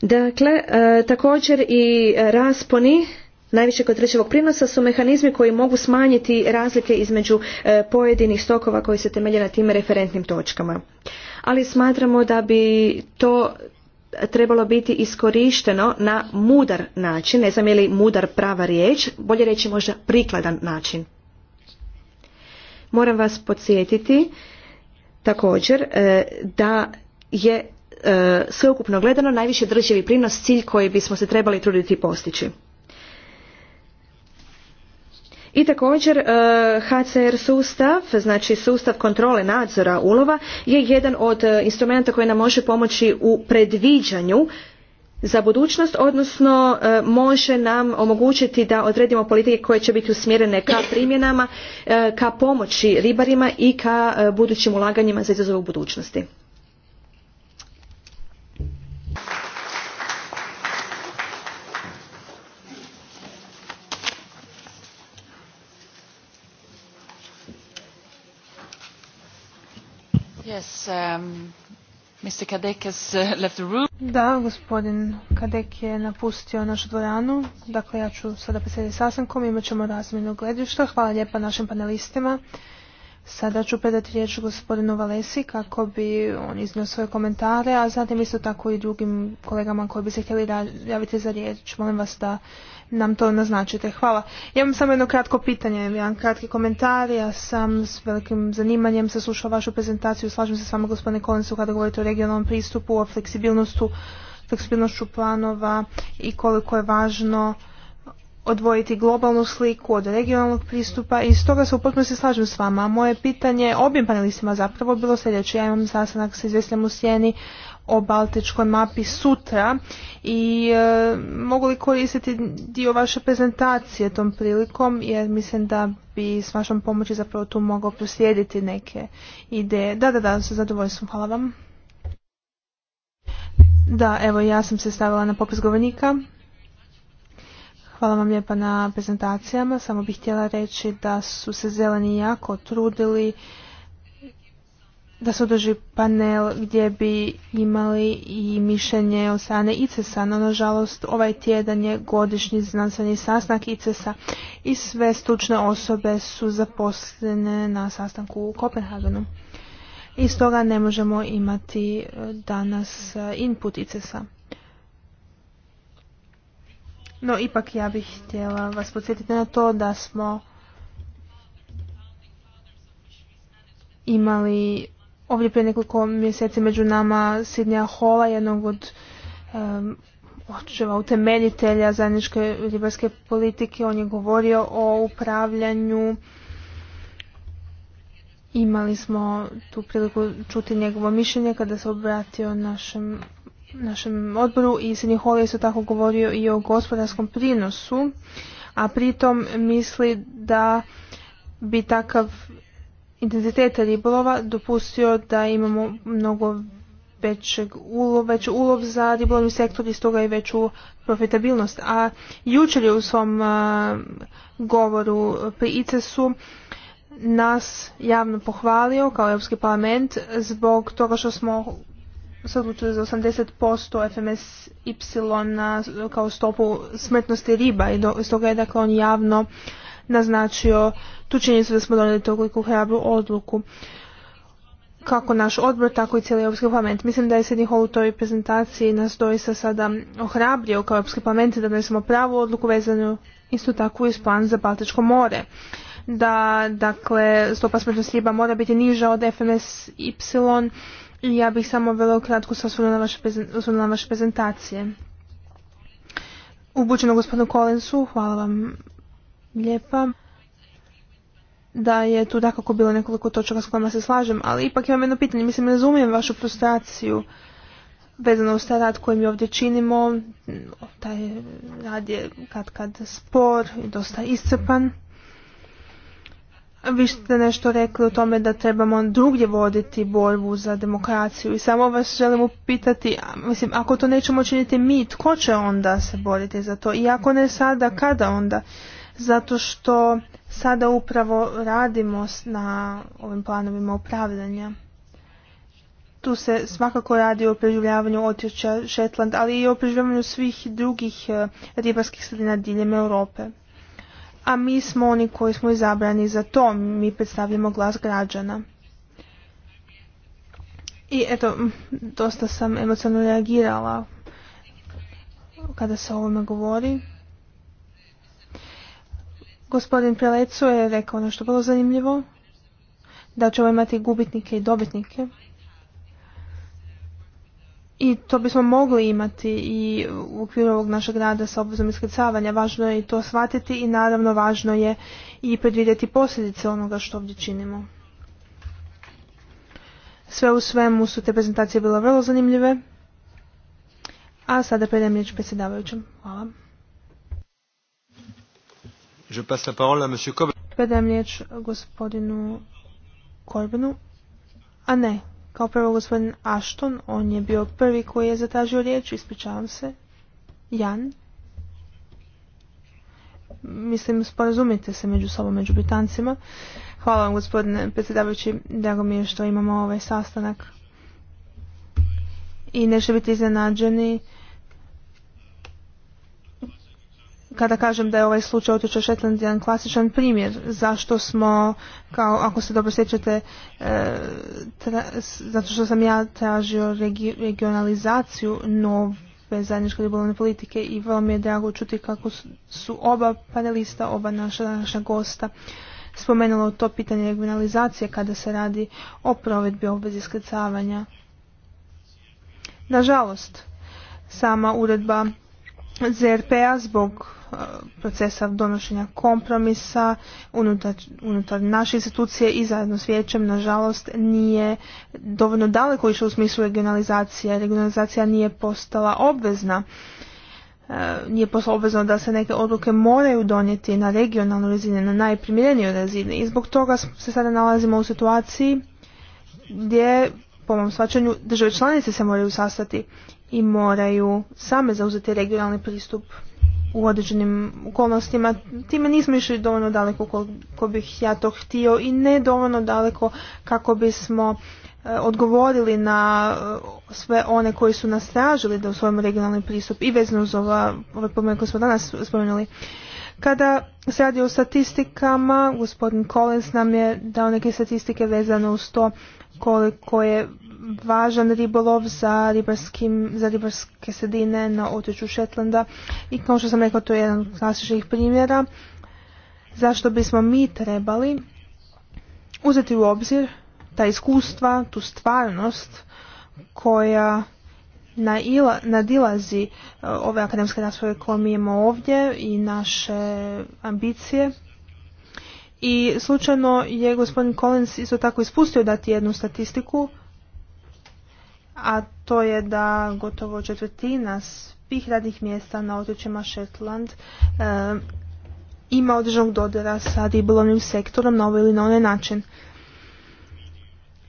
Dakle, e, također i rasponi najviše kod trećevog prinosa su mehanizmi koji mogu smanjiti razlike između e, pojedinih stokova koji se temelje na tim referentnim točkama. Ali smatramo da bi to trebalo biti iskorišteno na mudar način, ne znam je li mudar prava riječ, bolje reći možda prikladan način. Moram vas podsjetiti također e, da je e, sveukupno gledano najviše drživi prinos cilj koji bismo se trebali truditi postići. I također e, HCR sustav, znači sustav kontrole nadzora ulova je jedan od e, instrumenta koji nam može pomoći u predviđanju za budućnost, odnosno e, može nam omogućiti da odredimo politike koje će biti usmjerene ka primjenama, ka pomoći ribarima i ka budućim ulaganjima za izazovu budućnosti. Um, uh, da, gospodin Kadek je napustio našu dvoranu. Dakle, ja ću sada predsjediti sastankom, imat ćemo razmjenu gledišta. Hvala lijepa našim panelistima. Sada ću predati riječ gospodinu Valesi kako bi on iznio svoje komentare, a zatim isto tako i drugim kolegama koji bi se htjeli javiti za riječ. Molim vas da nam to naznačite. Hvala. Ja imam samo jedno kratko pitanje, jedan kratki komentar. Ja sam s velikim zanimanjem saslušao vašu prezentaciju. Slažem se s vama gospodine Kolinsu kada govorite o regionalnom pristupu, o fleksibilnostu, fleksibilnošću planova i koliko je važno odvojiti globalnu sliku od regionalnog pristupa i stoga se u potpunosti slažem s vama. Moje pitanje obim panelistima zapravo bilo sljedeće. Ja imam sastanak sa izvjestljem u Sjeni o baltičkoj mapi sutra i e, mogu li koristiti dio vaše prezentacije tom prilikom jer mislim da bi s vašom pomoći zapravo tu mogao proslijediti neke ideje. Da, da, da, sa zadovoljstvom. Hvala vam. Da, evo ja sam se stavila na popis govornika. Hvala vam lijepa na prezentacijama. Samo bih htjela reći da su se zeleni jako trudili da se održi panel gdje bi imali i mišljenje od strane ICES-a, no nažalost ovaj tjedan je godišnji znanstveni sastanak ICES-a i sve stručne osobe su zaposlene na sastanku u Kopenhagenu. I stoga ne možemo imati eh, danas eh, input ICES-a. No ipak ja bih htjela vas podsjetiti na to da smo imali ovdje prije nekoliko mjeseci među nama Sidnja Hola, jednog od očeva utemeljitelja zajedničke ribarske politike. On je govorio o upravljanju. Imali smo tu priliku čuti njegovo mišljenje kada se obratio našem našem odboru i Sinihol je isto tako govorio i o gospodarskom prinosu, a pritom misli da bi takav intenzitet ribolova dopustio da imamo mnogo većeg ulov, već ulov za ribolovni sektor i stoga i veću profitabilnost. A jučer je u svom govoru pri ICES-u nas javno pohvalio kao Europski parlament zbog toga što smo se odlučili za 80% FMS Y kao stopu smrtnosti riba i stoga je dakle on javno naznačio tu činjenicu da smo donijeli toliko hrabru odluku kako naš odbor, tako i cijeli Europski parlament. Mislim da je Sidney Hall u toj prezentaciji nas doista sada ohrabrio kao Europski parlament da donesemo pravu odluku vezanu isto tako i s plan za Baltičko more. Da, dakle, stopa smrtnosti riba mora biti niža od FMS Y ja bih samo vrlo kratko se na vaše prezentacije. Ubućeno gospodinu Collinsu, hvala vam lijepa da je tu dakako bilo nekoliko točaka s kojima se slažem, ali ipak imam jedno pitanje. Mislim, razumijem vašu frustraciju vezano uz taj rad koji mi ovdje činimo. Taj rad je kad kad spor i dosta iscrpan. Vi ste nešto rekli o tome da trebamo drugdje voditi borbu za demokraciju i samo vas želim upitati, mislim, ako to nećemo činiti mi, tko će onda se boriti za to? I ako ne sada, kada onda? Zato što sada upravo radimo na ovim planovima upravljanja. Tu se svakako radi o preživljavanju otjeća Šetland, ali i o preživljavanju svih drugih eh, ribarskih sredina diljem Europe a mi smo oni koji smo izabrani za to, mi predstavljamo glas građana. I eto, dosta sam emocionalno reagirala kada se o ovome govori. Gospodin Prelecu je rekao nešto vrlo zanimljivo, da će ovo imati gubitnike i dobitnike. I to bismo mogli imati i u okviru ovog našeg rada sa obvezom iskrcavanja. Važno je i to shvatiti i naravno važno je i predvidjeti posljedice onoga što ovdje činimo. Sve u svemu su te prezentacije bile vrlo zanimljive. A sada predajem riječ predsjedavajućem. Hvala. Predajem riječ gospodinu Korbenu. A ne, kao prvo gospodin Ashton, on je bio prvi koji je zatražio riječ, ispričavam se. Jan? Mislim, sporazumite se među sobom, među Britancima. Hvala vam gospodine predsjedavajući, drago mi je što imamo ovaj sastanak. I neće biti iznenađeni kada kažem da je ovaj slučaj otoča Šetland, jedan klasičan primjer zašto smo, kao ako se dobro sjećate, e, zato što sam ja tražio regi, regionalizaciju nove zajedničke ribolovne politike i vrlo mi je drago čuti kako su, oba panelista, oba naša gosta spomenulo to pitanje regionalizacije kada se radi o provedbi obvezi iskrcavanja. Nažalost, sama uredba zrp p-a zbog e, procesa donošenja kompromisa unutar, unutar naše institucije i zajedno s vijećem nažalost nije dovoljno daleko išao u smislu regionalizacije. Regionalizacija nije postala obvezna. E, nije postala obvezno da se neke odluke moraju donijeti na regionalnoj razini, na najprimjerenijoj razini i zbog toga se sada nalazimo u situaciji gdje po mom svačanju, države članice se moraju sastati i moraju same zauzeti regionalni pristup u određenim okolnostima. Time nismo išli dovoljno daleko koliko bih ja to htio i ne dovoljno daleko kako bismo e, odgovorili na e, sve one koji su nastražili da u svojom regionalni pristup i vezno uz ove pomere koje smo danas spomenuli kada se radi o statistikama, gospodin Collins nam je dao neke statistike vezane uz to koliko je važan ribolov za, ribarskim, za ribarske sredine na otoču Šetlanda i kao što sam rekao to je jedan od klasičnih primjera zašto bismo mi trebali uzeti u obzir ta iskustva, tu stvarnost koja nadilazi e, ove akademske rasprave koje mi imamo ovdje i naše ambicije. I slučajno je gospodin Collins isto tako ispustio dati jednu statistiku, a to je da gotovo četvrtina svih radnih mjesta na otočima Shetland e, ima određenog dodira sa ribolovnim sektorom na ovaj ili na onaj način.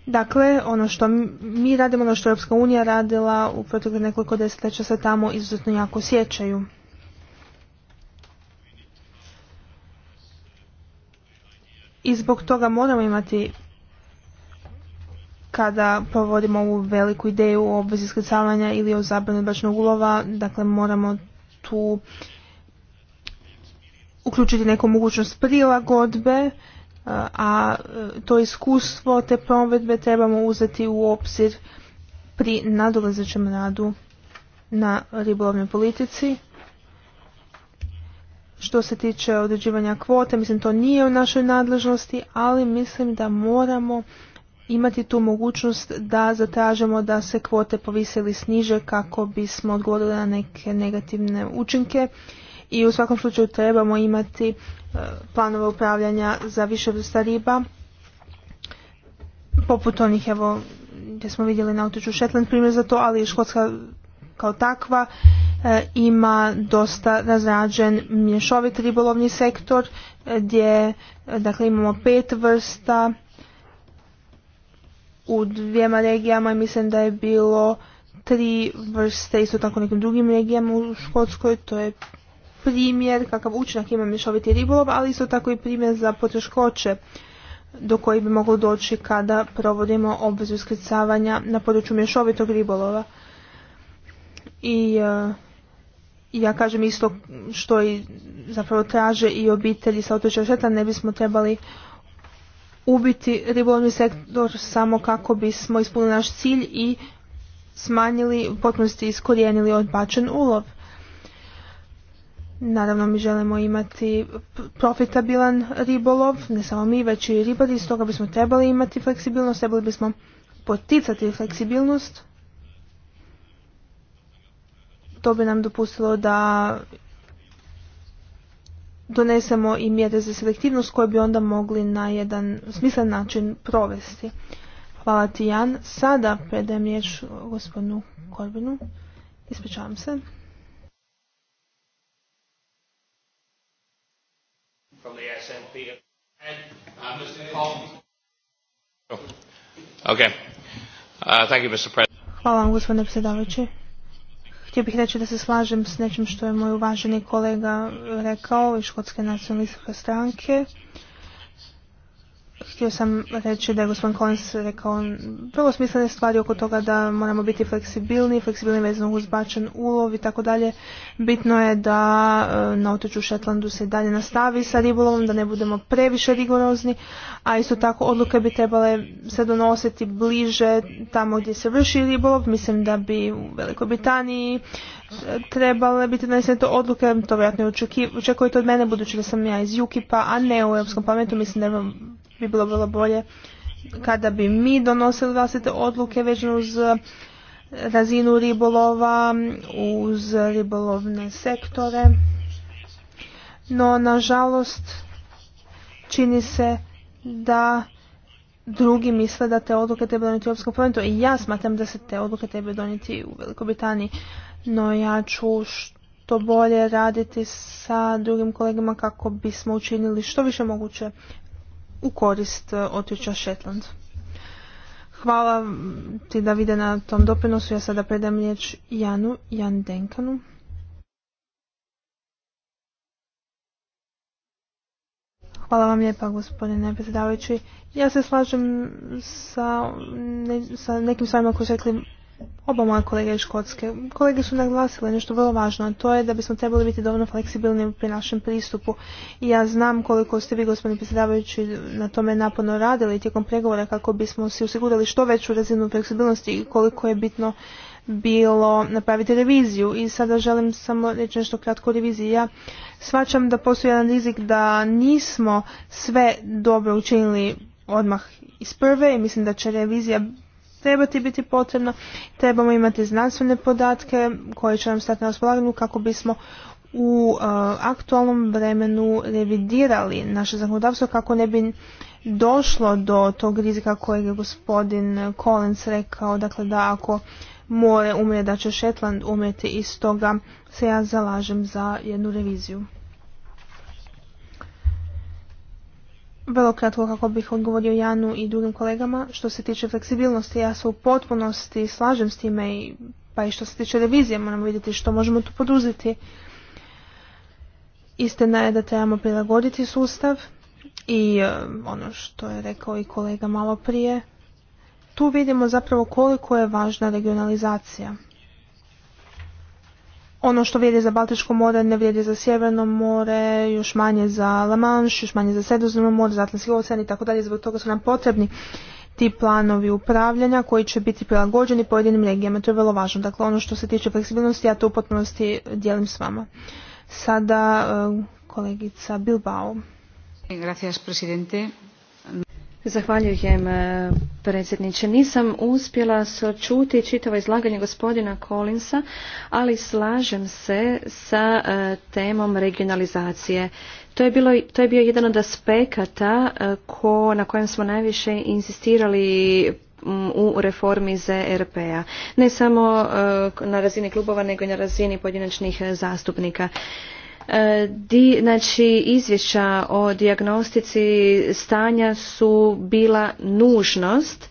Dakle, ono što mi radimo, ono što je Europska unija radila u proteklih nekoliko desetljeća se tamo izuzetno jako sjećaju. I zbog toga moramo imati kada provodimo ovu veliku ideju o obvezi iskrcavanja ili o zabrani bačnog ulova, dakle moramo tu uključiti neku mogućnost prilagodbe a e, to iskustvo te provedbe trebamo uzeti u obzir pri nadolazećem radu na ribolovnoj politici. Što se tiče određivanja kvote, mislim to nije u našoj nadležnosti, ali mislim da moramo imati tu mogućnost da zatražemo da se kvote povise ili sniže kako bismo odgovorili na neke negativne učinke i u svakom slučaju trebamo imati e, planove upravljanja za više vrsta riba poput onih evo gdje smo vidjeli na otoču Shetland primjer za to, ali i Škotska kao takva e, ima dosta razrađen mješovit ribolovni sektor gdje dakle imamo pet vrsta u dvijema regijama i mislim da je bilo tri vrste isto tako u nekim drugim regijama u Škotskoj to je primjer kakav učinak ima mješoviti ribolov, ali isto tako i primjer za poteškoće do koji bi moglo doći kada provodimo obvezu iskrcavanja na području mješovitog ribolova. I e, ja kažem isto što i zapravo traže i obitelji sa otoča šeta, ne bismo trebali ubiti ribolovni sektor samo kako bismo ispunili naš cilj i smanjili, potpunosti iskorijenili odbačen ulov. Naravno mi želimo imati profitabilan ribolov, ne samo mi već i ribari, stoga bismo trebali imati fleksibilnost, trebali bismo poticati fleksibilnost. To bi nam dopustilo da donesemo i mjere za selektivnost koje bi onda mogli na jedan smislen način provesti. Hvala ti Jan. Sada predajem riječ gospodinu Korbinu. Ispričavam se. from the SNP. Uh, Mr. Collins. Oh. Okay. Uh, thank you, Mr. President. Hvala vam, gospodine predsjedavajući. Htio bih reći da se slažem s nečim što je moj uvaženi kolega rekao iz Škotske nacionalne stranke htio sam reći da je gospodin Collins rekao vrlo smislene stvari oko toga da moramo biti fleksibilni, fleksibilni vezano uz bačen ulov i tako dalje. Bitno je da e, na otoču Šetlandu se dalje nastavi sa ribolovom, da ne budemo previše rigorozni, a isto tako odluke bi trebale se donositi bliže tamo gdje se vrši ribolov. Mislim da bi u Velikoj Britaniji e, trebale biti donesene to odluke, to vjerojatno očekujete od mene, budući da sam ja iz UKIP-a, ne u Europskom parlamentu, mislim da bi bilo vrlo bolje kada bi mi donosili vlastite odluke već uz eh, razinu ribolova, uz ribolovne sektore. No, nažalost, čini se da drugi misle da te odluke treba donijeti u Europskom parlamentu i ja smatram da se te odluke treba donijeti u Velikoj Britaniji. No ja ću što bolje raditi sa drugim kolegama kako bismo učinili što više moguće u korist e, otiča Šetland. Hvala ti da vide na tom doprinosu. Ja sada predam riječ Janu, Jan Denkanu. Hvala vam lijepa gospodine predsjedavajući. Ja se slažem sa, nekim stvarima koje su Oba moja kolege iz Škotske. Kolege su naglasile nešto vrlo važno, a to je da bismo trebali biti dovoljno fleksibilni pri našem pristupu. I ja znam koliko ste vi, gospodine predsjedavajući, na tome naporno radili tijekom pregovora kako bismo si osigurali što veću razinu fleksibilnosti i koliko je bitno bilo napraviti reviziju. I sada želim samo reći nešto kratko o reviziji. Ja svačam da postoji jedan rizik da nismo sve dobro učinili odmah iz prve i mislim da će revizija trebati biti potrebna. Trebamo imati znanstvene podatke koje će nam stati na raspolaganju kako bismo u e, aktualnom vremenu revidirali naše zakonodavstvo kako ne bi došlo do tog rizika kojeg je gospodin Collins rekao, dakle da ako more umre da će Šetland umjeti i stoga se ja zalažem za jednu reviziju. Vrlo kratko kako bih odgovorio Janu i drugim kolegama. Što se tiče fleksibilnosti, ja se u potpunosti slažem s time, i, pa i što se tiče revizije, moramo vidjeti što možemo tu poduzeti. Istina je da trebamo prilagoditi sustav i e, ono što je rekao i kolega malo prije, tu vidimo zapravo koliko je važna regionalizacija ono što vrijedi za Baltičko more ne vrijedi za Sjeverno more, još manje za La Manche, još manje za Sredozemno more, za Atlantski ocean i tako dalje. Zbog toga su nam potrebni ti planovi upravljanja koji će biti prilagođeni pojedinim regijama. To je vrlo važno. Dakle, ono što se tiče fleksibilnosti, ja to u potpunosti dijelim s vama. Sada eh, kolegica Bilbao. Gracias, presidente. Zahvaljujem e, predsjedniče. Nisam uspjela sočuti čitavo izlaganje gospodina Collinsa, ali slažem se sa e, temom regionalizacije. To je, je bio jedan od aspekata e, na kojem smo najviše insistirali u reformi ZRP-a. Ne samo na razini klubova, nego i na razini pojedinačnih zastupnika. E, di, znači, izvješća o dijagnostici stanja su bila nužnost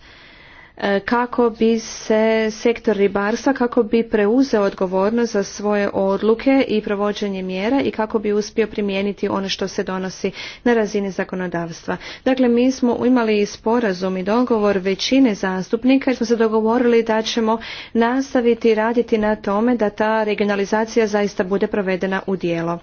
E, kako bi se sektor ribarstva kako bi preuzeo odgovornost za svoje odluke i provođenje mjera i kako bi uspio primijeniti ono što se donosi na razini zakonodavstva. Dakle, mi smo imali i sporazum i dogovor većine zastupnika jer smo se dogovorili da ćemo nastaviti raditi na tome da ta regionalizacija zaista bude provedena u djelo.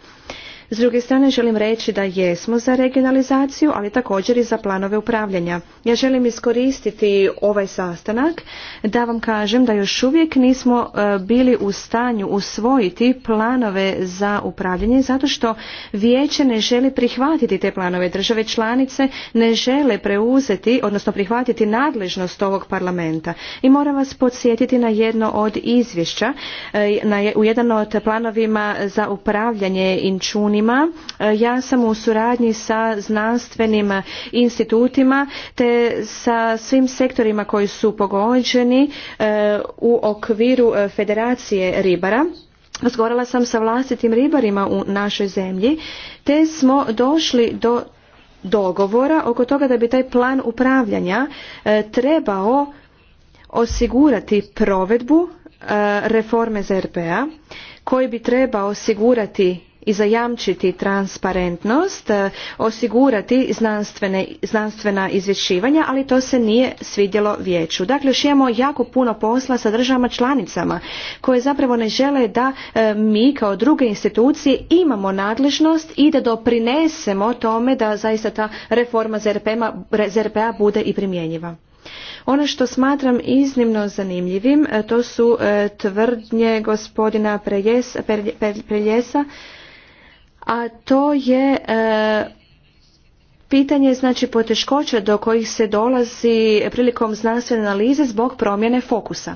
S druge strane želim reći da jesmo za regionalizaciju, ali također i za planove upravljanja. Ja želim iskoristiti ovaj sastanak da vam kažem da još uvijek nismo e, bili u stanju usvojiti planove za upravljanje zato što vijeće ne želi prihvatiti te planove. Države članice ne žele preuzeti, odnosno prihvatiti nadležnost ovog parlamenta. I moram vas podsjetiti na jedno od izvješća, e, na, u jedan od planovima za upravljanje Inčuni ima, e, Ja sam u suradnji sa znanstvenim institutima te sa svim sektorima koji su pogođeni e, u okviru e, Federacije ribara. Razgovarala sam sa vlastitim ribarima u našoj zemlji te smo došli do dogovora oko toga da bi taj plan upravljanja trebao osigurati provedbu reforme ZRP-a koji bi trebao osigurati i zajamčiti transparentnost, e, osigurati znanstvena izvješćivanja, ali to se nije svidjelo vijeću. Dakle, još imamo jako puno posla sa državama članicama koje zapravo ne žele da e, mi kao druge institucije imamo nadležnost i da doprinesemo tome da zaista ta reforma zrp bude i primjenjiva. Ono što smatram iznimno zanimljivim, e, to su tvrdnje gospodina Preljesa, a to je e, pitanje znači poteškoća do kojih se dolazi prilikom znanstvene analize zbog promjene fokusa.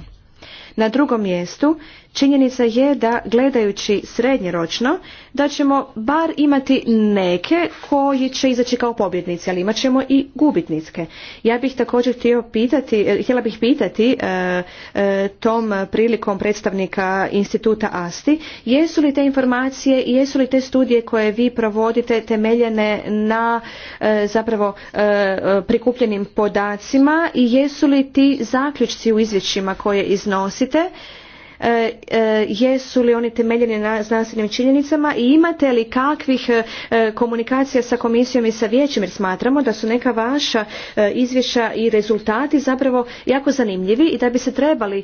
Na drugom mjestu Činjenica je da gledajući srednjeročno da ćemo bar imati neke koji će izaći kao pobjednici, ali imat ćemo i gubitnicke. Ja bih također htio pitati, eh, htjela bih pitati eh, eh, tom prilikom predstavnika instituta ASTI, jesu li te informacije i jesu li te studije koje vi provodite temeljene na zapravo prikupljenim podacima i jesu li ti zaključci u izvješćima koje iznosite E, e, jesu li oni temeljeni na znanstvenim činjenicama i imate li kakvih e, komunikacija sa komisijom i sa vijećem jer smatramo da su neka vaša izvješća i rezultati zapravo jako zanimljivi i da bi se trebali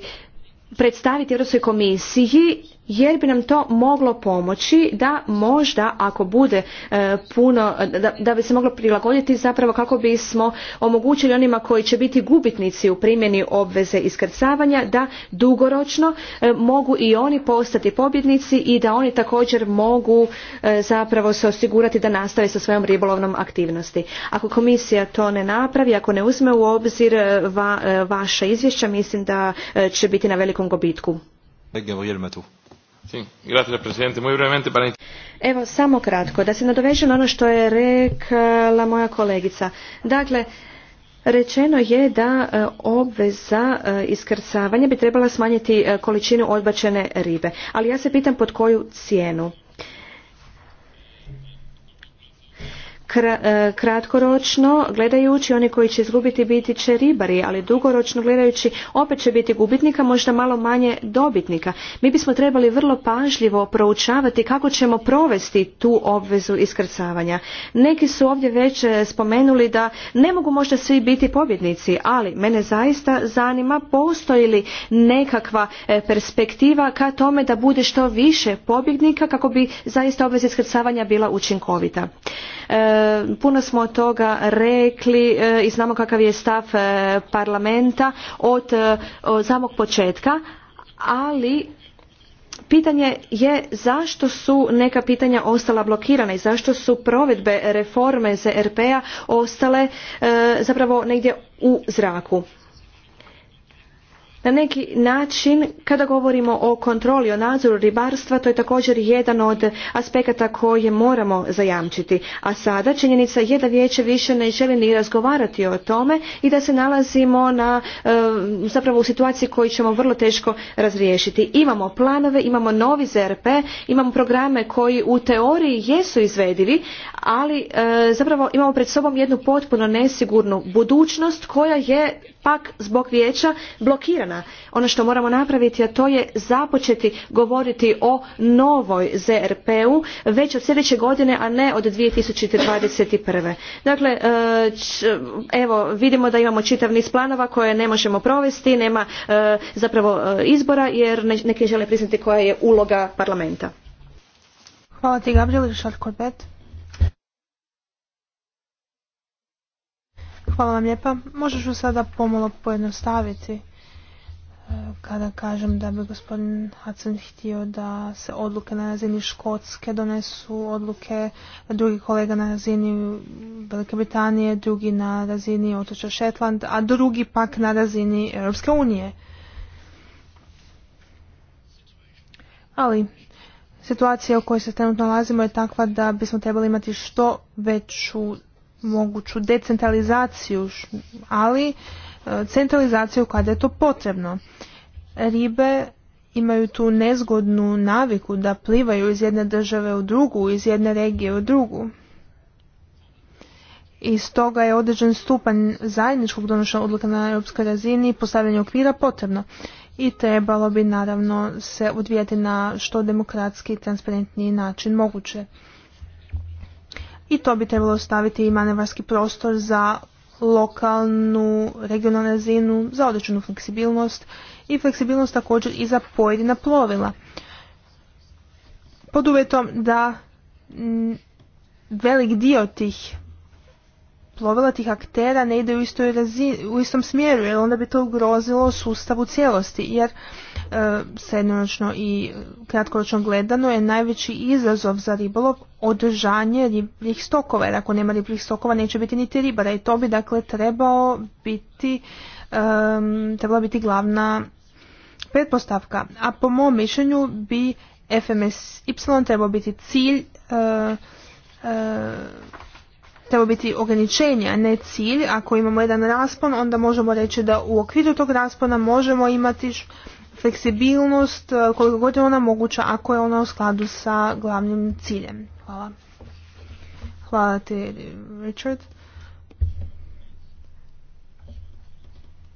predstaviti Europskoj komisiji jer bi nam to moglo pomoći da možda ako bude e, puno, da, bi se moglo prilagoditi zapravo kako bismo omogućili onima koji će biti gubitnici u primjeni obveze iskrcavanja da dugoročno e, mogu i oni postati pobjednici i da oni također mogu e, zapravo se osigurati da nastave sa svojom ribolovnom aktivnosti. Ako komisija to ne napravi, ako ne uzme u obzir vaša izvješća, mislim da će biti na velikom gobitku. Evo, samo kratko, da se nadovežem na ono što je rekla moja kolegica. Dakle, Rečeno je da e, obveza e, iskrcavanja bi trebala smanjiti e, količinu odbačene ribe, ali ja se pitam pod koju cijenu. E, kratkoročno gledajući oni koji će izgubiti biti će ribari, ali dugoročno gledajući opet će biti gubitnika, možda malo manje dobitnika. Mi bismo trebali vrlo pažljivo proučavati kako ćemo provesti tu obvezu iskrcavanja. Neki su ovdje već e, spomenuli da ne mogu možda svi biti pobjednici, ali mene zaista zanima postoji li nekakva e, perspektiva ka tome da bude što više pobjednika kako bi zaista obveza iskrcavanja bila učinkovita. E, puno smo toga rekli e, i znamo kakav je stav e, parlamenta od, samog početka, ali pitanje je zašto su neka pitanja ostala blokirana i zašto su provedbe reforme ZRP-a ostale zapravo negdje u zraku. Na neki način, kada govorimo o kontroli, o nadzoru ribarstva, to je također jedan od aspekata koje moramo zajamčiti. A sada činjenica je da vijeće više ne želi ni razgovarati o tome i da se nalazimo na, e, zapravo u situaciji koju ćemo vrlo teško razriješiti. Imamo planove, imamo novi ZRP, imamo programe koji u teoriji jesu izvedivi, ali e, zapravo imamo pred sobom jednu potpuno nesigurnu budućnost koja je pak zbog vijeća blokirana. Ono što moramo napraviti, a to je započeti govoriti o novoj ZRP-u već od sljedeće godine, a ne od 2021. Dakle, e, evo, vidimo da imamo čitav niz planova koje ne možemo provesti, nema e, zapravo e, izbora jer neki žele priznati koja je uloga parlamenta. Hvala Hvala vam lijepa. Možeš ju sada pomalo pojednostaviti e, kada kažem da bi gospodin Hudson htio da se odluke na razini Škotske donesu, odluke drugi kolega na razini Velike Britanije, drugi na razini otoča Šetland, a drugi pak na razini Europske unije. Ali situacija u kojoj se trenutno nalazimo je takva da bismo trebali imati što veću moguću decentralizaciju, ali e, centralizaciju kada je to potrebno. Ribe imaju tu nezgodnu naviku da plivaju iz jedne države u drugu, iz jedne regije u drugu. I stoga je određen stupanj zajedničkog donošenja odluka na europskoj razini i postavljanje okvira potrebno. I trebalo bi naravno se odvijati na što demokratski i transparentniji način moguće i to bi trebalo ostaviti i manevarski prostor za lokalnu, regionalnu razinu, za određenu fleksibilnost i fleksibilnost također i za pojedina plovila. Pod uvjetom da velik dio tih plovila tih aktera ne ide u, istoj razini, u istom smjeru jer onda bi to ugrozilo sustav u cijelosti jer e, srednjoročno i kratkoročno gledano je najveći izazov za ribolov održanje ribljih stokova jer ako nema ribljih stokova neće biti niti ribara i to bi dakle trebao biti trebala biti glavna pretpostavka a po mom mišljenju bi FMS trebao biti cilj e, e, treba biti ograničenje, a ne cilj. Ako imamo jedan raspon, onda možemo reći da u okviru tog raspona možemo imati fleksibilnost e, koliko god je ona moguća ako je ona u skladu sa glavnim ciljem. Hvala. Hvala ti, Richard.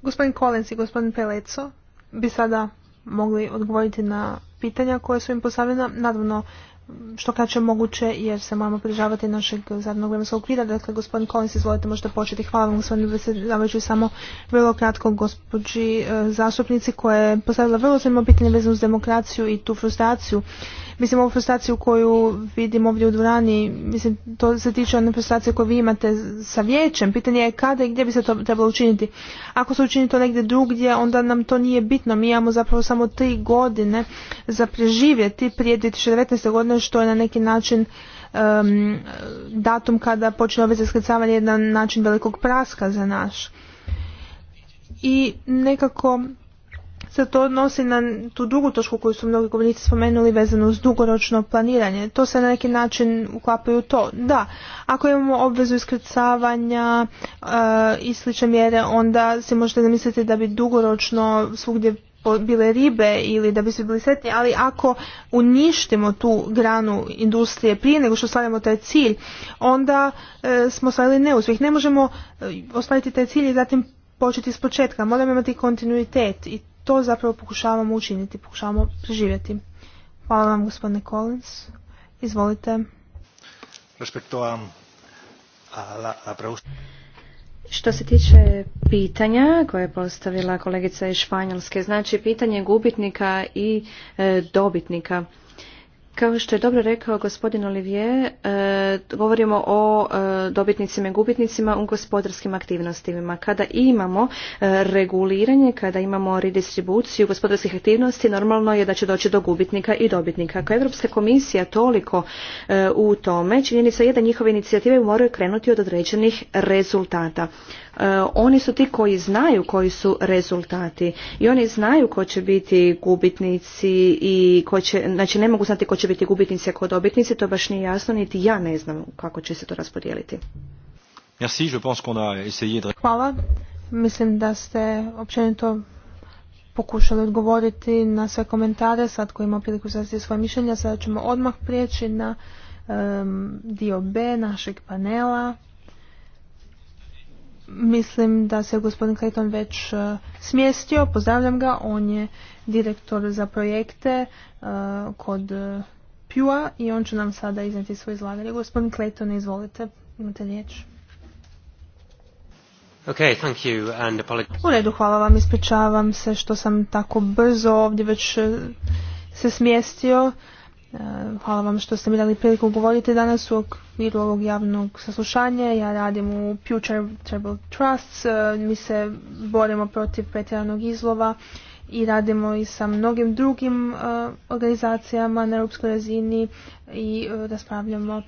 Gospodin Collins i gospodin Peleco bi sada mogli odgovoriti na pitanja koje su im postavljena. Nadavno što kraće moguće jer se moramo pridržavati našeg zadnog vremenskog okvira. Dakle, gospodin Collins, izvolite, možete početi. Hvala vam, gospodin predsjedavajući, samo vrlo kratko gospođi e, zastupnici koja je postavila vrlo zanimljivo pitanje vezano s demokraciju i tu frustraciju Mislim, ovu frustraciju koju vidim ovdje u dvorani, mislim, to se tiče one frustracije koju vi imate sa vijećem. Pitanje je kada i gdje bi se to trebalo učiniti. Ako se učini to negdje drugdje, onda nam to nije bitno. Mi imamo zapravo samo tri godine za preživjeti prije 2019. godine, što je na neki način datum kada počne ove zaskrcavanje jedan način velikog praska za naš. I nekako se to odnosi na tu drugu točku koju su mnogi govornici spomenuli vezano uz dugoročno planiranje. To se na neki način uklapaju u to. Da, ako imamo obvezu iskrcavanja eh, i slične mjere, onda se možete zamisliti da bi dugoročno svugdje bile ribe ili da bi svi bili sretni, ali ako uništimo tu granu industrije prije nego što ostvarimo taj cilj, onda eh, smo ostvarili neuspjeh. Ne možemo ostaviti eh, ostvariti taj cilj i zatim početi s početka. Moramo imati kontinuitet i to zapravo pokušavamo učiniti, pokušavamo preživjeti. Hvala vam gospodine Collins. Izvolite. Što se tiče pitanja koje je postavila kolegica iz Španjolske, znači pitanje gubitnika i e, dobitnika. Kao što je dobro rekao gospodin Olivier, e, govorimo o e, dobitnicima i gubitnicima u gospodarskim aktivnostima. Kada imamo e, reguliranje, kada imamo redistribuciju gospodarskih aktivnosti, normalno je da će doći do gubitnika i dobitnika. Ako je Europska komisija toliko u tome, činjenica je da njihove inicijative moraju krenuti od određenih rezultata. E, oni su ti koji znaju koji su rezultati i oni znaju ko će biti gubitnici i ko će, znači ne mogu znati ko će biti gubitnici a ko dobitnici, to baš nije jasno, niti ja ne znam kako će se to raspodijeliti. Hvala. Mislim da ste općenito pokušali odgovoriti na sve komentare, sad koji ima priliku sasviti svoje mišljenja, sada ćemo odmah prijeći na dio B našeg panela. Mislim da se gospodin Clayton već e, smjestio, pozdravljam ga, on je direktor za projekte e, kod e, PUA i on će nam sada izneti svoje izlaganje. Gospodin Clayton, izvolite, imate riječ. Okay, thank you and U redu, hvala vam, ispričavam se što sam tako brzo ovdje već se smjestio. Hvala vam što ste mi dali priliku govoriti danas u okviru ovog javnog saslušanja. Ja radim u Future Tribal Trusts. E, mi se borimo protiv pretjeranog izlova i radimo i sa mnogim drugim e, organizacijama na europskoj razini i e, raspravljamo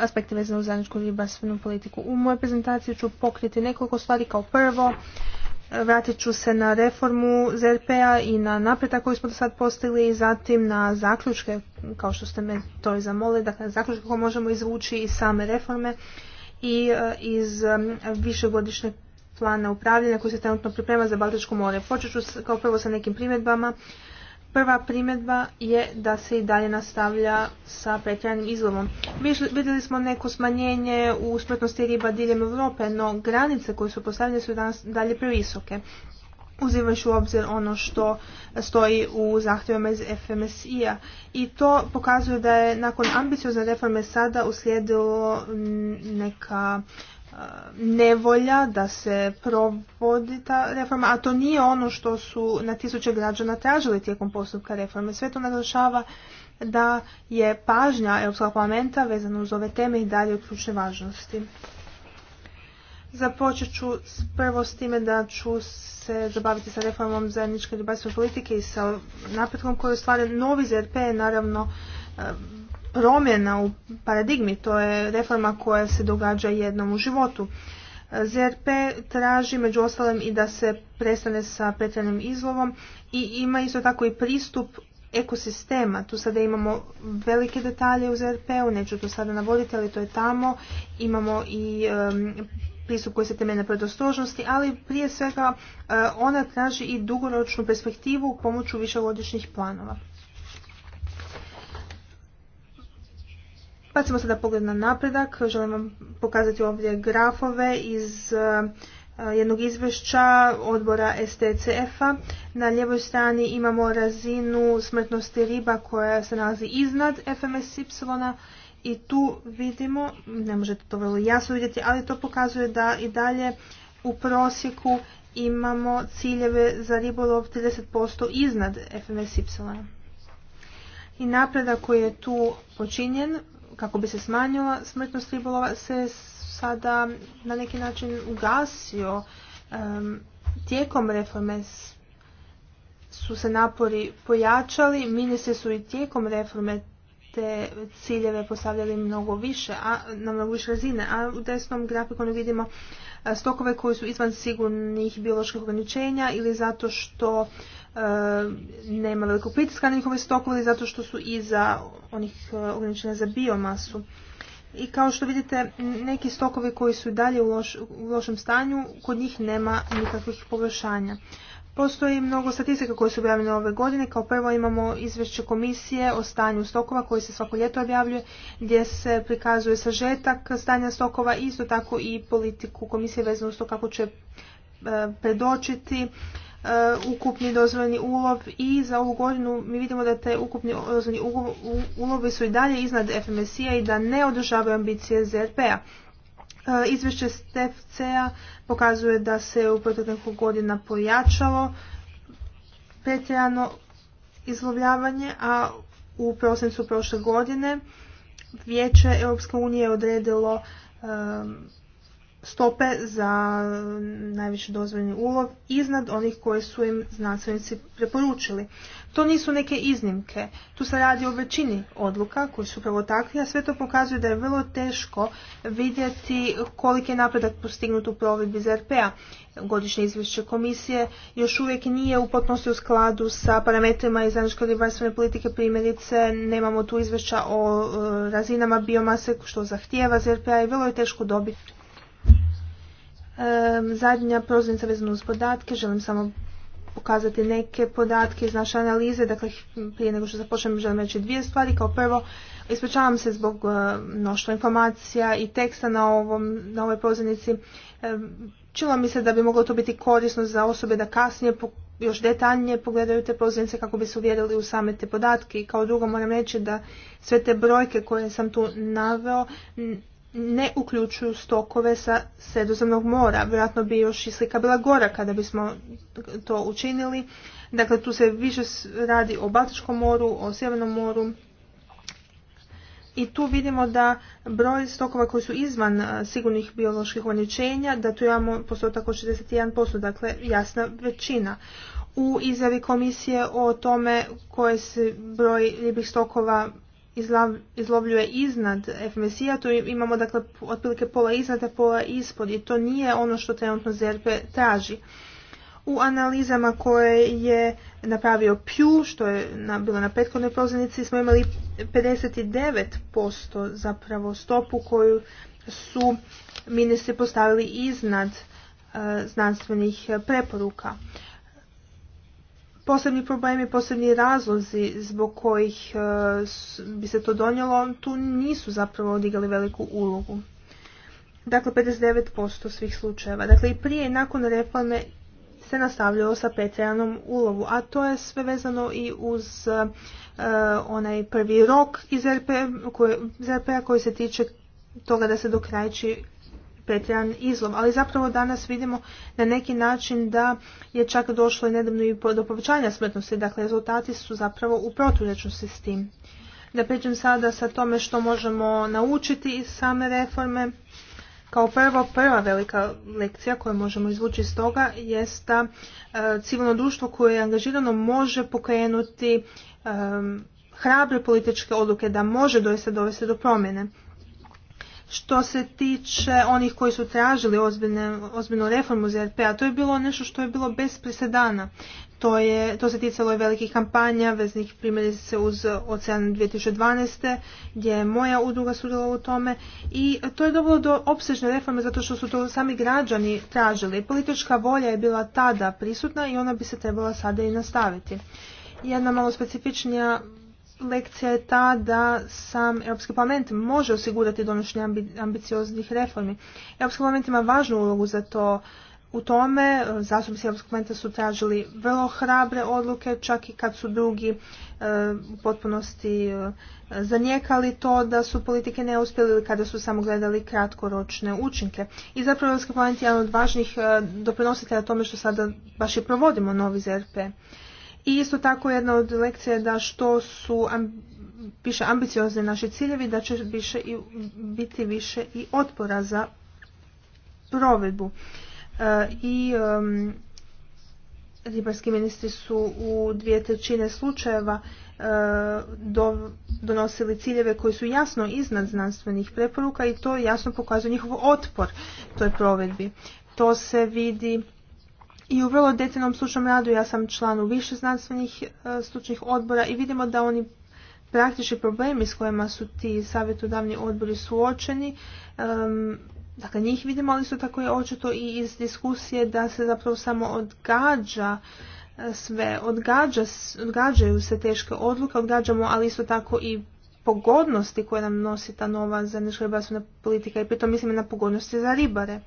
aspekte vezane uz zajedničku ribarstvenu politiku. U mojoj prezentaciji ću pokriti nekoliko stvari. Kao prvo, Vratit ću se na reformu ZRP-a i na napredak koji smo do sad postigli i zatim na zaključke, kao što ste me to i zamolili, dakle na zaključke koje možemo izvući iz same reforme i e, iz višegodišnjeg plana upravljanja koji se trenutno priprema za Baltičko more. Počet ću kao prvo sa nekim primjedbama Prva primjedba je da se i dalje nastavlja sa pretjeranim izlovom. Vidjeli smo neko smanjenje u smrtnosti riba diljem Europe, no granice koje su postavljene su danas dalje previsoke. Uzimajući u obzir ono što stoji u zahtjevima iz FMSI-a. I to pokazuje da je nakon ambiciozne reforme sada uslijedilo mm, neka nevolja da se provodi ta reforma, a to nije ono što su na tisuće građana tražili tijekom postupka reforme. Sve to naglašava da je pažnja Europskog parlamenta vezana uz ove teme i dalje od ključne važnosti. Započet ću prvo s time da ću se zabaviti sa reformom zajedničke ribarstvene politike i sa napretkom koji ostvaren novi ZRP naravno promjena u paradigmi, to je reforma koja se događa jednom u životu. ZRP traži među ostalim i da se prestane sa petrenim izlovom i ima isto tako i pristup ekosistema. Tu sada imamo velike detalje u ZRP-u, neću to sada navoditi, ali to je tamo. Imamo i pristup koji se temelje na ali prije svega eh, ona traži i dugoročnu perspektivu pomoću višegodišnjih planova. Bacimo sada pogled na napredak. Želim vam pokazati ovdje grafove iz eh, jednog izvješća odbora STCF-a. Na ljevoj strani imamo razinu smrtnosti riba koja se nalazi iznad FMSY i tu vidimo, ne možete to vrlo jasno vidjeti, ali to pokazuje da i dalje u prosjeku imamo ciljeve za ribolov 30% iznad FMSY. I napredak koji je tu počinjen kako bi se smanjila smrtnost ribolova se sada na neki način ugasio. tijekom reforme su se napori pojačali, ministri su i tijekom reforme te ciljeve postavljali mnogo više, a, na mnogo više razine. A u desnom grafikonu vidimo e, stokove koji su izvan sigurnih bioloških ograničenja ili zato što E, nema velikog pritiska na njihove stokove zato što su iza onih e, ograničenja za biomasu. I kao što vidite, neki stokovi koji su dalje u, lošem stanju, kod njih nema nikakvih poboljšanja. Postoji mnogo statistika koje su objavljene ove godine. Kao prvo imamo izvješće komisije o stanju stokova koji se svako ljeto objavljuje, gdje se prikazuje sažetak stanja stokova i isto tako i politiku komisije vezano uz to kako će e, predočiti E, ukupni dozvoljeni ulov i za ovu godinu mi vidimo da te ukupni dozvoljeni ulovi su i dalje iznad FMSI-a i da ne održavaju ambicije ZRP-a. E, izvješće stfc pokazuje da se u proteklih godina pojačalo pretjerano izlovljavanje, a u prosincu prošle godine Vijeće EU je odredilo e, stope za najviše dozvoljeni ulov iznad onih koje su im znanstvenici preporučili. To nisu neke iznimke. Tu se radi o većini odluka koji su upravo takvi, a sve to pokazuje da je vrlo teško vidjeti koliki je napredak postignut u provedbi ZRP-a. Godišnje izvješće komisije još uvijek nije u potpunosti u skladu sa parametrima iz zajedničke ribarstvene politike primjerice. Nemamo tu izvješća o e, razinama biomase što zahtijeva ZRP-a i vrlo je teško dobiti zadnja proznica vezana uz podatke. Želim samo pokazati neke podatke iz naše analize. Dakle, prije nego što započnem želim reći dvije stvari. Kao prvo, ispričavam se zbog e, mnoštva informacija i teksta na, ovom, na ovoj prozirnici. Čilo mi se da bi moglo to biti korisno za osobe da kasnije još detaljnije pogledaju te proznice kako bi se uvjerili u same te podatke. I kao drugo moram reći da sve te brojke koje sam tu naveo ne uključuju stokove sa sredozemnog mora. Vjerojatno bi još i slika bila gora kada bismo to učinili. Dakle, tu se više radi o Baltičkom moru, o Sjevernom moru. I tu vidimo da broj stokova koji su izvan sigurnih bioloških ograničenja, da tu imamo postotak od 61%, dakle jasna većina. U izjavi komisije o tome koje se broj ribih stokova izlav, izlovljuje iznad FMSI-a, tu imamo dakle otprilike pola iznad, a pola ispod i to nije ono što trenutno ZRP traži. U analizama koje je napravio Pew, što je na, bilo na prethodnoj prozirnici, smo imali 59% zapravo stopu koju su ministri postavili iznad eh, znanstvenih preporuka posebni problemi, posebni razlozi zbog kojih e, bi se to donijelo, tu nisu zapravo odigali veliku ulogu. Dakle, 59% svih slučajeva. Dakle, i prije i nakon reforme se nastavljalo sa pretjeranom ulovu, a to je sve vezano i uz e, onaj prvi rok iz RP, koji, p-a koji se tiče toga da se dokrajči pretjeran izlov, ali zapravo danas vidimo na neki način da je čak došlo i nedavno i do povećanja smrtnosti, dakle rezultati su zapravo u se s tim. Da pređem sada sa tome što možemo naučiti iz same reforme. Kao prvo, prva velika lekcija koju možemo izvući iz toga jest da e, civilno društvo koje je angažirano može pokrenuti e, hrabre političke odluke da može doista dovesti do promjene što se tiče onih koji su tražili ozbiljne, ozbiljnu reformu ZRP-a, to je bilo nešto što je bilo bez presedana. To, je, to se ticalo i velikih kampanja, veznih primjerice uz ocean 2012. gdje je moja udruga sudjelovala u tome i to je dovelo do opsežne reforme zato što su to sami građani tražili. Politička volja je bila tada prisutna i ona bi se trebala sada i nastaviti. Jedna malo specifičnija lekcija je ta da sam Europski parlament može osigurati donošenje ambicioznih reformi. Europski parlament ima važnu ulogu za to u tome. E, zastupnici Europskog parlamenta su tražili vrlo hrabre odluke, čak i kad su drugi e, u potpunosti e, zanijekali to da su politike neuspjeli ili kada su samo gledali kratkoročne učinke. I zapravo Europski parlament je jedan od važnijih doprinositelja tome što sada baš i provodimo novi ZRP. I isto tako jedna od lekcija je da što su više ambiciozni naši ciljevi, da će više i, biti više i otpora za provedbu. E, I ribarski ministri su u dvije trećine slučajeva e, donosili ciljeve koji su jasno iznad znanstvenih preporuka i to jasno pokazuje njihov otpor toj provedbi. To se vidi i u vrlo detaljnom slučnom radu ja sam član u više znanstvenih e, stručnih odbora i vidimo da oni praktični problemi s kojima su ti savjetodavni odbori suočeni, dakle njih vidimo, ali su tako je očito i iz diskusije da se zapravo samo odgađa e, sve, odgađa, odgađaju se teške odluke, odgađamo ali isto tako i pogodnosti koje nam nosi ta nova zajednička ribarstvena politika i pritom mislim na pogodnosti za ribare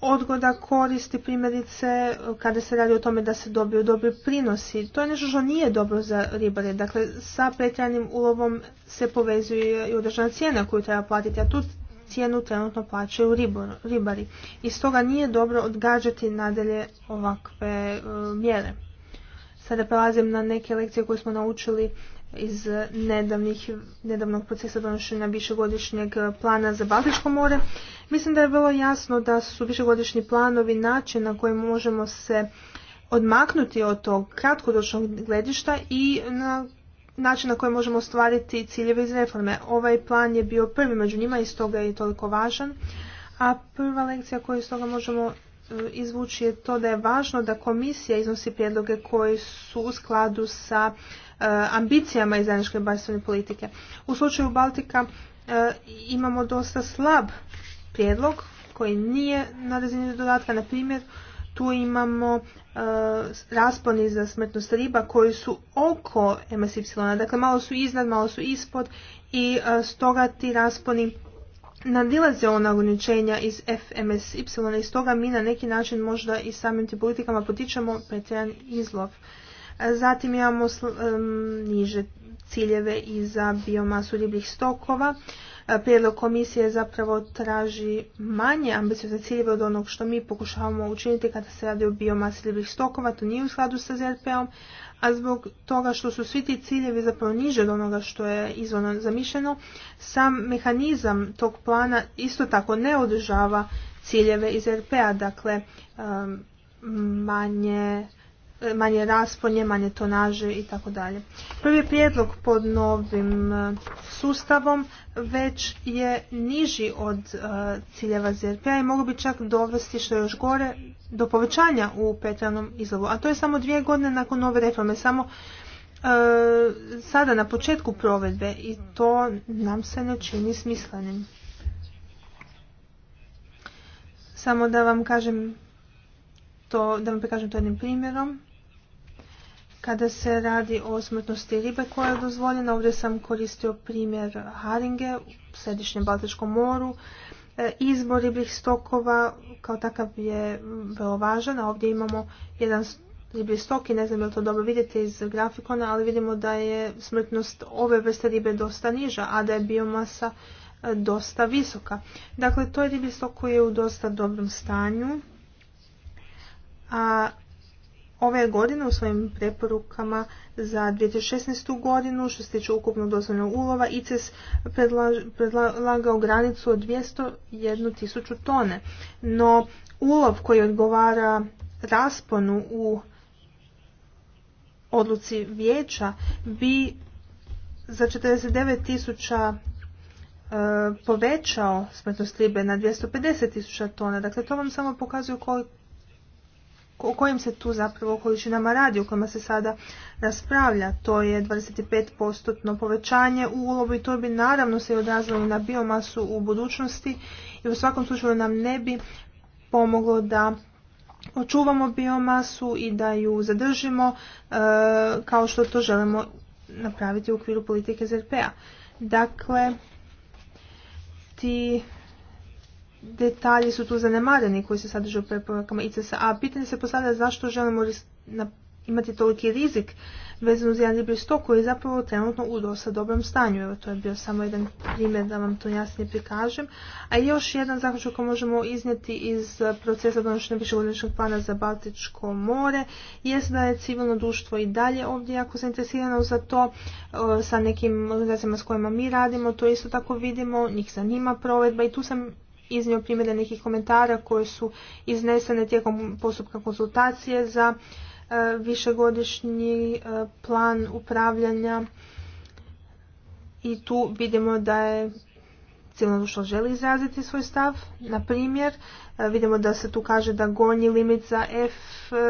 odgoda koristi primjerice kada se radi o tome da se dobiju dobri prinosi. To je nešto što nije dobro za ribare. Dakle, sa pretjeranim ulovom se povezuje i određena cijena koju treba platiti, a tu cijenu trenutno plaćaju ribari. I stoga nije dobro odgađati nadalje ovakve e, mjere. Sada prelazim na neke lekcije koje smo naučili iz nedavnih, nedavnog procesa donošenja višegodišnjeg plana za Baltičko more. Mislim da je vrlo jasno da su višegodišnji planovi način na koji možemo se odmaknuti od tog kratkoročnog gledišta i na način na koji možemo ostvariti ciljeve iz reforme. Ovaj plan je bio prvi među njima i stoga je toliko važan. A prva lekcija koju iz toga možemo e, izvući je to da je važno da komisija iznosi prijedloge koji su u skladu sa Eh, ambicijama iz zajedničke barstvene politike. U slučaju Baltika eh, imamo dosta slab prijedlog koji nije na razini dodatka. Na primjer, tu imamo eh, rasponi za smrtnost riba koji su oko MSY. Dakle, malo su iznad, malo su ispod i stoga ti rasponi nadilaze ona ograničenja iz FMSY i stoga mi na neki način možda i samim tim politikama potičemo pretjeran izlov Zatim imamo niže ciljeve i za biomasu ribljih stokova. E, prijedlog komisije zapravo traži manje ambiciozne ciljeve od onog što mi pokušavamo učiniti kada se radi o biomasi ribljih stokova. To nije u skladu sa ZRP-om, a zbog toga što su svi ti ciljevi zapravo niže od onoga što je izvorno zamišljeno, sam mehanizam tog plana isto tako ne održava ciljeve iz RP-a, dakle manje manje rasponje, manje tonaže i tako dalje. Prvi prijedlog pod novim e, sustavom već je niži od e, ciljeva ZRP-a i mogu bi čak dovesti što je još gore do povećanja u petranom izlovu. A to je samo dvije godine nakon nove reforme, samo e, sada na početku provedbe i to nam se ne čini smislenim. Samo da vam kažem to, da vam prikažem to jednim primjerom. Kada se radi o smrtnosti ribe koja je dozvoljena, ovdje sam koristio primjer Haringe u središnjem Baltičkom moru. E, izbor ribih stokova kao takav je vrlo važan, ovdje imamo jedan riblji stok i ne znam je li to dobro vidjeti iz grafikona, ali vidimo da je smrtnost ove vrste ribe dosta niža, a da je biomasa e, dosta visoka. Dakle, to je riblji stok koji je u dosta dobrom stanju, a ove godine u svojim preporukama za 2016. godinu što se tiče ukupno dozvoljnog ulova ICES predlagao granicu od 201.000 tone. No ulov koji odgovara rasponu u odluci vijeća bi za 49.000 e, povećao smrtnost ribe na 250.000 tisuća tona. Dakle, to vam samo pokazuje koliko o kojim se tu zapravo količinama radi, o kojima se sada raspravlja. To je 25% povećanje u ulovu i to bi naravno se odrazilo na biomasu u budućnosti i u svakom slučaju nam ne bi pomoglo da očuvamo biomasu i da ju zadržimo e, kao što to želimo napraviti u okviru politike ZRP-a. Dakle, ti detalji su tu zanemareni koji se sadrže u preporukama ICSA. A pitanje se postavlja zašto želimo imati toliki rizik vezan uz jedan riblji stok koji je zapravo trenutno u dosta dobrom stanju. Evo, to je bio samo jedan primjer da vam to jasnije prikažem. A još jedan zaključak koji možemo iznijeti iz procesa donošenja višegodišnjeg plana za Baltičko more je da je civilno društvo i dalje ovdje jako zainteresirano za to e, sa nekim organizacijama s kojima mi radimo. To isto tako vidimo, njih zanima provedba i tu sam iznio primjere nekih komentara koje su iznesene tijekom postupka konsultacije za e, višegodišnji e, plan upravljanja i tu vidimo da je ono što želi izraziti svoj stav. Na primjer, e, vidimo da se tu kaže da gornji limit za F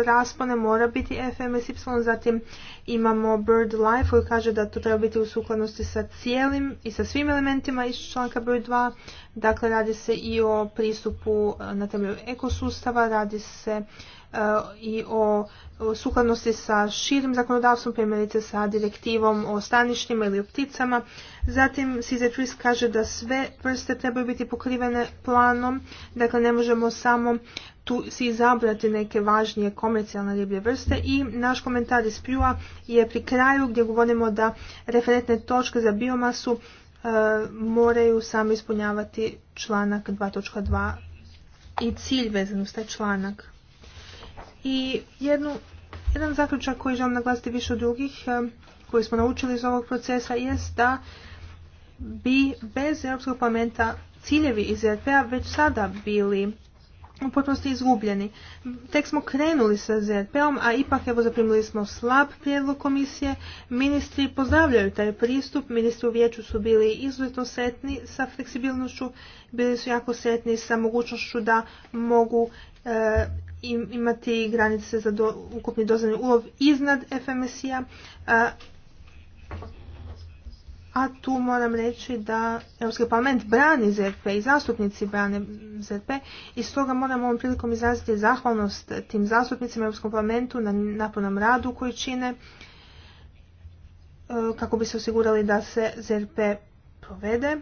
raspone mora biti FMSY, zatim imamo Bird Life koji kaže da to treba biti u sukladnosti sa cijelim i sa svim elementima iz članka broj 2. Dakle, radi se i o pristupu e, na temelju ekosustava, radi se e, i o sukladnosti sa širim zakonodavstvom, primjerice sa direktivom o staništima ili o pticama. Zatim Twist kaže da sve vrste trebaju biti pokrivene planom, dakle ne možemo samo tu si izabrati neke važnije komercijalne riblje vrste i naš komentar iz Pjua je pri kraju gdje govorimo da referentne točke za biomasu e, moraju sami ispunjavati članak 2.2 i cilj vezan uz taj članak. I jednu, jedan zaključak koji želim naglasiti više od drugih, eh, koji smo naučili iz ovog procesa, jest da bi bez Europskog parlamenta ciljevi iz ZRP-a već sada bili u potpunosti izgubljeni. Tek smo krenuli sa ZRP-om, a ipak evo zaprimili smo slab prijedlog komisije. Ministri pozdravljaju taj pristup, ministri u vijeću su bili izuzetno sretni sa fleksibilnošću, bili su jako sretni sa mogućnošću da mogu eh, imati granice za ukupni dozvoljeni ulov iznad FMSI-a. A, tu moram reći da Europski parlament brani ZRP i zastupnici brane ZRP i stoga moram ovom prilikom izraziti zahvalnost tim zastupnicima Europskom parlamentu na napornom radu koji čine e, kako bi se osigurali da se ZRP provede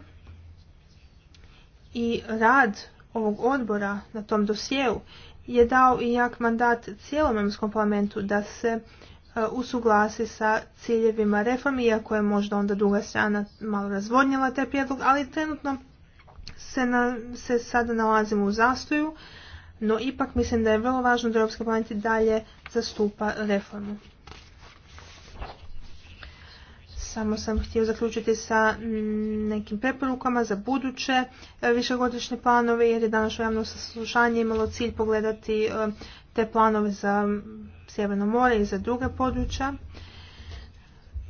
i rad ovog odbora na tom dosjeu je dao i jak mandat cijelom Europskom parlamentu da se e, usuglasi sa ciljevima reformi, iako je možda onda druga strana malo razvodnjela taj prijedlog, ali trenutno se, na, se sada nalazimo u zastoju, no ipak mislim da je vrlo važno da Evropska parlament dalje zastupa reformu. Samo sam htio zaključiti sa nekim preporukama za buduće e, višegodišnje planove jer je današnje javno saslušanje imalo cilj pogledati e, te planove za Sjeverno more i za druga područja.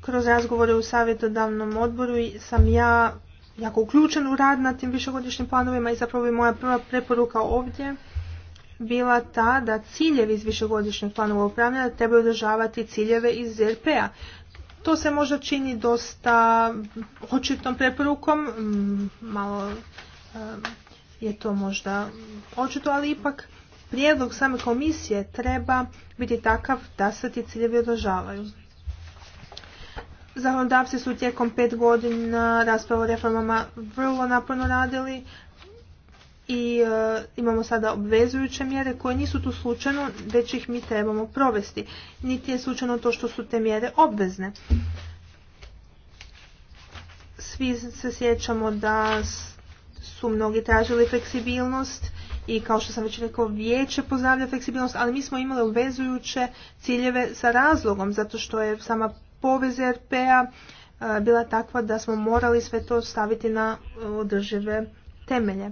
Kroz razgovore u savjetodavnom odboru sam ja jako uključen u rad na tim višegodišnjim planovima i zapravo moja prva preporuka ovdje bila ta da ciljevi iz višegodišnjeg planova upravljanja trebaju održavati ciljeve iz ZRP-a. To se možda čini dosta očitom preporukom, mm, malo je to možda očito, ali ipak prijedlog same komisije treba biti takav da se ti ciljevi održavaju. Zakonodavci su tijekom pet godina raspravo o reformama vrlo naporno radili, i e, imamo sada obvezujuće mjere koje nisu tu slučajno, već ih mi trebamo provesti. Niti je slučajno to što su te mjere obvezne. Svi se sjećamo da su mnogi tražili fleksibilnost i kao što sam već rekao vijeće pozdravlja fleksibilnost, ali mi smo imali obvezujuće ciljeve sa razlogom, zato što je sama poveza RPA e, bila takva da smo morali sve to staviti na održive temelje.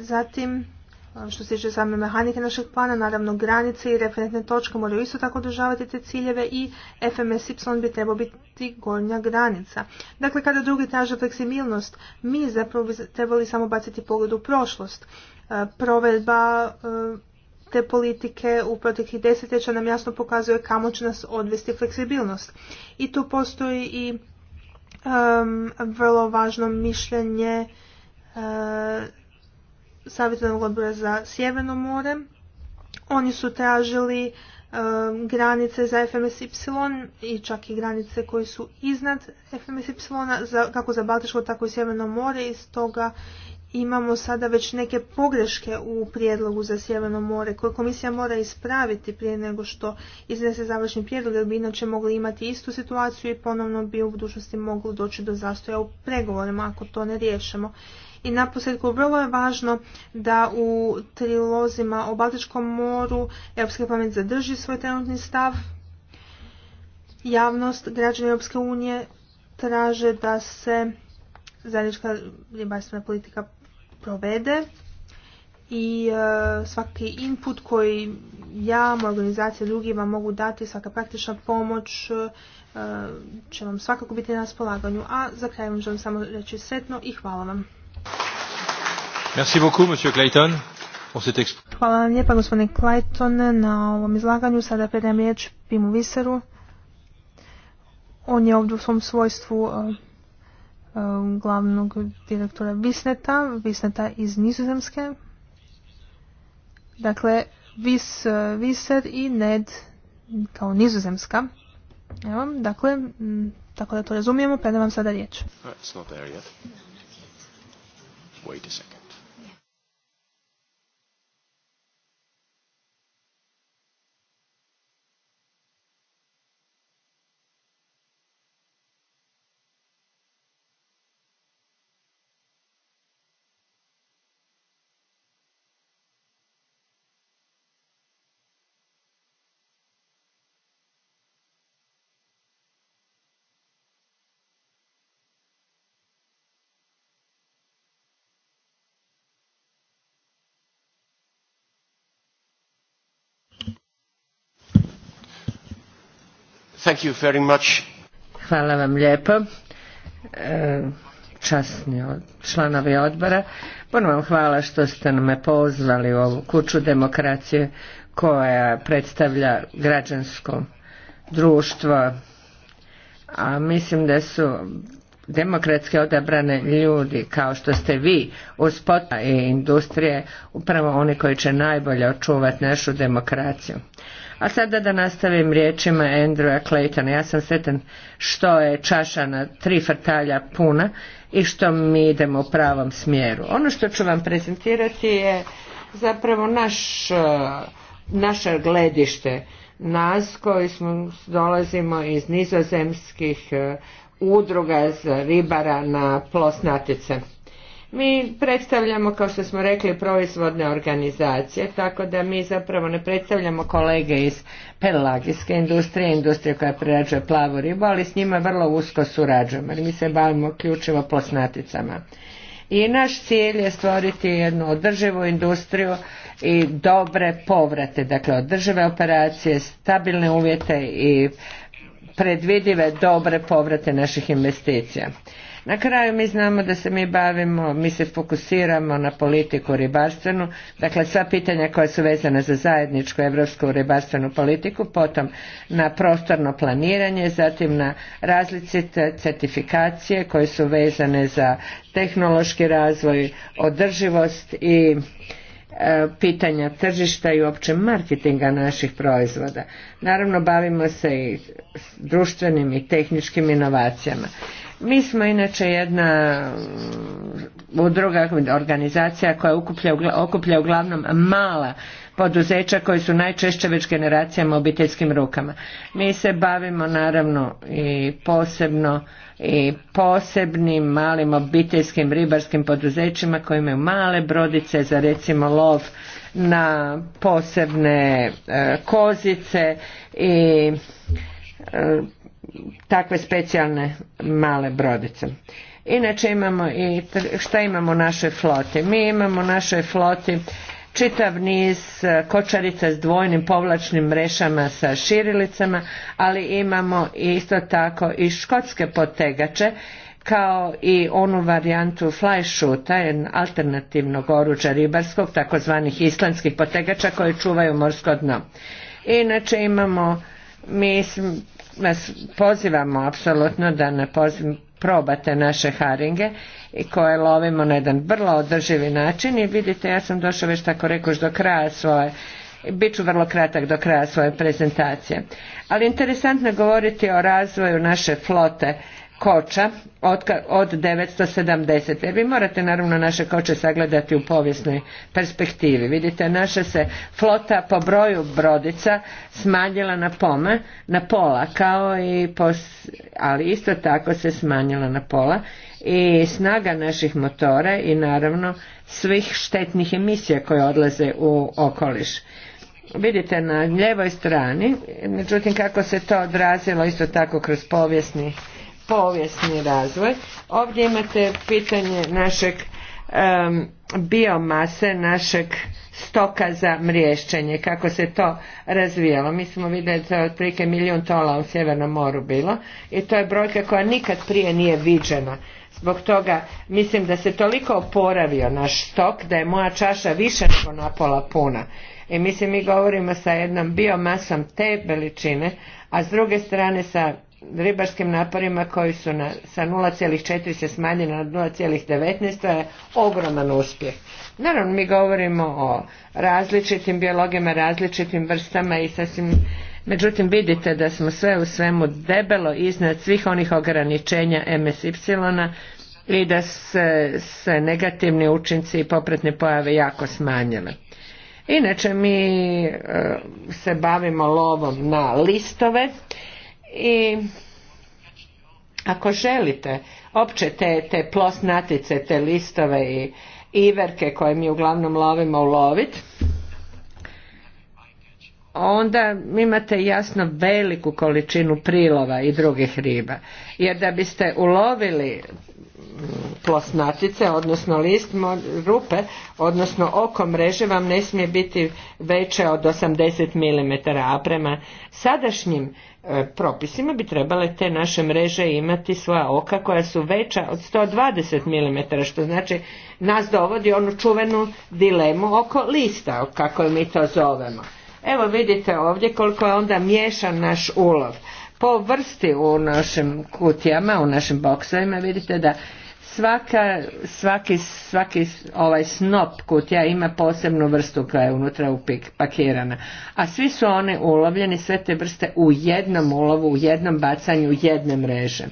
Zatim, što se tiče same mehanike našeg plana, naravno granice i referentne točke moraju isto tako održavati te ciljeve i FMS bi trebao biti gornja granica. Dakle, kada drugi traže fleksibilnost, mi zapravo bi trebali samo baciti pogled u prošlost. Provedba te politike u proteklih desetljeća nam jasno pokazuje kamo će nas odvesti fleksibilnost. I tu postoji i vrlo važno mišljenje ...savjetnog odbora za Sjeverno more. Oni su tražili um, granice za FMS Y i čak i granice koje su iznad FMS Y, kako za Baltičko, tako i Sjeverno more i stoga imamo sada već neke pogreške u prijedlogu za Sjeverno more koje komisija mora ispraviti prije nego što iznese završni prijedlog jer bi inače mogli imati istu situaciju i ponovno bi u budućnosti mogli doći do zastoja u pregovorima ako to ne riješimo. I na vrlo je važno da u trilozima o Baltičkom moru Europski parlament zadrži svoj trenutni stav. Javnost građana Europske unije traže da se zajednička ribarstvena politika provede i e, svaki input koji ja, moja organizacija, drugima mogu dati, svaka praktična pomoć e, će vam svakako biti na raspolaganju. A za kraj vam želim samo reći sretno i hvala vam. Merci beaucoup, monsieur Clayton. Hvala vam lijepa gospodine Clayton na ovom izlaganju. Sada predajem riječ Pimu Viseru. On je ovdje u svom svojstvu e, e, glavnog direktora Visneta, Visneta iz Nizozemske. Dakle, Vis, e, Viser i Ned kao Nizozemska. Evo, dakle, tako da to razumijemo, predajem vam sada riječ. Wait a second. Hvala vam lijepo. E, časni članovi odbora. Puno vam hvala što ste me pozvali u ovu kuću demokracije koja predstavlja građansko društvo. A mislim da su demokratski odabrane ljudi kao što ste vi uz i industrije upravo oni koji će najbolje očuvati našu demokraciju. A sada da nastavim riječima Andrewa Claytona. Ja sam sretan što je čaša na tri frtalja puna i što mi idemo u pravom smjeru. Ono što ću vam prezentirati je zapravo naš, eh, naše gledište nas koji smo, dolazimo iz nizozemskih eh, udruga za ribara na plosnatice. Mi predstavljamo, kao što smo rekli, proizvodne organizacije, tako da mi zapravo ne predstavljamo kolege iz pelagijske industrije, industrije koja prerađuje plavu ribu, ali s njima vrlo usko surađujemo, jer mi se bavimo ključivo plosnaticama. I naš cilj je stvoriti jednu održivu industriju i dobre povrate, dakle održive operacije, stabilne uvjete i predvidive dobre povrate naših investicija. Na kraju mi znamo da se mi bavimo, mi se fokusiramo na politiku ribarstvenu, dakle sva pitanja koja su vezana za zajedničku europsku ribarstvenu politiku, potom na prostorno planiranje, zatim na različite certifikacije koje su vezane za tehnološki razvoj, održivost i E, pitanja tržišta i uopće marketinga naših proizvoda. Naravno bavimo se i društvenim i tehničkim inovacijama. Mi smo inače jedna mm, udruga, organizacija koja okuplja, okuplja uglavnom mala poduzeća koji su najčešće već generacijama obiteljskim rukama. Mi se bavimo naravno i posebno i posebnim malim obiteljskim ribarskim poduzećima koji imaju male brodice za recimo lov na posebne e, kozice i e, takve specijalne male brodice. Inače imamo i šta imamo u našoj floti? Mi imamo u našoj floti čitav niz e, kočarica s dvojnim povlačnim mrešama sa širilicama, ali imamo isto tako i škotske potegače kao i onu varijantu fly shoota, alternativnog oruđa ribarskog, takozvanih islandskih potegača koji čuvaju morsko dno. Inače imamo, mi vas pozivamo apsolutno da ne probate naše haringe koje lovimo na jedan vrlo održivi način i vidite ja sam došao već tako rekoš do kraja svoje bit ću vrlo kratak do kraja svoje prezentacije ali interesantno je govoriti o razvoju naše flote koča od, od 970. Jer vi morate naravno naše koče sagledati u povijesnoj perspektivi. Vidite, naša se flota po broju brodica smanjila na pome, na pola, kao i pos, ali isto tako se smanjila na pola i snaga naših motora i naravno svih štetnih emisija koje odlaze u okoliš vidite na ljevoj strani, međutim kako se to odrazilo isto tako kroz povijesni povijesni razvoj. Ovdje imate pitanje našeg biomase, našeg stoka za mriješćenje, kako se to razvijalo. Mi smo vidjeli da je otprilike milijun tola u Sjevernom moru bilo i to je brojka koja nikad prije nije viđena. Zbog toga mislim da se toliko oporavio naš stok da je moja čaša više nego napola puna. I mislim mi govorimo sa jednom biomasom te veličine, a s druge strane sa ribarskim naporima koji su na, sa 0,4 se smanjili na 0,19, to je ogroman uspjeh. Naravno, mi govorimo o različitim biologima, različitim vrstama i sasvim Međutim, vidite da smo sve u svemu debelo iznad svih onih ograničenja MSY i da se, se negativni učinci i popretne pojave jako smanjile. Inače, mi e, se bavimo lovom na listove i ako želite opće te, te plosnatice, te listove i iverke koje mi uglavnom lovimo ulovit, onda imate jasno veliku količinu prilova i drugih riba. Jer da biste ulovili plosnatice, odnosno list rupe, odnosno oko mreže vam ne smije biti veće od 80 mm, a prema sadašnjim e, propisima bi trebale te naše mreže imati svoja oka koja su veća od 120 mm, što znači nas dovodi onu čuvenu dilemu oko lista, kako mi to zovemo. Evo vidite ovdje koliko je onda miješan naš ulov. Po vrsti u našim kutijama, u našim boksovima vidite da Svaka, svaki, svaki ovaj snop kutija ima posebnu vrstu koja je unutra upakirana. pakirana. A svi su one ulovljeni, sve te vrste u jednom ulovu, u jednom bacanju, u jedne mreže.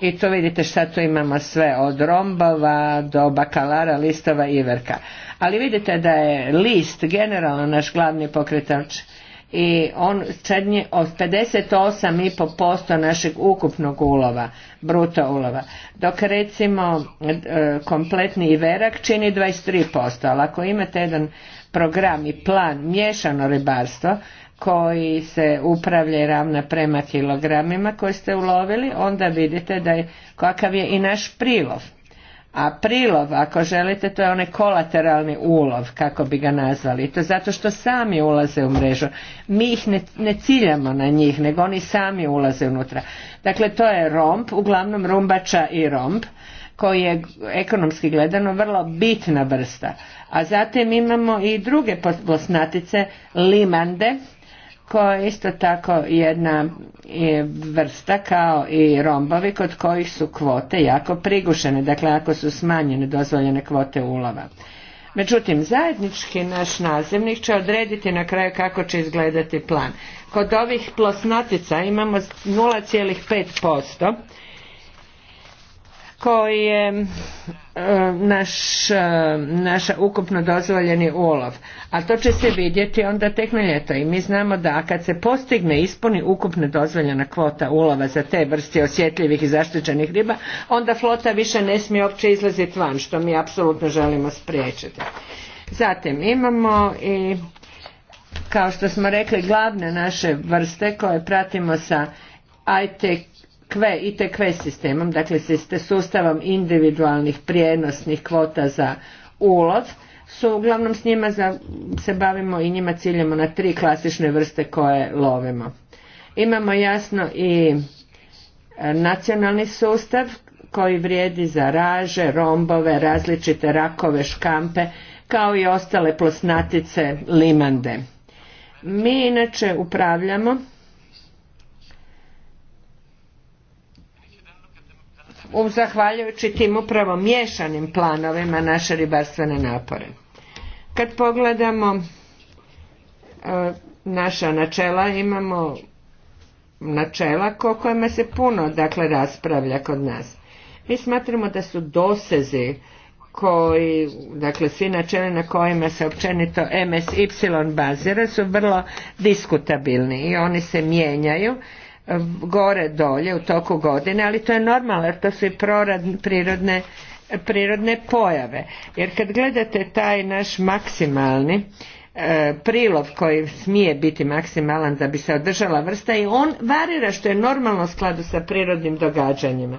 I to vidite šta to imamo sve, od rombova do bakalara, listova i verka. Ali vidite da je list generalno naš glavni pokretač i on čednje od 58,5% našeg ukupnog ulova, bruto ulova, dok recimo e, kompletni iverak čini 23%, ali ako imate jedan program i plan miješano ribarstvo koji se upravlja i ravna prema kilogramima koje ste ulovili, onda vidite da je, kakav je i naš prilov. A prilov, ako želite, to je onaj kolateralni ulov, kako bi ga nazvali. To zato što sami ulaze u mrežu. Mi ih ne, ne ciljamo na njih, nego oni sami ulaze unutra. Dakle, to je romp, uglavnom rumbača i romp, koji je ekonomski gledano vrlo bitna vrsta. A zatim imamo i druge posnatice, limande, koja je isto tako jedna e, vrsta kao i rombovi kod kojih su kvote jako prigušene, dakle ako su smanjene dozvoljene kvote ulova. Međutim, zajednički naš nazivnik će odrediti na kraju kako će izgledati plan. Kod ovih plosnotica imamo 0,5% koji je e, naš, e, ukupno dozvoljeni ulov. A to će se vidjeti onda tek na ljeto. I mi znamo da kad se postigne ispuni ukupno dozvoljena kvota ulova za te vrste osjetljivih i zaštićenih riba, onda flota više ne smije uopće izlaziti van, što mi apsolutno želimo spriječiti. Zatim imamo i kao što smo rekli glavne naše vrste koje pratimo sa ITEC te kve sistemom, dakle sustavom individualnih prijenosnih kvota za ulov, su uglavnom s njima se bavimo i njima ciljemo na tri klasične vrste koje lovimo. Imamo jasno i e, nacionalni sustav koji vrijedi za raže, rombove, različite rakove, škampe, kao i ostale plosnatice, limande. Mi inače upravljamo zahvaljujući tim upravo miješanim planovima naše ribarstvene napore. Kad pogledamo e, naša načela, imamo načela o kojima se puno dakle raspravlja kod nas. Mi smatramo da su dosezi koji, dakle svi načeli na kojima se općenito MSY bazira su vrlo diskutabilni i oni se mijenjaju gore dolje u toku godine, ali to je normalno jer to su i prirodne, prirodne pojave. Jer kad gledate taj naš maksimalni e, prilov koji smije biti maksimalan da bi se održala vrsta i on varira što je normalno u skladu sa prirodnim događanjima.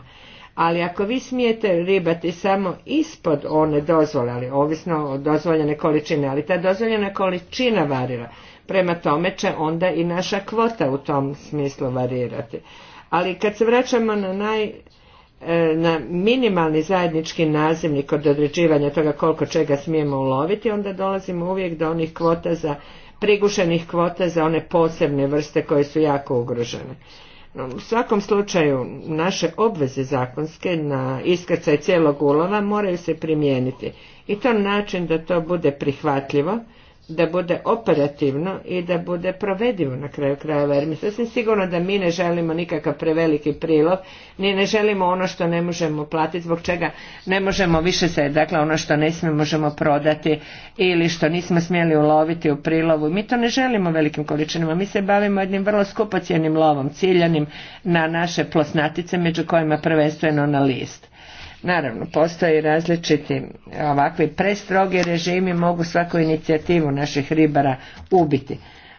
Ali ako vi smijete ribati samo ispod one dozvole, ali ovisno o dozvoljene količine, ali ta dozvoljena količina varira, Prema tome će onda i naša kvota u tom smislu varirati. Ali kad se vraćamo na naj e, na minimalni zajednički nazivnik od određivanja toga koliko čega smijemo uloviti, onda dolazimo uvijek do onih kvota za prigušenih kvota za one posebne vrste koje su jako ugrožene. U svakom slučaju naše obveze zakonske na iskrcaj cijelog ulova moraju se primijeniti i to način da to bude prihvatljivo da bude operativno i da bude provedivo na kraju krajeva. Jer mi sasvim sigurno da mi ne želimo nikakav preveliki prilog, ni ne želimo ono što ne možemo platiti, zbog čega ne možemo više se, dakle ono što ne smijemo možemo prodati ili što nismo smjeli uloviti u prilovu. Mi to ne želimo velikim količinama, mi se bavimo jednim vrlo skupocijenim lovom, ciljanim na naše plosnatice, među kojima prvenstveno na list. Naravno, postoje različiti ovakvi prestrogi režimi mogu svaku inicijativu naših ribara ubiti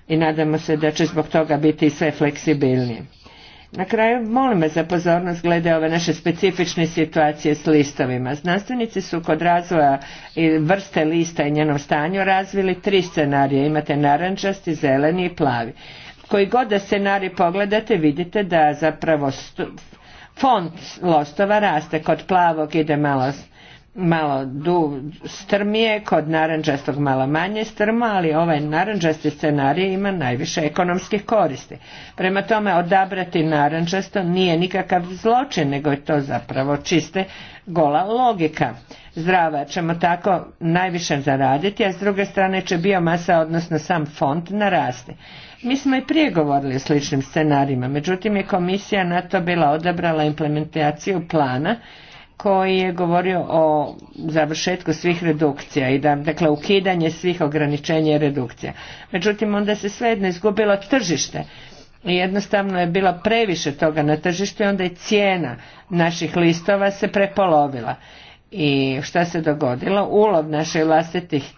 i nadamo se da će zbog toga biti sve fleksibilnije. Na kraju molim vas za pozornost glede ove naše specifične situacije s listovima. Znanstvenici su kod razvoja i vrste lista i njenom stanju razvili tri scenarije. Imate narančasti, zeleni i plavi. Koji god da scenarij pogledate vidite da zapravo fond lostova raste, kod plavog ide malo malo du, strmije, kod naranđastog malo manje strmo, ali ovaj naranđasti scenarij ima najviše ekonomskih koristi. Prema tome, odabrati naranđasto nije nikakav zločin, nego je to zapravo čiste gola logika. Zdrava ćemo tako najviše zaraditi, a s druge strane će biomasa, odnosno sam fond, narasti. Mi smo i prije govorili o sličnim scenarijima, međutim je komisija na to bila odabrala implementaciju plana koji je govorio o završetku svih redukcija i da, dakle, ukidanje svih ograničenja i redukcija. Međutim, onda se svejedno izgubilo tržište i jednostavno je bilo previše toga na tržištu i onda je cijena naših listova se prepolovila. I šta se dogodilo? Ulov naših vlastitih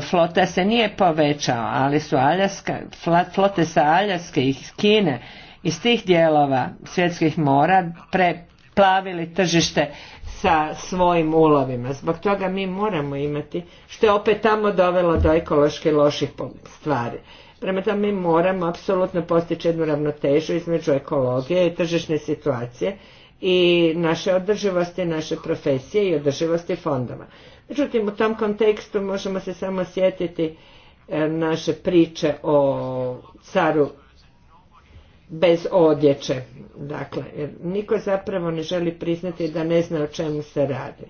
flota se nije povećao, ali su Aljaska, flote sa Aljaske, ih Kine, iz tih dijelova svjetskih mora preplavili tržište sa svojim ulovima. Zbog toga mi moramo imati, što je opet tamo dovelo do ekološki loših stvari. Prema tome mi moramo apsolutno postići jednu ravnotežu između ekologije i tržišne situacije i naše održivosti, naše profesije i održivosti fondova. Međutim, u tom kontekstu možemo se samo sjetiti e, naše priče o caru bez odjeće. Dakle, jer niko zapravo ne želi priznati da ne zna o čemu se radi.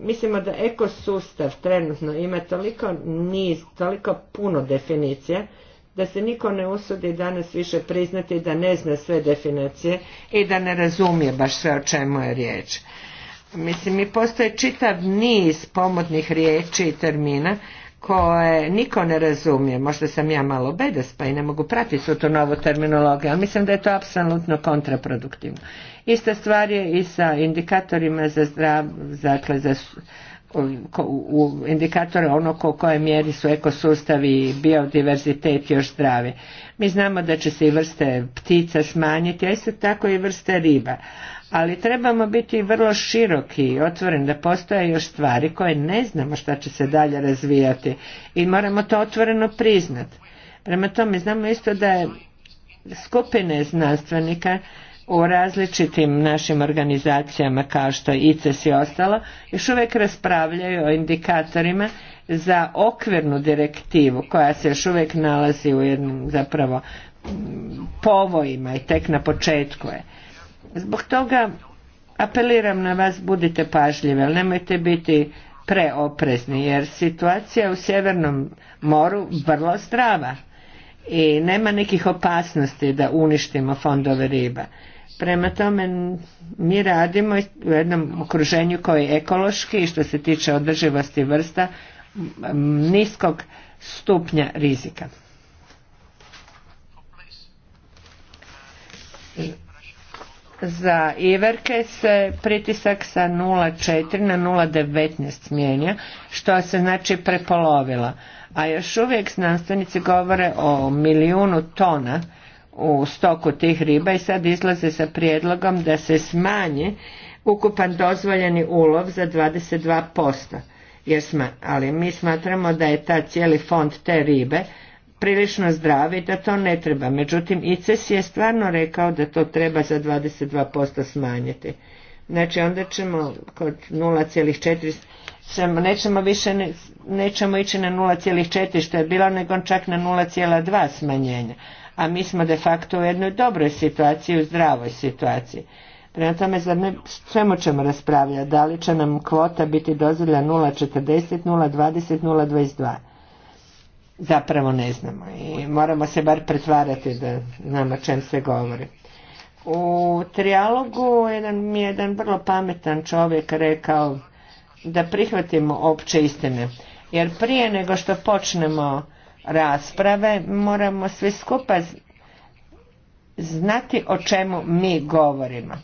Mislimo da ekosustav trenutno ima toliko niz, toliko puno definicija, da se niko ne usudi danas više priznati da ne zna sve definicije i da ne razumije baš sve o čemu je riječ. Mislim, mi postoje čitav niz pomodnih riječi i termina koje niko ne razumije. Možda sam ja malo bedes pa i ne mogu pratiti svu tu novu terminologiju, ali mislim da je to apsolutno kontraproduktivno. Ista stvar je i sa indikatorima za zdrav, dakle za indikatore ono ko u mjeri su ekosustavi i biodiverzitet još zdravi. Mi znamo da će se i vrste ptica smanjiti, a isto tako i vrste riba ali trebamo biti vrlo široki i otvoren da postoje još stvari koje ne znamo šta će se dalje razvijati i moramo to otvoreno priznat. Prema tome znamo isto da je skupine znanstvenika u različitim našim organizacijama kao što je ICES i ostalo još uvijek raspravljaju o indikatorima za okvirnu direktivu koja se još uvijek nalazi u jednom zapravo povojima i tek na početku je. Zbog toga apeliram na vas, budite pažljivi, ali nemojte biti preoprezni, jer situacija u Sjevernom moru vrlo zdrava i nema nekih opasnosti da uništimo fondove riba. Prema tome mi radimo u jednom okruženju koji je ekološki i što se tiče održivosti vrsta niskog stupnja rizika za Iverke se pritisak sa 0,4 na 0,19 smjenja, što se znači prepolovilo. A još uvijek znanstvenici govore o milijunu tona u stoku tih riba i sad izlaze sa prijedlogom da se smanji ukupan dozvoljeni ulov za 22%. Jer sma, ali mi smatramo da je ta cijeli fond te ribe prilično zdravi da to ne treba. Međutim, ICES je stvarno rekao da to treba za 22% smanjiti. Znači onda ćemo kod 0,4 nećemo više nećemo ići na 0,4 što je bilo nego čak na 0,2 smanjenja. A mi smo de facto u jednoj dobroj situaciji, u zdravoj situaciji. Prema tome, zar ne, svemu ćemo raspravljati? Da li će nam kvota biti dozvoljena 0,40, 0,20, 0,22? zapravo ne znamo i moramo se bar pretvarati da znamo čem se govori. U trijalogu jedan, mi je jedan vrlo pametan čovjek rekao da prihvatimo opće istine. Jer prije nego što počnemo rasprave moramo svi skupa znati o čemu mi govorimo.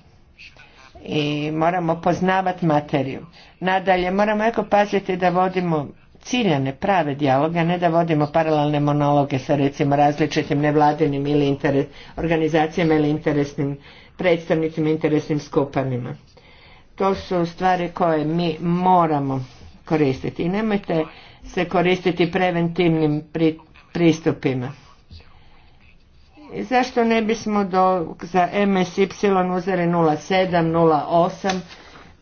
I moramo poznavati materiju. Nadalje, moramo jako paziti da vodimo ciljane prave dijaloge, ne da vodimo paralelne monologe sa recimo različitim nevladinim ili interes, organizacijama ili interesnim predstavnicima, interesnim skupanima. To su stvari koje mi moramo koristiti i nemojte se koristiti preventivnim pristupima. zašto ne bismo do, za MSY uzeli 0,7, 0,8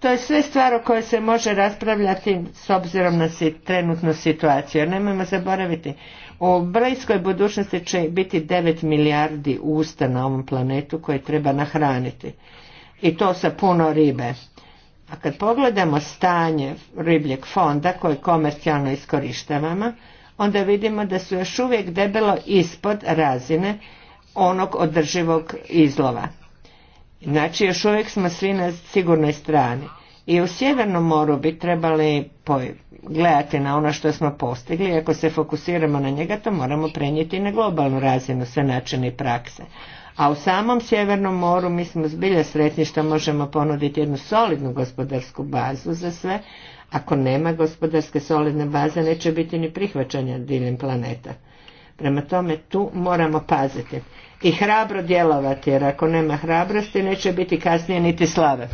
to je sve stvar o kojoj se može raspravljati s obzirom na trenutnu situaciju. nemojmo zaboraviti, u bliskoj budućnosti će biti 9 milijardi usta na ovom planetu koje treba nahraniti. I to sa puno ribe. A kad pogledamo stanje ribljeg fonda koje komercijalno iskorištavamo, onda vidimo da su još uvijek debelo ispod razine onog održivog izlova. Znači još uvijek smo svi na sigurnoj strani. I u Sjevernom moru bi trebali gledati na ono što smo postigli, ako se fokusiramo na njega to moramo prenijeti na globalnu razinu sve načine i prakse. A u samom Sjevernom moru mi smo zbilja sretni što možemo ponuditi jednu solidnu gospodarsku bazu za sve. Ako nema gospodarske solidne baze neće biti ni prihvaćanja diljem planeta. Prema tome tu moramo paziti i hrabro djelovati jer ako nema hrabrosti neće biti kasnije niti slave.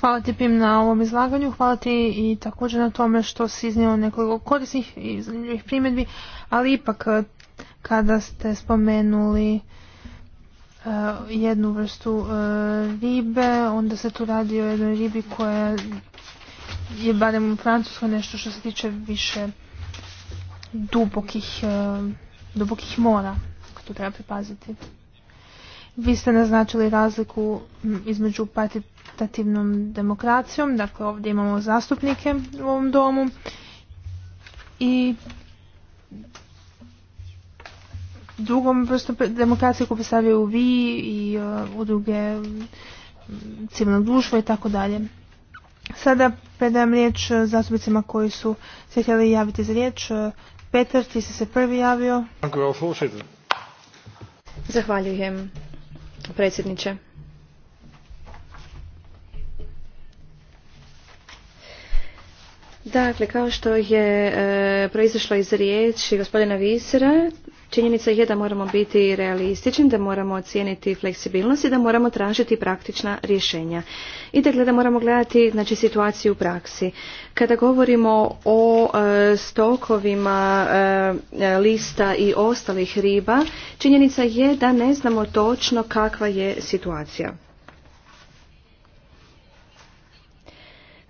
Hvala ti Pim na ovom izlaganju, hvala ti i također na tome što si iznio nekoliko korisnih i zanimljivih primjedbi, ali ipak eh, kada ste spomenuli eh, jednu vrstu eh, ribe, onda se tu radi o jednoj ribi koja je barem u Francuskoj nešto što se tiče više dubokih, eh, dubokih mora. Tu treba pripaziti. Vi ste naznačili razliku mm, između partitativnom demokracijom, dakle ovdje imamo zastupnike u ovom domu i drugom vrstom demokracije koju predstavljaju vi i eh, udruge mm, civilnog društva i tako dalje. Sada predajem riječ eh, zastupnicima koji su se htjeli javiti za riječ. Peter, ti se prvi javio. Zahvaljujem, predsjedniče. Dakle, kao što je e, iz riječi gospodina Visera, Činjenica je da moramo biti realistični, da moramo ocijeniti fleksibilnost i da moramo tražiti praktična rješenja. I dakle da moramo gledati znači, situaciju u praksi. Kada govorimo o e, stokovima e, e, lista i ostalih riba, činjenica je da ne znamo točno kakva je situacija.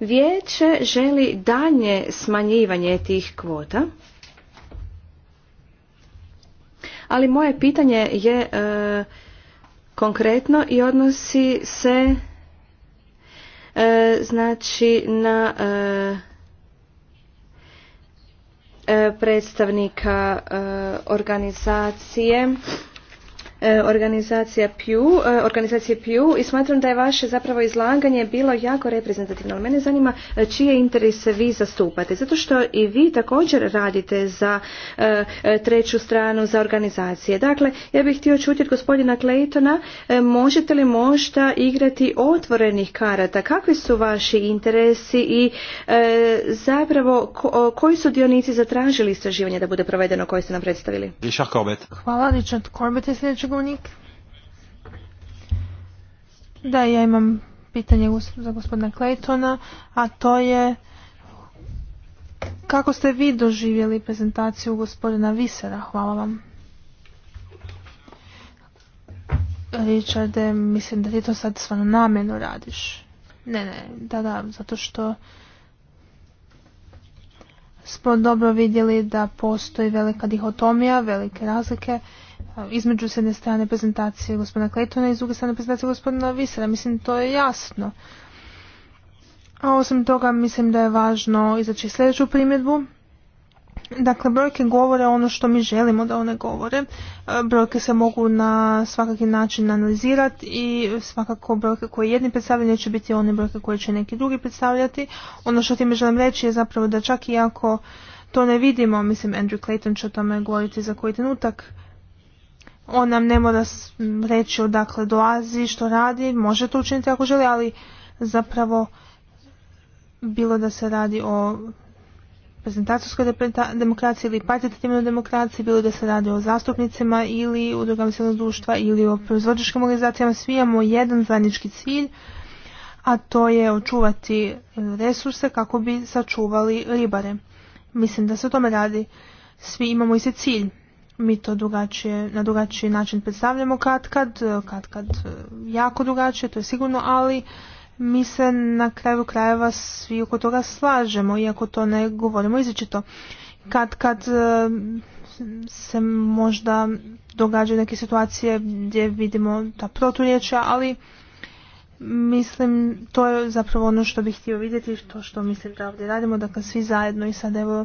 Vijeće želi dalje smanjivanje tih kvota ali moje pitanje je e, konkretno i odnosi se e, znači na e, predstavnika organizacije E, organizacija Pew, e, organizacije Pew i smatram da je vaše zapravo izlaganje bilo jako reprezentativno. Ali mene zanima e, čije interese vi zastupate. Zato što i vi također radite za treću stranu, za organizacije. Dakle, ja bih htio čuti gospodina Claytona, možete li možda igrati otvorenih karata? Kakvi su vaši interesi i zapravo koji su dionici zatražili istraživanje da bude provedeno koje ste nam predstavili? Hvala, Richard Corbett da, ja imam pitanje za gospodina Claytona, a to je kako ste vi doživjeli prezentaciju gospodina Visera? Hvala vam. Richarde, mislim da ti to sad stvarno namjerno radiš. Ne, ne, da, da, zato što smo dobro vidjeli da postoji velika dihotomija, velike razlike između s jedne strane prezentacije gospodina Claytona i s druge strane prezentacije gospodina Visera. Mislim, to je jasno. A osim toga, mislim da je važno izaći sljedeću primjedbu. Dakle, brojke govore ono što mi želimo da one govore. E, brojke se mogu na svakaki način analizirati i svakako brojke koje jedni predstavljaju neće biti one brojke koje će neki drugi predstavljati. Ono što time želim reći je zapravo da čak i ako to ne vidimo, mislim Andrew Clayton će o tome govoriti za koji trenutak, on nam ne mora reći odakle dolazi, što radi, može to učiniti ako želi, ali zapravo bilo da se radi o prezentacijskoj demokraciji ili partitativnoj demokraciji, bilo da se radi o zastupnicima ili udrugama civilnog društva ili o proizvođačkim organizacijama, svi imamo jedan zajednički cilj, a to je očuvati e, resurse kako bi sačuvali ribare. Mislim da se o tome radi. Svi imamo se cilj mi to drugačije, na drugačiji način predstavljamo kad kad, kad kad e, jako drugačije, to je sigurno, ali mi se na kraju krajeva svi oko toga slažemo, iako to ne govorimo izričito. Kad kad e, se možda događaju neke situacije gdje vidimo ta proturječja, ali mislim to je zapravo ono što bih htio vidjeti, to što mislim da ovdje radimo, dakle svi zajedno i sad evo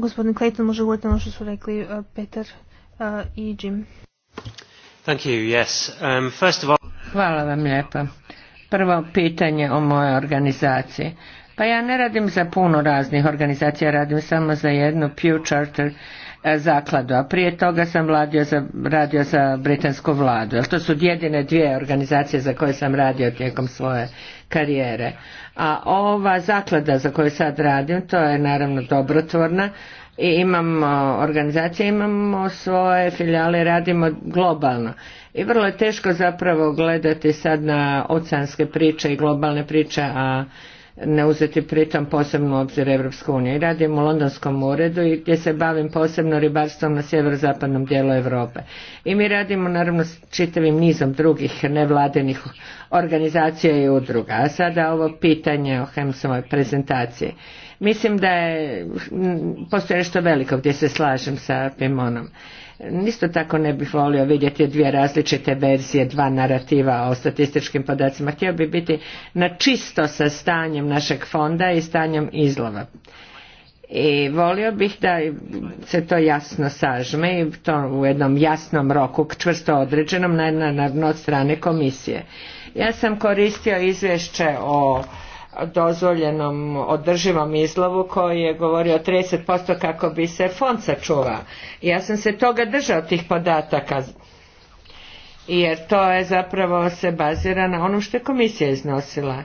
Gospodin Clayton može govoriti ono što su rekli e, e, i Jim. Um, Hvala vam lijepa. Prvo pitanje o mojoj organizaciji. Pa ja ne radim za puno raznih organizacija, radim samo za jednu Pew Charter e, zakladu, a prije toga sam za, radio za britansku vladu. To su jedine dvije organizacije za koje sam radio tijekom svoje karijere. A ova zaklada za koju sad radim, to je naravno dobrotvorna i imamo organizacije, imamo svoje filijale, radimo globalno. I vrlo je teško zapravo gledati sad na oceanske priče i globalne priče, a ne uzeti pritom posebno u obzir Evropsku uniju. I radim u Londonskom uredu i gdje se bavim posebno ribarstvom na sjeverozapadnom dijelu Europe. I mi radimo naravno s čitavim nizom drugih nevladinih organizacija i udruga. A sada ovo pitanje o Hemsovoj prezentaciji. Mislim da je, postoje nešto veliko gdje se slažem sa Pimonom. Isto tako ne bih volio vidjeti dvije različite verzije, dva narativa o statističkim podacima. Htio bi biti na čisto sa stanjem našeg fonda i stanjem izlova. I volio bih da se to jasno sažme i to u jednom jasnom roku, čvrsto određenom, naravno od strane komisije. Ja sam koristio izvješće o dozvoljenom održivom izlovu koji je govorio 30% kako bi se fond sačuvao. Ja sam se toga držao tih podataka jer to je zapravo se bazira na onom što je komisija iznosila e,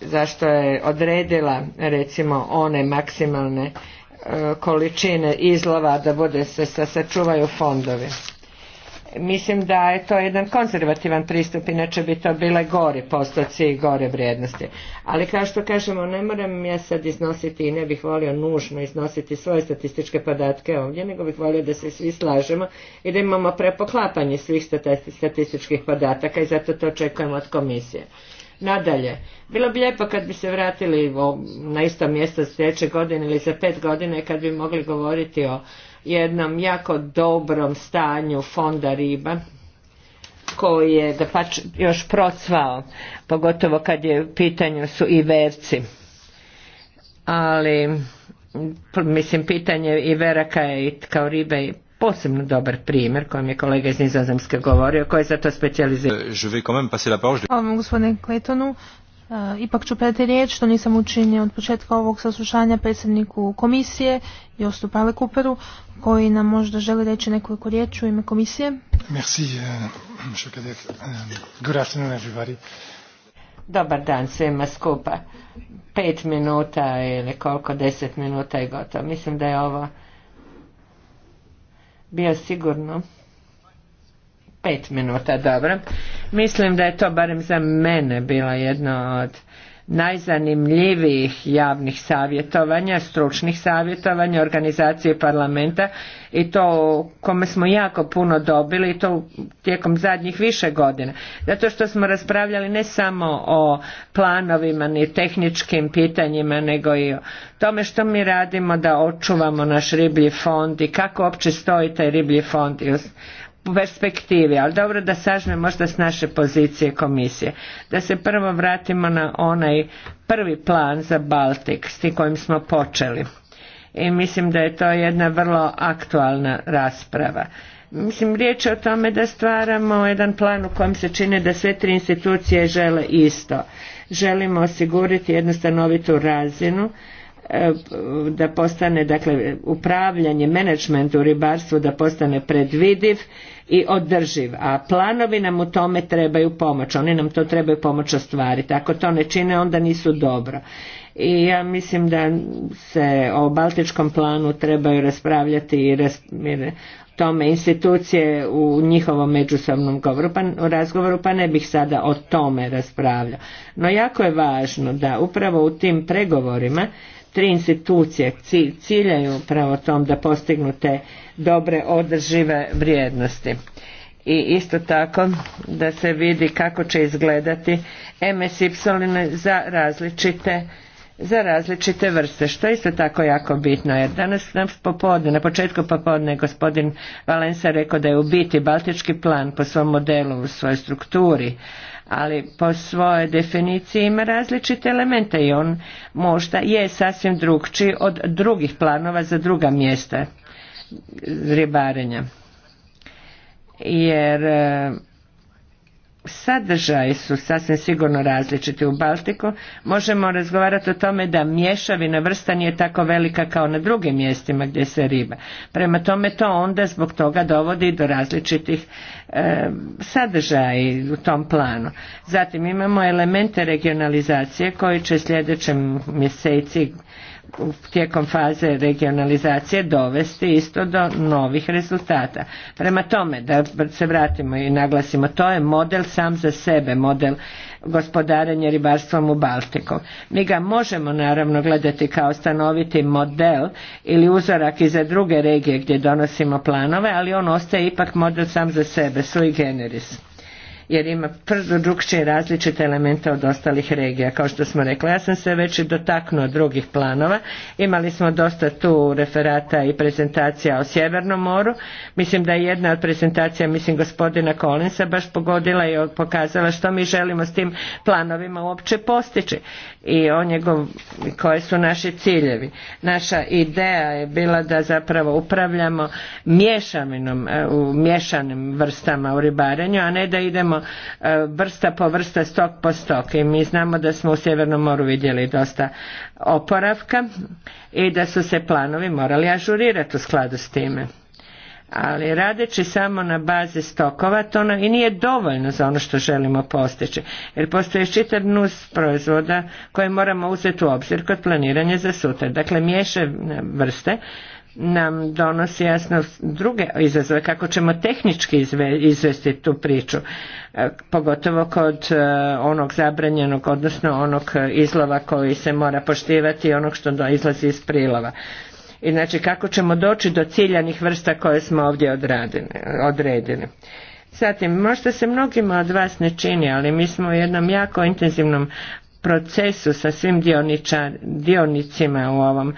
zašto je odredila recimo one maksimalne e, količine izlova da bude se sačuvaju fondovi. Mislim da je to jedan konzervativan pristup, inače bi to bile gori postoci i gore vrijednosti. Ali kao što kažemo, ne moram ja sad iznositi i ne bih volio nužno iznositi svoje statističke podatke ovdje, nego bih volio da se svi slažemo i da imamo prepoklapanje svih statističkih podataka i zato to očekujemo od komisije. Nadalje, bilo bi lijepo kad bi se vratili na isto mjesto sljedeće godine ili za pet godine kad bi mogli govoriti o jednom jako dobrom stanju fonda riba koji je da još procvao pogotovo kad je u pitanju su i verci ali mislim pitanje i veraka je kao ribe posebno dobar primjer kojem je kolega iz Nizozemske govorio koji je za to specijaliziran. Hvala vam gospodine Claytonu. E, ipak ću predati riječ, što nisam učinio od početka ovog saslušanja predsjedniku komisije, Jostu Pale Kuperu, koji nam možda želi reći nekoliko riječi u ime komisije. Merci, e, e, everybody. Dobar dan svima skupa. Pet minuta ili koliko, deset minuta je gotovo. Mislim da je ovo bio sigurno pet minuta, dobro. Mislim da je to barem za mene bila jedna od najzanimljivijih javnih savjetovanja, stručnih savjetovanja, organizacije parlamenta i to kome smo jako puno dobili i to tijekom zadnjih više godina. Zato što smo raspravljali ne samo o planovima ni tehničkim pitanjima nego i o tome što mi radimo da očuvamo naš riblji fond i kako uopće stoji taj riblji fond perspektivi, ali dobro da sažme možda s naše pozicije komisije. Da se prvo vratimo na onaj prvi plan za Baltik s kojim smo počeli. I mislim da je to jedna vrlo aktualna rasprava. Mislim, riječ je o tome da stvaramo jedan plan u kojem se čini da sve tri institucije žele isto. Želimo osigurati jednu razinu E, da postane dakle upravljanje menadžment u ribarstvu da postane predvidiv i održiv a planovi nam u tome trebaju pomoć oni nam to trebaju pomoć ostvariti ako to ne čine onda nisu dobro i ja mislim da se o baltičkom planu trebaju raspravljati i tome institucije u njihovom međusobnom govoru, pa, u razgovoru, pa ne bih sada o tome raspravljao. No jako je važno da upravo u tim pregovorima tri institucije ciljaju pravo tom da postignu te dobre održive vrijednosti i isto tako da se vidi kako će izgledati MSY za različite za različite vrste, što je isto tako jako bitno, jer danas nam popodne, na početku popodne je gospodin Valensa rekao da je u biti baltički plan po svom modelu, u svojoj strukturi, ali po svojoj definiciji ima različite elemente i on možda je sasvim drugčiji od drugih planova za druga mjesta ribarenja jer sadržaji su sasvim sigurno različiti u Baltiku. Možemo razgovarati o tome da mješavina vrsta nije tako velika kao na drugim mjestima gdje se riba. Prema tome to onda zbog toga dovodi do različitih e, sadržaja u tom planu. Zatim imamo elemente regionalizacije koji će sljedećem mjeseci tijekom faze regionalizacije dovesti isto do novih rezultata. Prema tome, da se vratimo i naglasimo, to je model sam za sebe, model gospodarenja ribarstvom u Baltiku. Mi ga možemo naravno gledati kao stanoviti model ili uzorak i za druge regije gdje donosimo planove, ali on ostaje ipak model sam za sebe, sui generis jer ima prdo drugčije različite elemente od ostalih regija, kao što smo rekli. Ja sam se već i dotaknuo drugih planova. Imali smo dosta tu referata i prezentacija o Sjevernom moru. Mislim da je jedna od prezentacija, mislim gospodina Collinsa, baš pogodila i pokazala što mi želimo s tim planovima uopće postići i o njegov, koje su naši ciljevi. Naša ideja je bila da zapravo upravljamo mješavinom, e, u mješanim vrstama u ribarenju, a ne da idemo E, vrsta po vrsta, stok po stok i mi znamo da smo u Sjevernom moru vidjeli dosta oporavka i da su se planovi morali ažurirati u skladu s time ali radeći samo na bazi stokova to nam i nije dovoljno za ono što želimo postići jer postoji čitav nus proizvoda koje moramo uzeti u obzir kod planiranja za sutra dakle miješe vrste nam donosi jasno druge izazove, kako ćemo tehnički izvesti tu priču, e, pogotovo kod e, onog zabranjenog, odnosno onog izlova koji se mora poštivati i onog što izlazi iz prilova. I znači kako ćemo doći do ciljanih vrsta koje smo ovdje odredili. Zatim, možda se mnogima od vas ne čini, ali mi smo u jednom jako intenzivnom procesu sa svim dionicima u ovom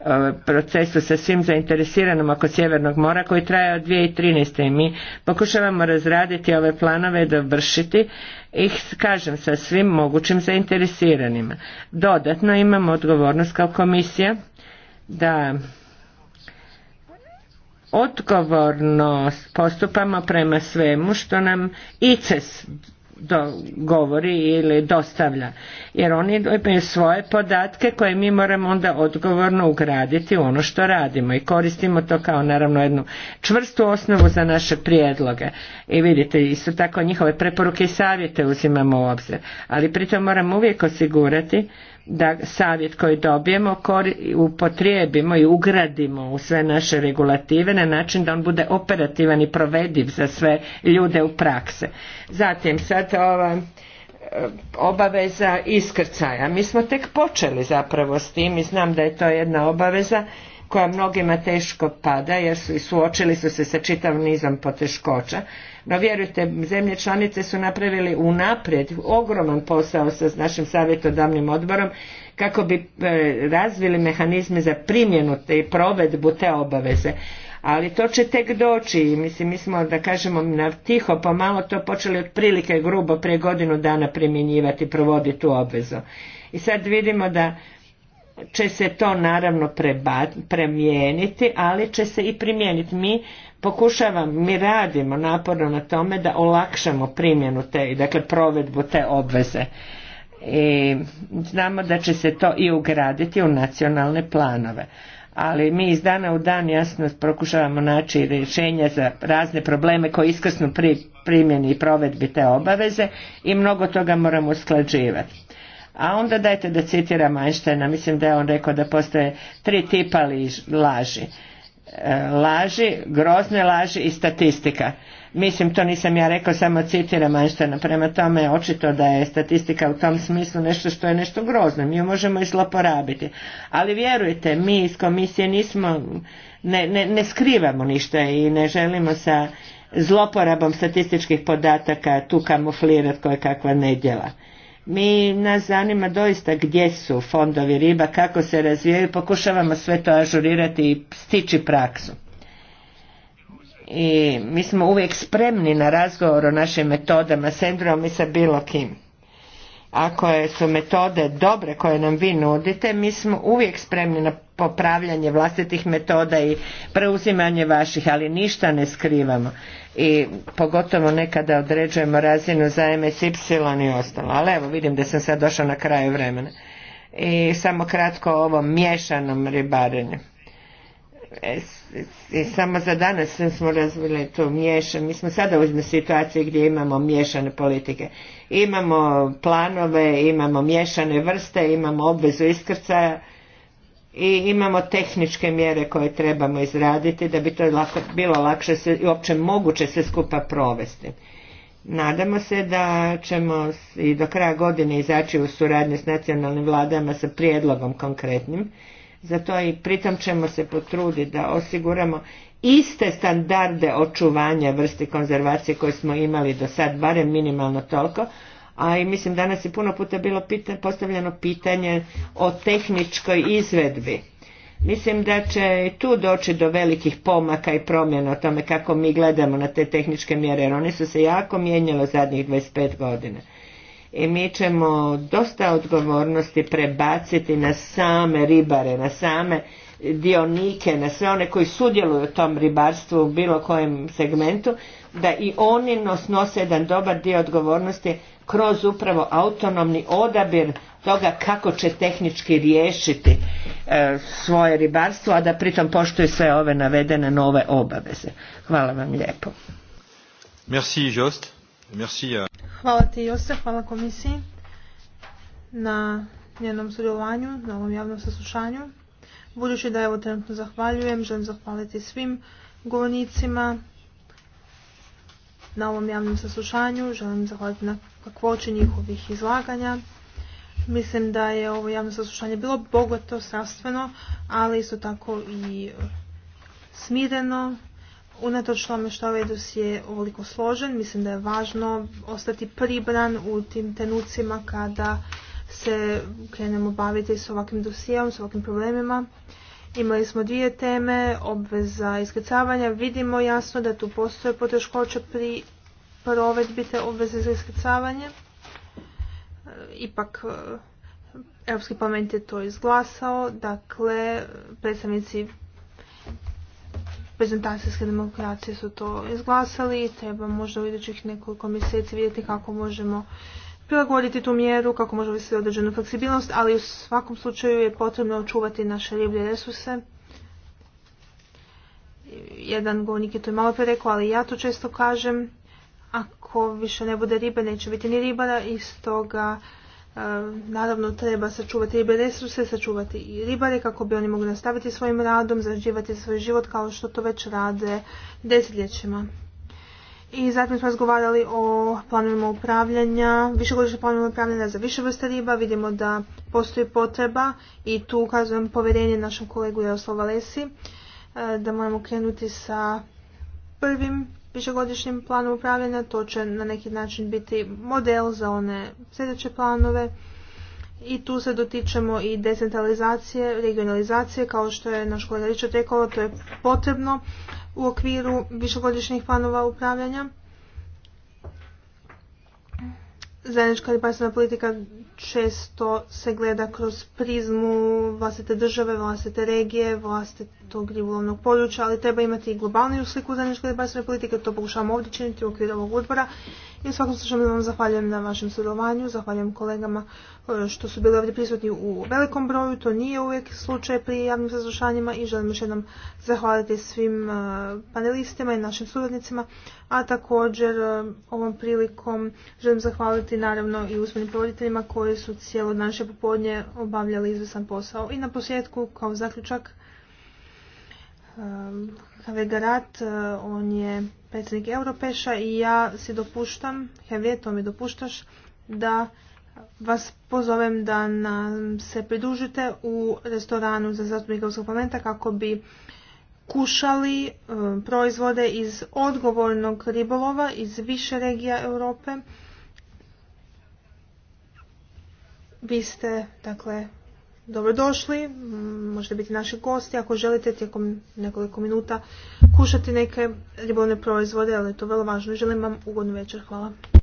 e, procesu sa svim zainteresiranom oko Sjevernog mora koji traje od 2013. i mi pokušavamo razraditi ove planove i dovršiti ih, kažem, sa svim mogućim zainteresiranima. Dodatno imamo odgovornost kao komisija da odgovorno postupamo prema svemu što nam ICES govori ili dostavlja. Jer oni imaju svoje podatke koje mi moramo onda odgovorno ugraditi u ono što radimo i koristimo to kao naravno jednu čvrstu osnovu za naše prijedloge. I vidite, isto tako njihove preporuke i savjete uzimamo u obzir. Ali pritom moramo uvijek osigurati da savjet koji dobijemo upotrijebimo i ugradimo u sve naše regulative na način da on bude operativan i provediv za sve ljude u prakse. Zatim sad ova e, obaveza iskrcaja. Mi smo tek počeli zapravo s tim i znam da je to jedna obaveza koja mnogima teško pada jer su i suočili su se sa čitav nizom poteškoća. No vjerujte, zemlje članice su napravili unaprijed ogroman posao sa našim savjetodavnim odborom kako bi e, razvili mehanizme za primjenu te i provedbu te obaveze. Ali to će tek doći i mislim, mi smo da kažemo na tiho pomalo to počeli otprilike grubo prije godinu dana primjenjivati, provoditi tu obvezu. I sad vidimo da će se to naravno premijeniti, ali će se i primijeniti. Mi pokušavamo, mi radimo naporno na tome da olakšamo primjenu te, dakle provedbu te obveze. I znamo da će se to i ugraditi u nacionalne planove. Ali mi iz dana u dan jasno pokušavamo naći rješenja za razne probleme koji iskrsnu pri primjeni i provedbi te obaveze i mnogo toga moramo usklađivati. A onda dajte da citiram Einsteina, mislim da je on rekao da postoje tri tipa laži. E, laži, grozne laži i statistika. Mislim, to nisam ja rekao, samo citiram Einsteina. Prema tome, očito da je statistika u tom smislu nešto što je nešto grozno. Mi ju možemo i zloporabiti. Ali vjerujte, mi iz komisije nismo, ne, ne, ne skrivamo ništa i ne želimo sa zloporabom statističkih podataka tu kamuflirati koje kakva djela mi nas zanima doista gdje su fondovi riba, kako se razvijaju, pokušavamo sve to ažurirati i stići praksu. I mi smo uvijek spremni na razgovor o našim metodama s i sa bilo kim. Ako su metode dobre koje nam vi nudite, mi smo uvijek spremni na popravljanje vlastitih metoda i preuzimanje vaših, ali ništa ne skrivamo i pogotovo nekada određujemo razinu za MSY i ostalo. Ali evo vidim da sam sad došao na kraju vremena. I samo kratko o ovom miješanom ribarenju. E, i samo za danas smo razvili to miješanje. Mi smo sada u situaciji gdje imamo miješane politike. Imamo planove, imamo miješane vrste, imamo obvezu iskrcaja, i imamo tehničke mjere koje trebamo izraditi da bi to bilo lakše i uopće moguće se skupa provesti. Nadamo se da ćemo i do kraja godine izaći u suradnju s nacionalnim vladama sa prijedlogom konkretnim. Zato i pritom ćemo se potruditi da osiguramo iste standarde očuvanja vrsti konzervacije koje smo imali do sad, barem minimalno toliko, a i mislim danas je puno puta bilo postavljeno pitanje o tehničkoj izvedbi. Mislim da će i tu doći do velikih pomaka i promjena o tome kako mi gledamo na te tehničke mjere, jer one su se jako mijenjale zadnjih 25 godina. I mi ćemo dosta odgovornosti prebaciti na same ribare, na same dionike, na sve one koji sudjeluju u tom ribarstvu u bilo kojem segmentu, da i oni nos jedan dobar dio odgovornosti kroz upravo autonomni odabir toga kako će tehnički riješiti e, svoje ribarstvo, a da pritom poštuju sve ove navedene nove obaveze. Hvala vam lijepo. Merci, Jost. Merci, euh, Hvala ti, hvala komisiji na njenom sudjelovanju, na ovom javnom saslušanju. Budući da evo trenutno zahvaljujem, želim zahvaliti svim govornicima na ovom javnom saslušanju. Želim zahvaliti na kakvoći njihovih izlaganja. Mislim da je ovo javno saslušanje bilo bogato, strastveno, ali isto tako i e, smireno. Unatoč tome što ovaj je ovoliko složen, mislim da je važno ostati pribran u tim tenucima kada se krenemo baviti s ovakvim dosijom, s ovakvim problemima. Imali smo dvije teme, obveza iskrcavanja. Vidimo jasno da tu postoje poteškoće pri provedbi te obveze za iskrcavanje. E, ipak e, Europski parlament je to izglasao, dakle predstavnici prezentacijske demokracije su to izglasali treba možda u idućih nekoliko mjeseci vidjeti kako možemo prilagoditi tu mjeru, kako možemo se određenu fleksibilnost, ali u svakom slučaju je potrebno očuvati naše riblje resurse. Jedan govornik je to malo pre rekao, ali ja to često kažem. Ako više ne bude ribe, neće biti ni ribara i stoga e, naravno treba sačuvati ribe resurse, sačuvati i ribare kako bi oni mogli nastaviti svojim radom, zarađivati svoj život kao što to već rade desetljećima. I zatim smo razgovarali o planovima upravljanja, višegodišnjim planovima upravljanja za više vrste riba. Vidimo da postoji potreba i tu ukazujem povjerenje našem kolegu Jaroslava Lesi e, da moramo krenuti sa prvim višegodišnjim planom upravljanja. To će na neki način biti model za one sljedeće planove i tu se dotičemo i decentralizacije, regionalizacije, kao što je naš kolega Ričet rekao, to je potrebno u okviru višegodišnjih planova upravljanja. Zajednička ribarstvena politika često se gleda kroz prizmu vlastite države, vlastite regije, vlastitog ribolovnog područja, ali treba imati i globalniju sliku zajedničke ribarstvene politike, to pokušavamo ovdje činiti u okviru ovog odbora. I u svakom slučaju vam zahvaljujem na vašem sudovanju, zahvaljujem kolegama e, što su bili ovdje prisutni u velikom broju, to nije uvijek slučaj pri javnim saslušanjima i želim još jednom zahvaliti svim e, panelistima i našim suradnicima, a također e, ovom prilikom želim zahvaliti naravno i usmenim provoditeljima koji koji su cijelo naše popodnje obavljali izvesan posao. I na posljedku, kao zaključak, Have um, uh, on je predsjednik Europeša i ja si dopuštam, Have, to mi dopuštaš, da vas pozovem da nam se pridružite u restoranu za zastupnike Europskog parlamenta kako bi kušali um, proizvode iz odgovornog ribolova iz više regija Europe Vi ste, dakle, dobrodošli, možete biti naši gosti, ako želite tijekom nekoliko minuta kušati neke ribolovne proizvode, ali je to vrlo važno. Želim vam ugodnu večer, hvala.